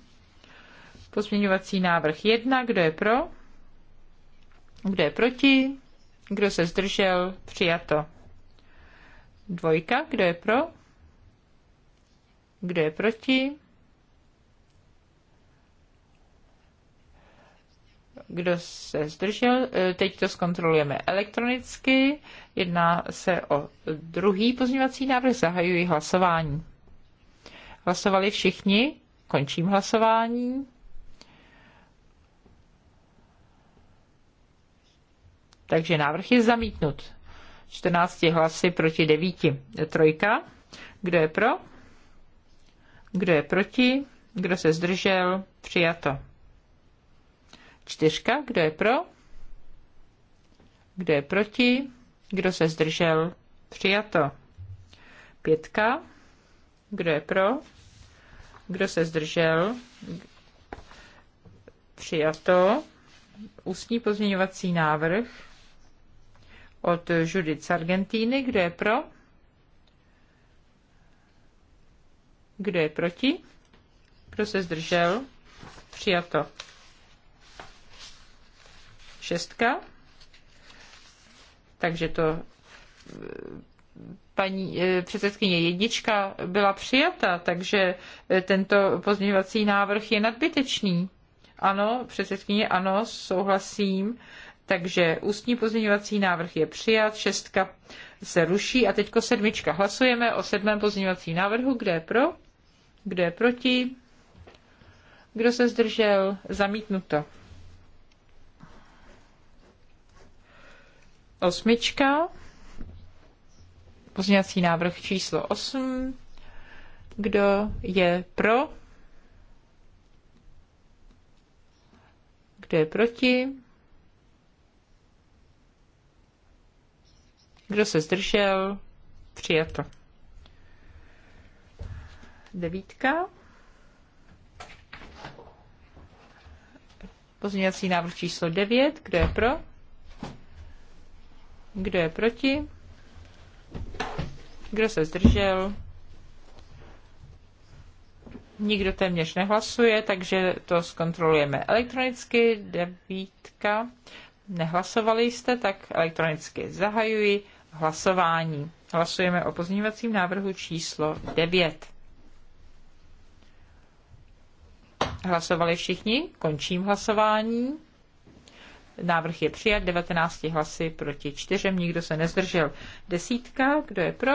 Pozměňovací návrh 1. Kdo je pro? Kdo je proti? Kdo se zdržel? Přijato. Dvojka. Kdo je pro? Kdo je proti? kdo se zdržel. E, teď to zkontrolujeme elektronicky. Jedná se o druhý pozměňovací návrh. Zahajuji hlasování. Hlasovali všichni. Končím hlasování. Takže návrh je zamítnut. 14 hlasy proti 9. Trojka. Kdo je pro? Kdo je proti? Kdo se zdržel? Přijato. Čtyřka, kdo je pro? Kdo je proti? Kdo se zdržel? Přijato. Pětka, kdo je pro? Kdo se zdržel? Přijato. Ústní pozměňovací návrh od Judith z Argentíny. Kdo je pro? Kdo je proti? Kdo se zdržel? Přijato šestka. Takže to e, paní e, předsedkyně jedička byla přijata, takže e, tento pozměňovací návrh je nadbytečný. Ano, předsedkyně, ano, souhlasím. Takže ústní pozměňovací návrh je přijat, šestka se ruší a teďko sedmička. Hlasujeme o sedmém pozměňovacím návrhu. Kdo je pro? Kdo je proti? Kdo se zdržel? Zamítnuto. Osmička. Pozměňovací návrh číslo 8. Kdo je pro? Kdo je proti? Kdo se zdržel? Přijato. Devítka. Pozměňovací návrh číslo 9. Kdo je pro? Kdo je proti? Kdo se zdržel? Nikdo téměř nehlasuje, takže to zkontrolujeme elektronicky. Devítka. Nehlasovali jste, tak elektronicky zahajuji hlasování. Hlasujeme o pozměňovacím návrhu číslo 9. Hlasovali všichni? Končím hlasování. Návrh je přijat 19 hlasy proti čtyřem, nikdo se nezdržel. Desítka, kdo je pro?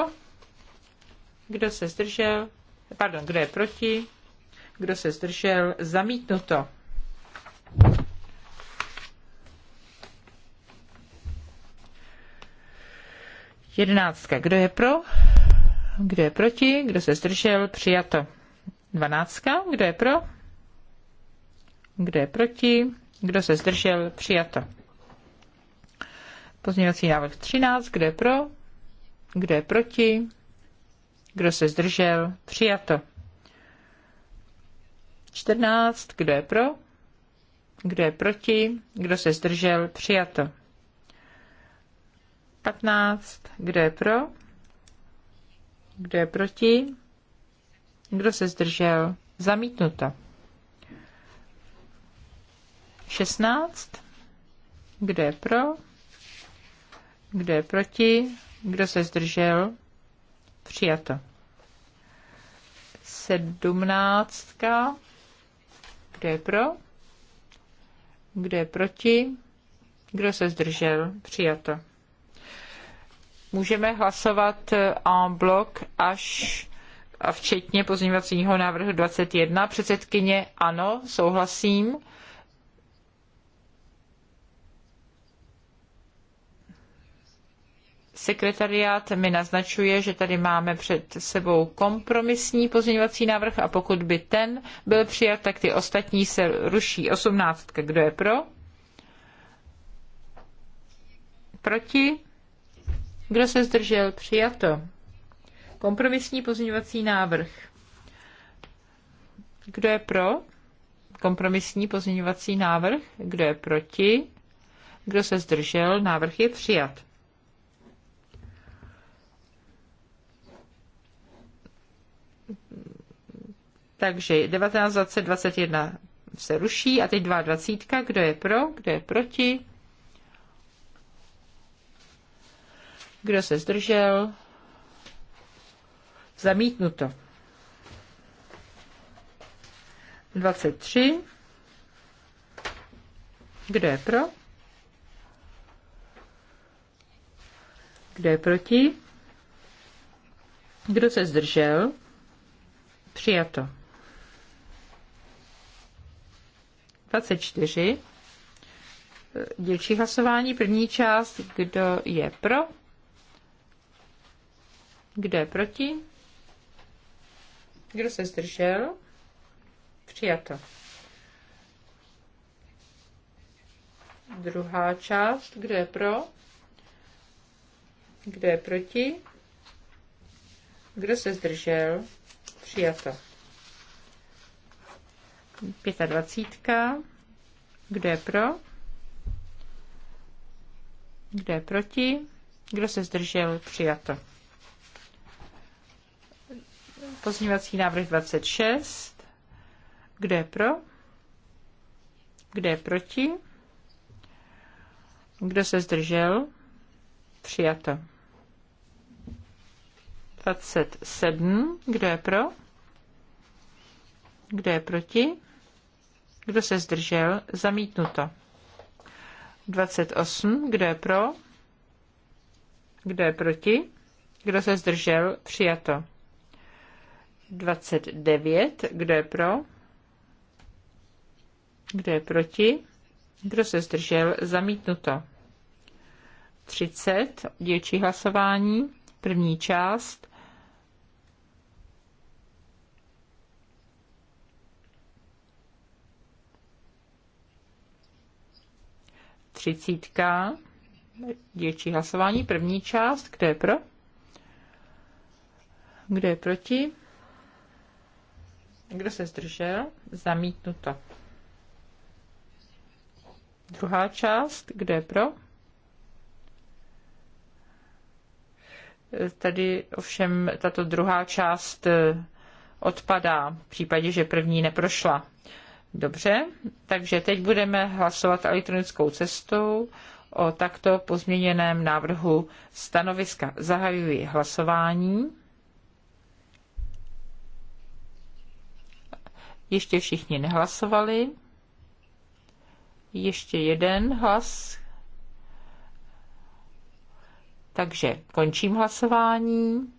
Kdo se zdržel? Pardon, kdo je proti? Kdo se zdržel? Zamítnuto. Jedenáctka. Kdo je pro? Kdo je proti? Kdo se zdržel? Přijato. Dvanáctka. Kdo je pro? Kdo je proti? Kdo se zdržel? Přijato. Pozměňovací návrh 13. Kdo je pro? Kdo je proti? Kdo se zdržel? Přijato. 14. Kdo je pro? Kdo je proti? Kdo se zdržel? Přijato. 15. Kdo je pro? Kdo je proti? Kdo se zdržel? Zamítnuto. 16. Kdo je pro? Kdo je proti? Kdo se zdržel? Přijato. 17. Kdo je pro? Kdo je proti? Kdo se zdržel? Přijato. Můžeme hlasovat en blok až a včetně pozměňovacího návrhu 21. Předsedkyně ano, souhlasím. Sekretariát mi naznačuje, že tady máme před sebou kompromisní pozměňovací návrh a pokud by ten byl přijat, tak ty ostatní se ruší. 18. Kdo je pro? Proti? Kdo se zdržel? Přijato. Kompromisní pozměňovací návrh. Kdo je pro? Kompromisní pozměňovací návrh. Kdo je proti? Kdo se zdržel? Návrh je přijat. Takže 19, 20, 21 se ruší a teď 22, kdo je pro, kdo je proti, kdo se zdržel, zamítnuto. 23, kdo je pro, kdo je proti, kdo se zdržel, přijato. 24. Dělčí hlasování, první část, kdo je pro, kdo je proti, kdo se zdržel, přijato. Druhá část, kdo je pro, kdo je proti? Kdo se zdržel? Přijato. 25. Kdo je pro? Kdo je proti? Kdo se zdržel? Přijato. Pozměňovací návrh 26. Kdo je pro? Kdo je proti? Kdo se zdržel? Přijato. 27. Kdo je pro? Kdo je proti? Kdo se zdržel? Zamítnuto. 28. Kdo je pro? Kdo je proti? Kdo se zdržel? Přijato. 29. Kdo je pro? Kdo je proti? Kdo se zdržel? Zamítnuto. 30. Dílčí hlasování. První část. třicítka, dělčí hlasování, první část, kdo je pro? Kdo je proti? Kdo se zdržel? Zamítnuto. Druhá část, kdo je pro? Tady ovšem tato druhá část eh, odpadá v případě, že první neprošla. Dobře, takže teď budeme hlasovat elektronickou cestou o takto pozměněném návrhu stanoviska. Zahajuji hlasování. Ještě všichni nehlasovali. Ještě jeden hlas. Takže končím hlasování.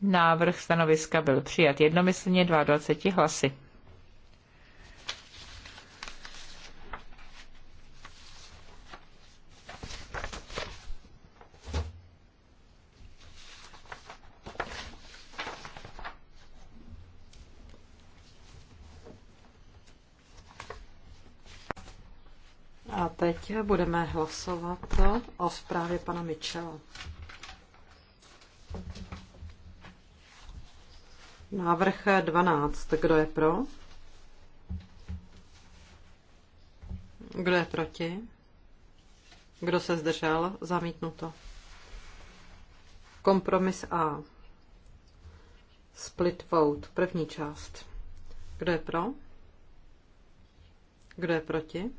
Návrh stanoviska byl přijat jednomyslně 22 hlasy. budeme hlasovat o zprávě pana Michela. Návrh 12. Kdo je pro? Kdo je proti? Kdo se zdržel? Zamítnuto. Kompromis A. Split vote. První část. Kdo je pro? Kdo je proti?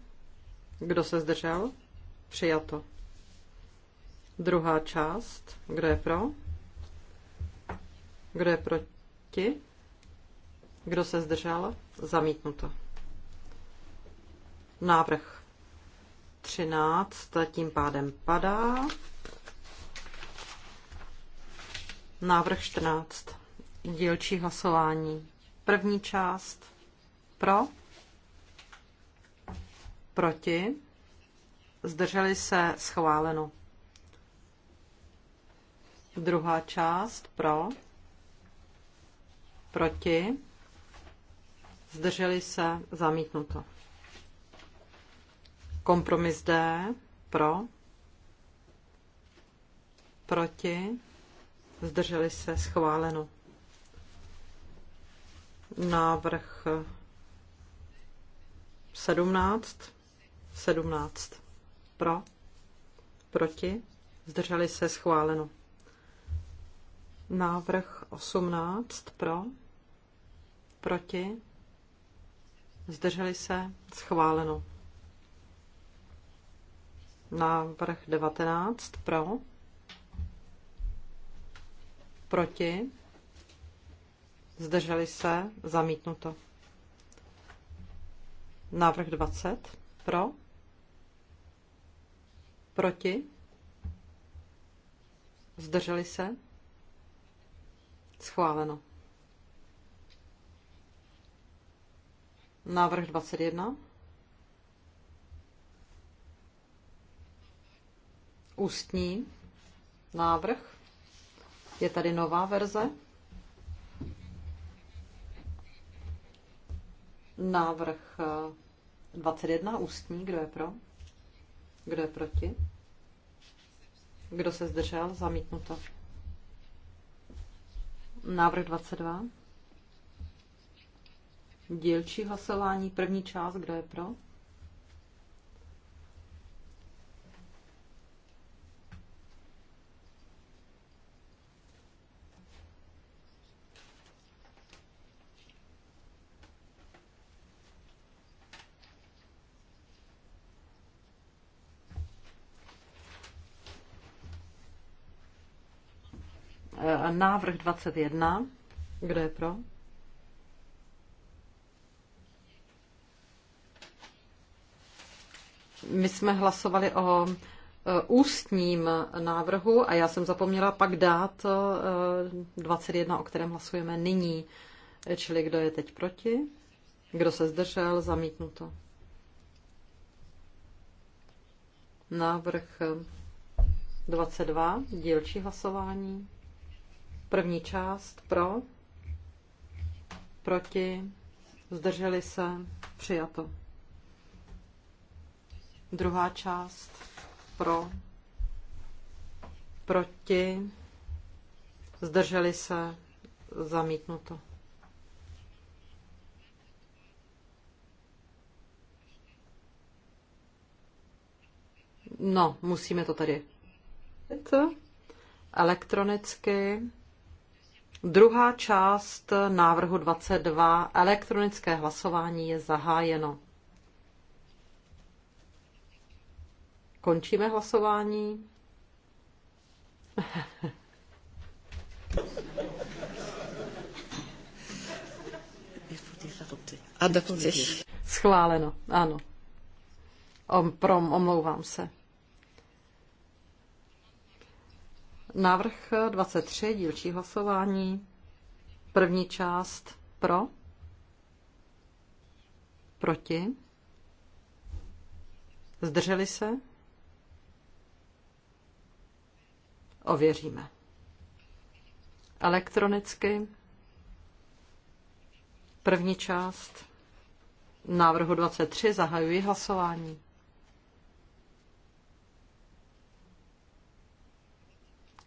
Kdo se zdržel? Přijato. Druhá část. Kdo je pro? Kdo je proti? Kdo se zdržel? Zamítnuto. Návrh 13 tím pádem padá. Návrh 14. Dílčí hlasování. První část pro proti, zdrželi se schváleno. Druhá část pro, proti, zdrželi se zamítnuto. Kompromis D pro, proti, zdrželi se schváleno. Návrh 17 17. Pro, proti, zdrželi se schváleno. Návrh 18 pro, proti, zdrželi se schváleno. Návrh 19 pro, proti, zdrželi se zamítnuto. Návrh 20 pro, Proti? Zdrželi se? Schváleno. Návrh 21. Ústní návrh. Je tady nová verze. Návrh 21 ústní, kdo je pro? Kdo je proti? Kdo se zdržel? Zamítnuto. Návrh 22. Dílčí hlasování, první část, kdo je pro? návrh 21. Kdo je pro? My jsme hlasovali o e, ústním návrhu a já jsem zapomněla pak dát 21, e, o kterém hlasujeme nyní. Čili kdo je teď proti? Kdo se zdržel? Zamítnuto. Návrh 22, dílčí hlasování. První část pro, proti, zdrželi se, přijato. Druhá část pro, proti, zdrželi se, zamítnuto. No, musíme to tady. Je to elektronicky. Druhá část návrhu 22. Elektronické hlasování je zahájeno. Končíme hlasování. Adopci. Schváleno, ano. Om, prom, omlouvám se. Návrh 23, dílčí hlasování. První část pro, proti, zdrželi se, ověříme. Elektronicky první část návrhu 23 zahajuji hlasování.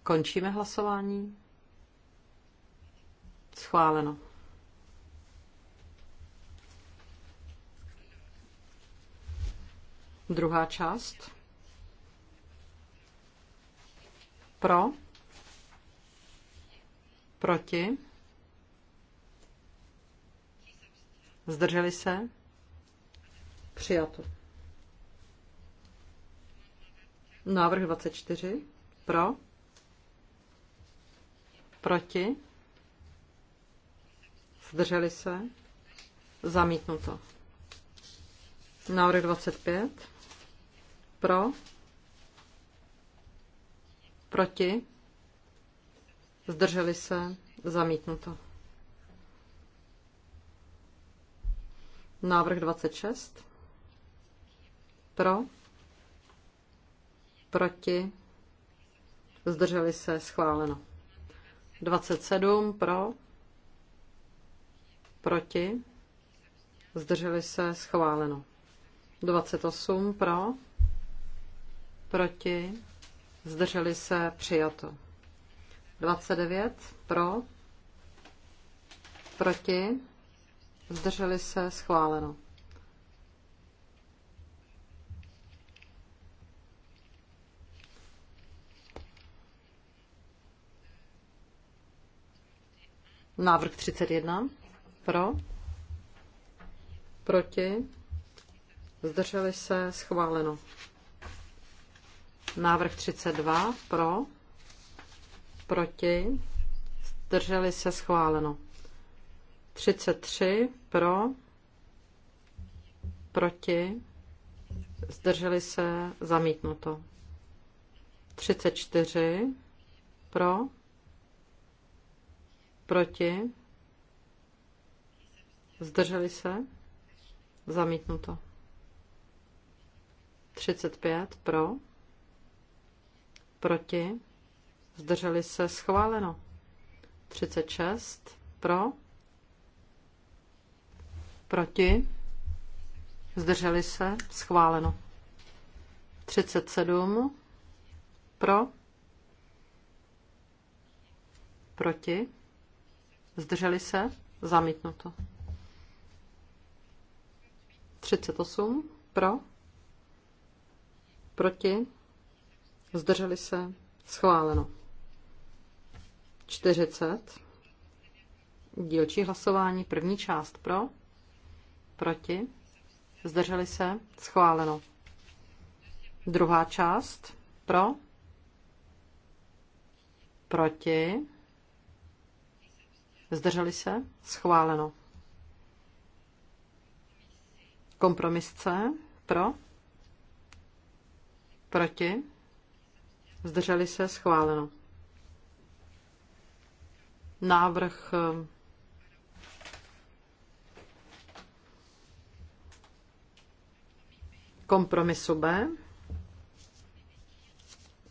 Končíme hlasování. Schváleno. Druhá část. Pro. Proti. Zdrželi se? Přijato. Návrh 24. Pro. Proti? Zdrželi se? Zamítnuto. Návrh 25. Pro? Proti? Zdrželi se? Zamítnuto. Návrh 26. Pro? Proti? Zdrželi se? Schváleno. 27 pro, proti, zdrželi se, schváleno. 28 pro, proti, zdrželi se, přijato. 29 pro, proti, zdrželi se, schváleno. Návrh 31. Pro. Proti. Zdrželi se. Schváleno. Návrh 32. Pro. Proti. Zdrželi se. Schváleno. 33. Pro. Proti. Zdrželi se. Zamítnuto. 34. Pro Proti? Zdrželi se? Zamítnuto. 35 pro. Proti? Zdrželi se? Schváleno. 36 pro. Proti? Zdrželi se? Schváleno. 37 pro. Proti? Zdrželi se? Zamítnuto. 38 pro, proti, zdrželi se, schváleno. 40, dílčí hlasování, první část pro, proti, zdrželi se, schváleno. Druhá část pro, proti, Zdrželi se? Schváleno. Kompromis C. Pro? Proti? Zdrželi se? Schváleno. Návrh eh, kompromisu B.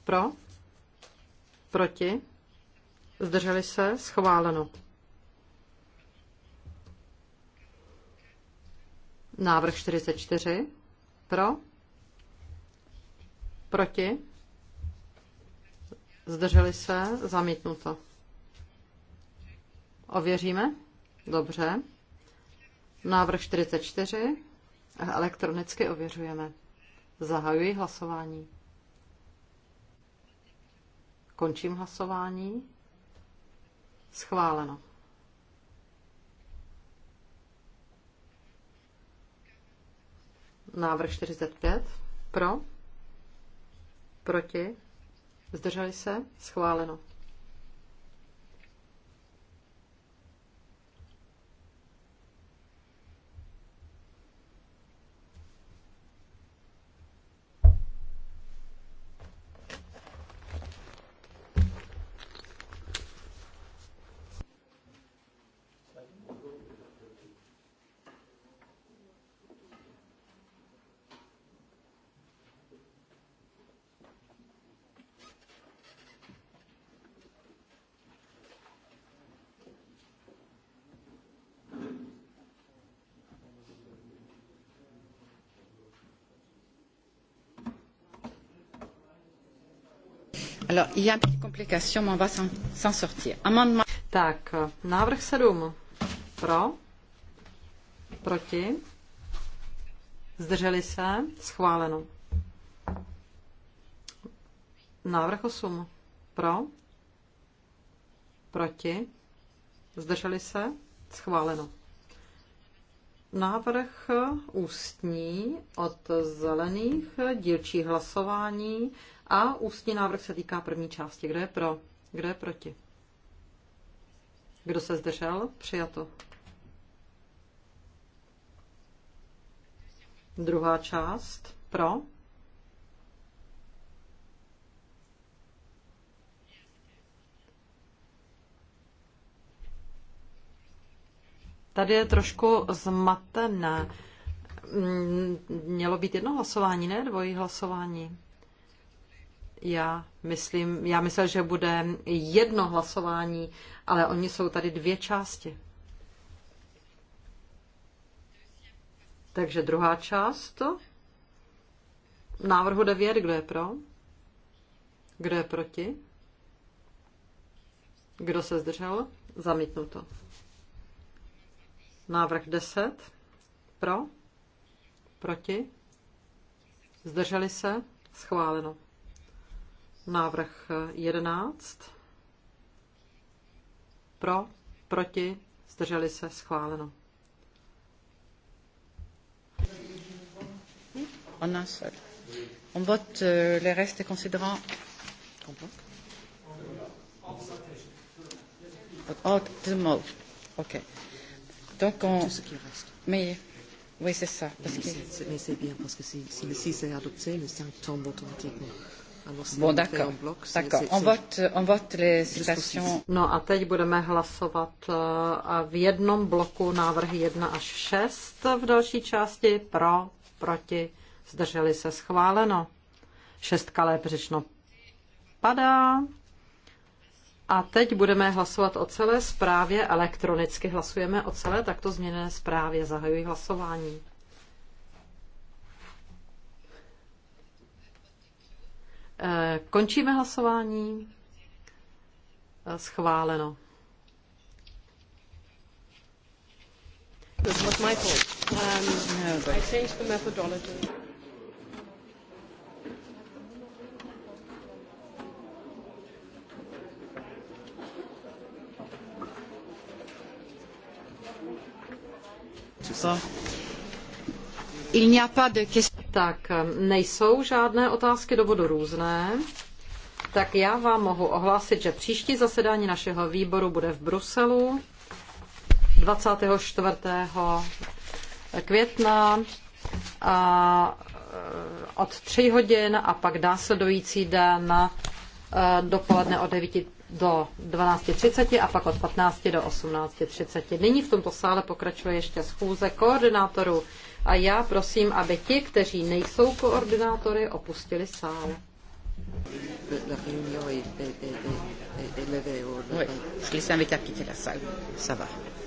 Pro? Proti? Zdrželi se? Schváleno. Návrh 44. Pro? Proti? Zdrželi se? Zamítnuto. Ověříme? Dobře. Návrh 44. Elektronicky ověřujeme. Zahajuji hlasování. Končím hlasování. Schváleno. Návrh 45. Pro? Proti? Zdrželi se? Schváleno. Tak, návrh 7. Pro? Proti? Zdrželi se? Schváleno. Návrh 8. Pro? Proti? Zdrželi se? Schváleno. Návrh ústní od zelených dílčí hlasování a ústní návrh se týká první části. Kdo je pro? Kdo je proti? Kdo se zdržel? Přijato. Druhá část. Pro? Tady je trošku zmatené. Mm, mělo být jedno hlasování, ne dvojí hlasování. Já myslím, já myslím, že bude jedno hlasování, ale oni jsou tady dvě části. Takže druhá část návrhu devět, kdo je pro? Kdo je proti? Kdo se zdržel? Zamítnuto. Návrh 10. Pro? Proti? Zdrželi se? Schváleno. Návrh 11. Pro, proti, zdrželi se, schváleno. En un seul. On vote euh, les restes considérant. Oh, deux mots. OK. Donc on. Tout ce qui reste. Mais. Oui, c'est ça. Parce mais c'est bien parce que si, si le 6 est adopté, le 5 tombe automatiquement. Bon, d'accord. On vote, on vote les citations. No a teď budeme hlasovat eh, v jednom bloku návrhy 1 až 6 v další části pro, proti, zdrželi se schváleno. Šestka lépe řečeno padá. A teď budeme hlasovat o celé zprávě elektronicky. Hlasujeme o celé takto změněné zprávě. Zahajuji hlasování. Eh, končíme hlasování. Eh, schváleno. It was my fault. Um, I changed the methodology. Il n'y a pas de questions tak nejsou žádné otázky do bodu různé, tak já vám mohu ohlásit, že příští zasedání našeho výboru bude v Bruselu 24. května a eh, od 3 hodin a pak následující den eh, dopoledne od 9 do 12.30 a pak od 15 do 18.30. Nyní v tomto sále pokračuje ještě schůze koordinátorů. A já prosím, aby ti, kteří nejsou koordinátory, opustili sál. Oui, je les invite je quitter la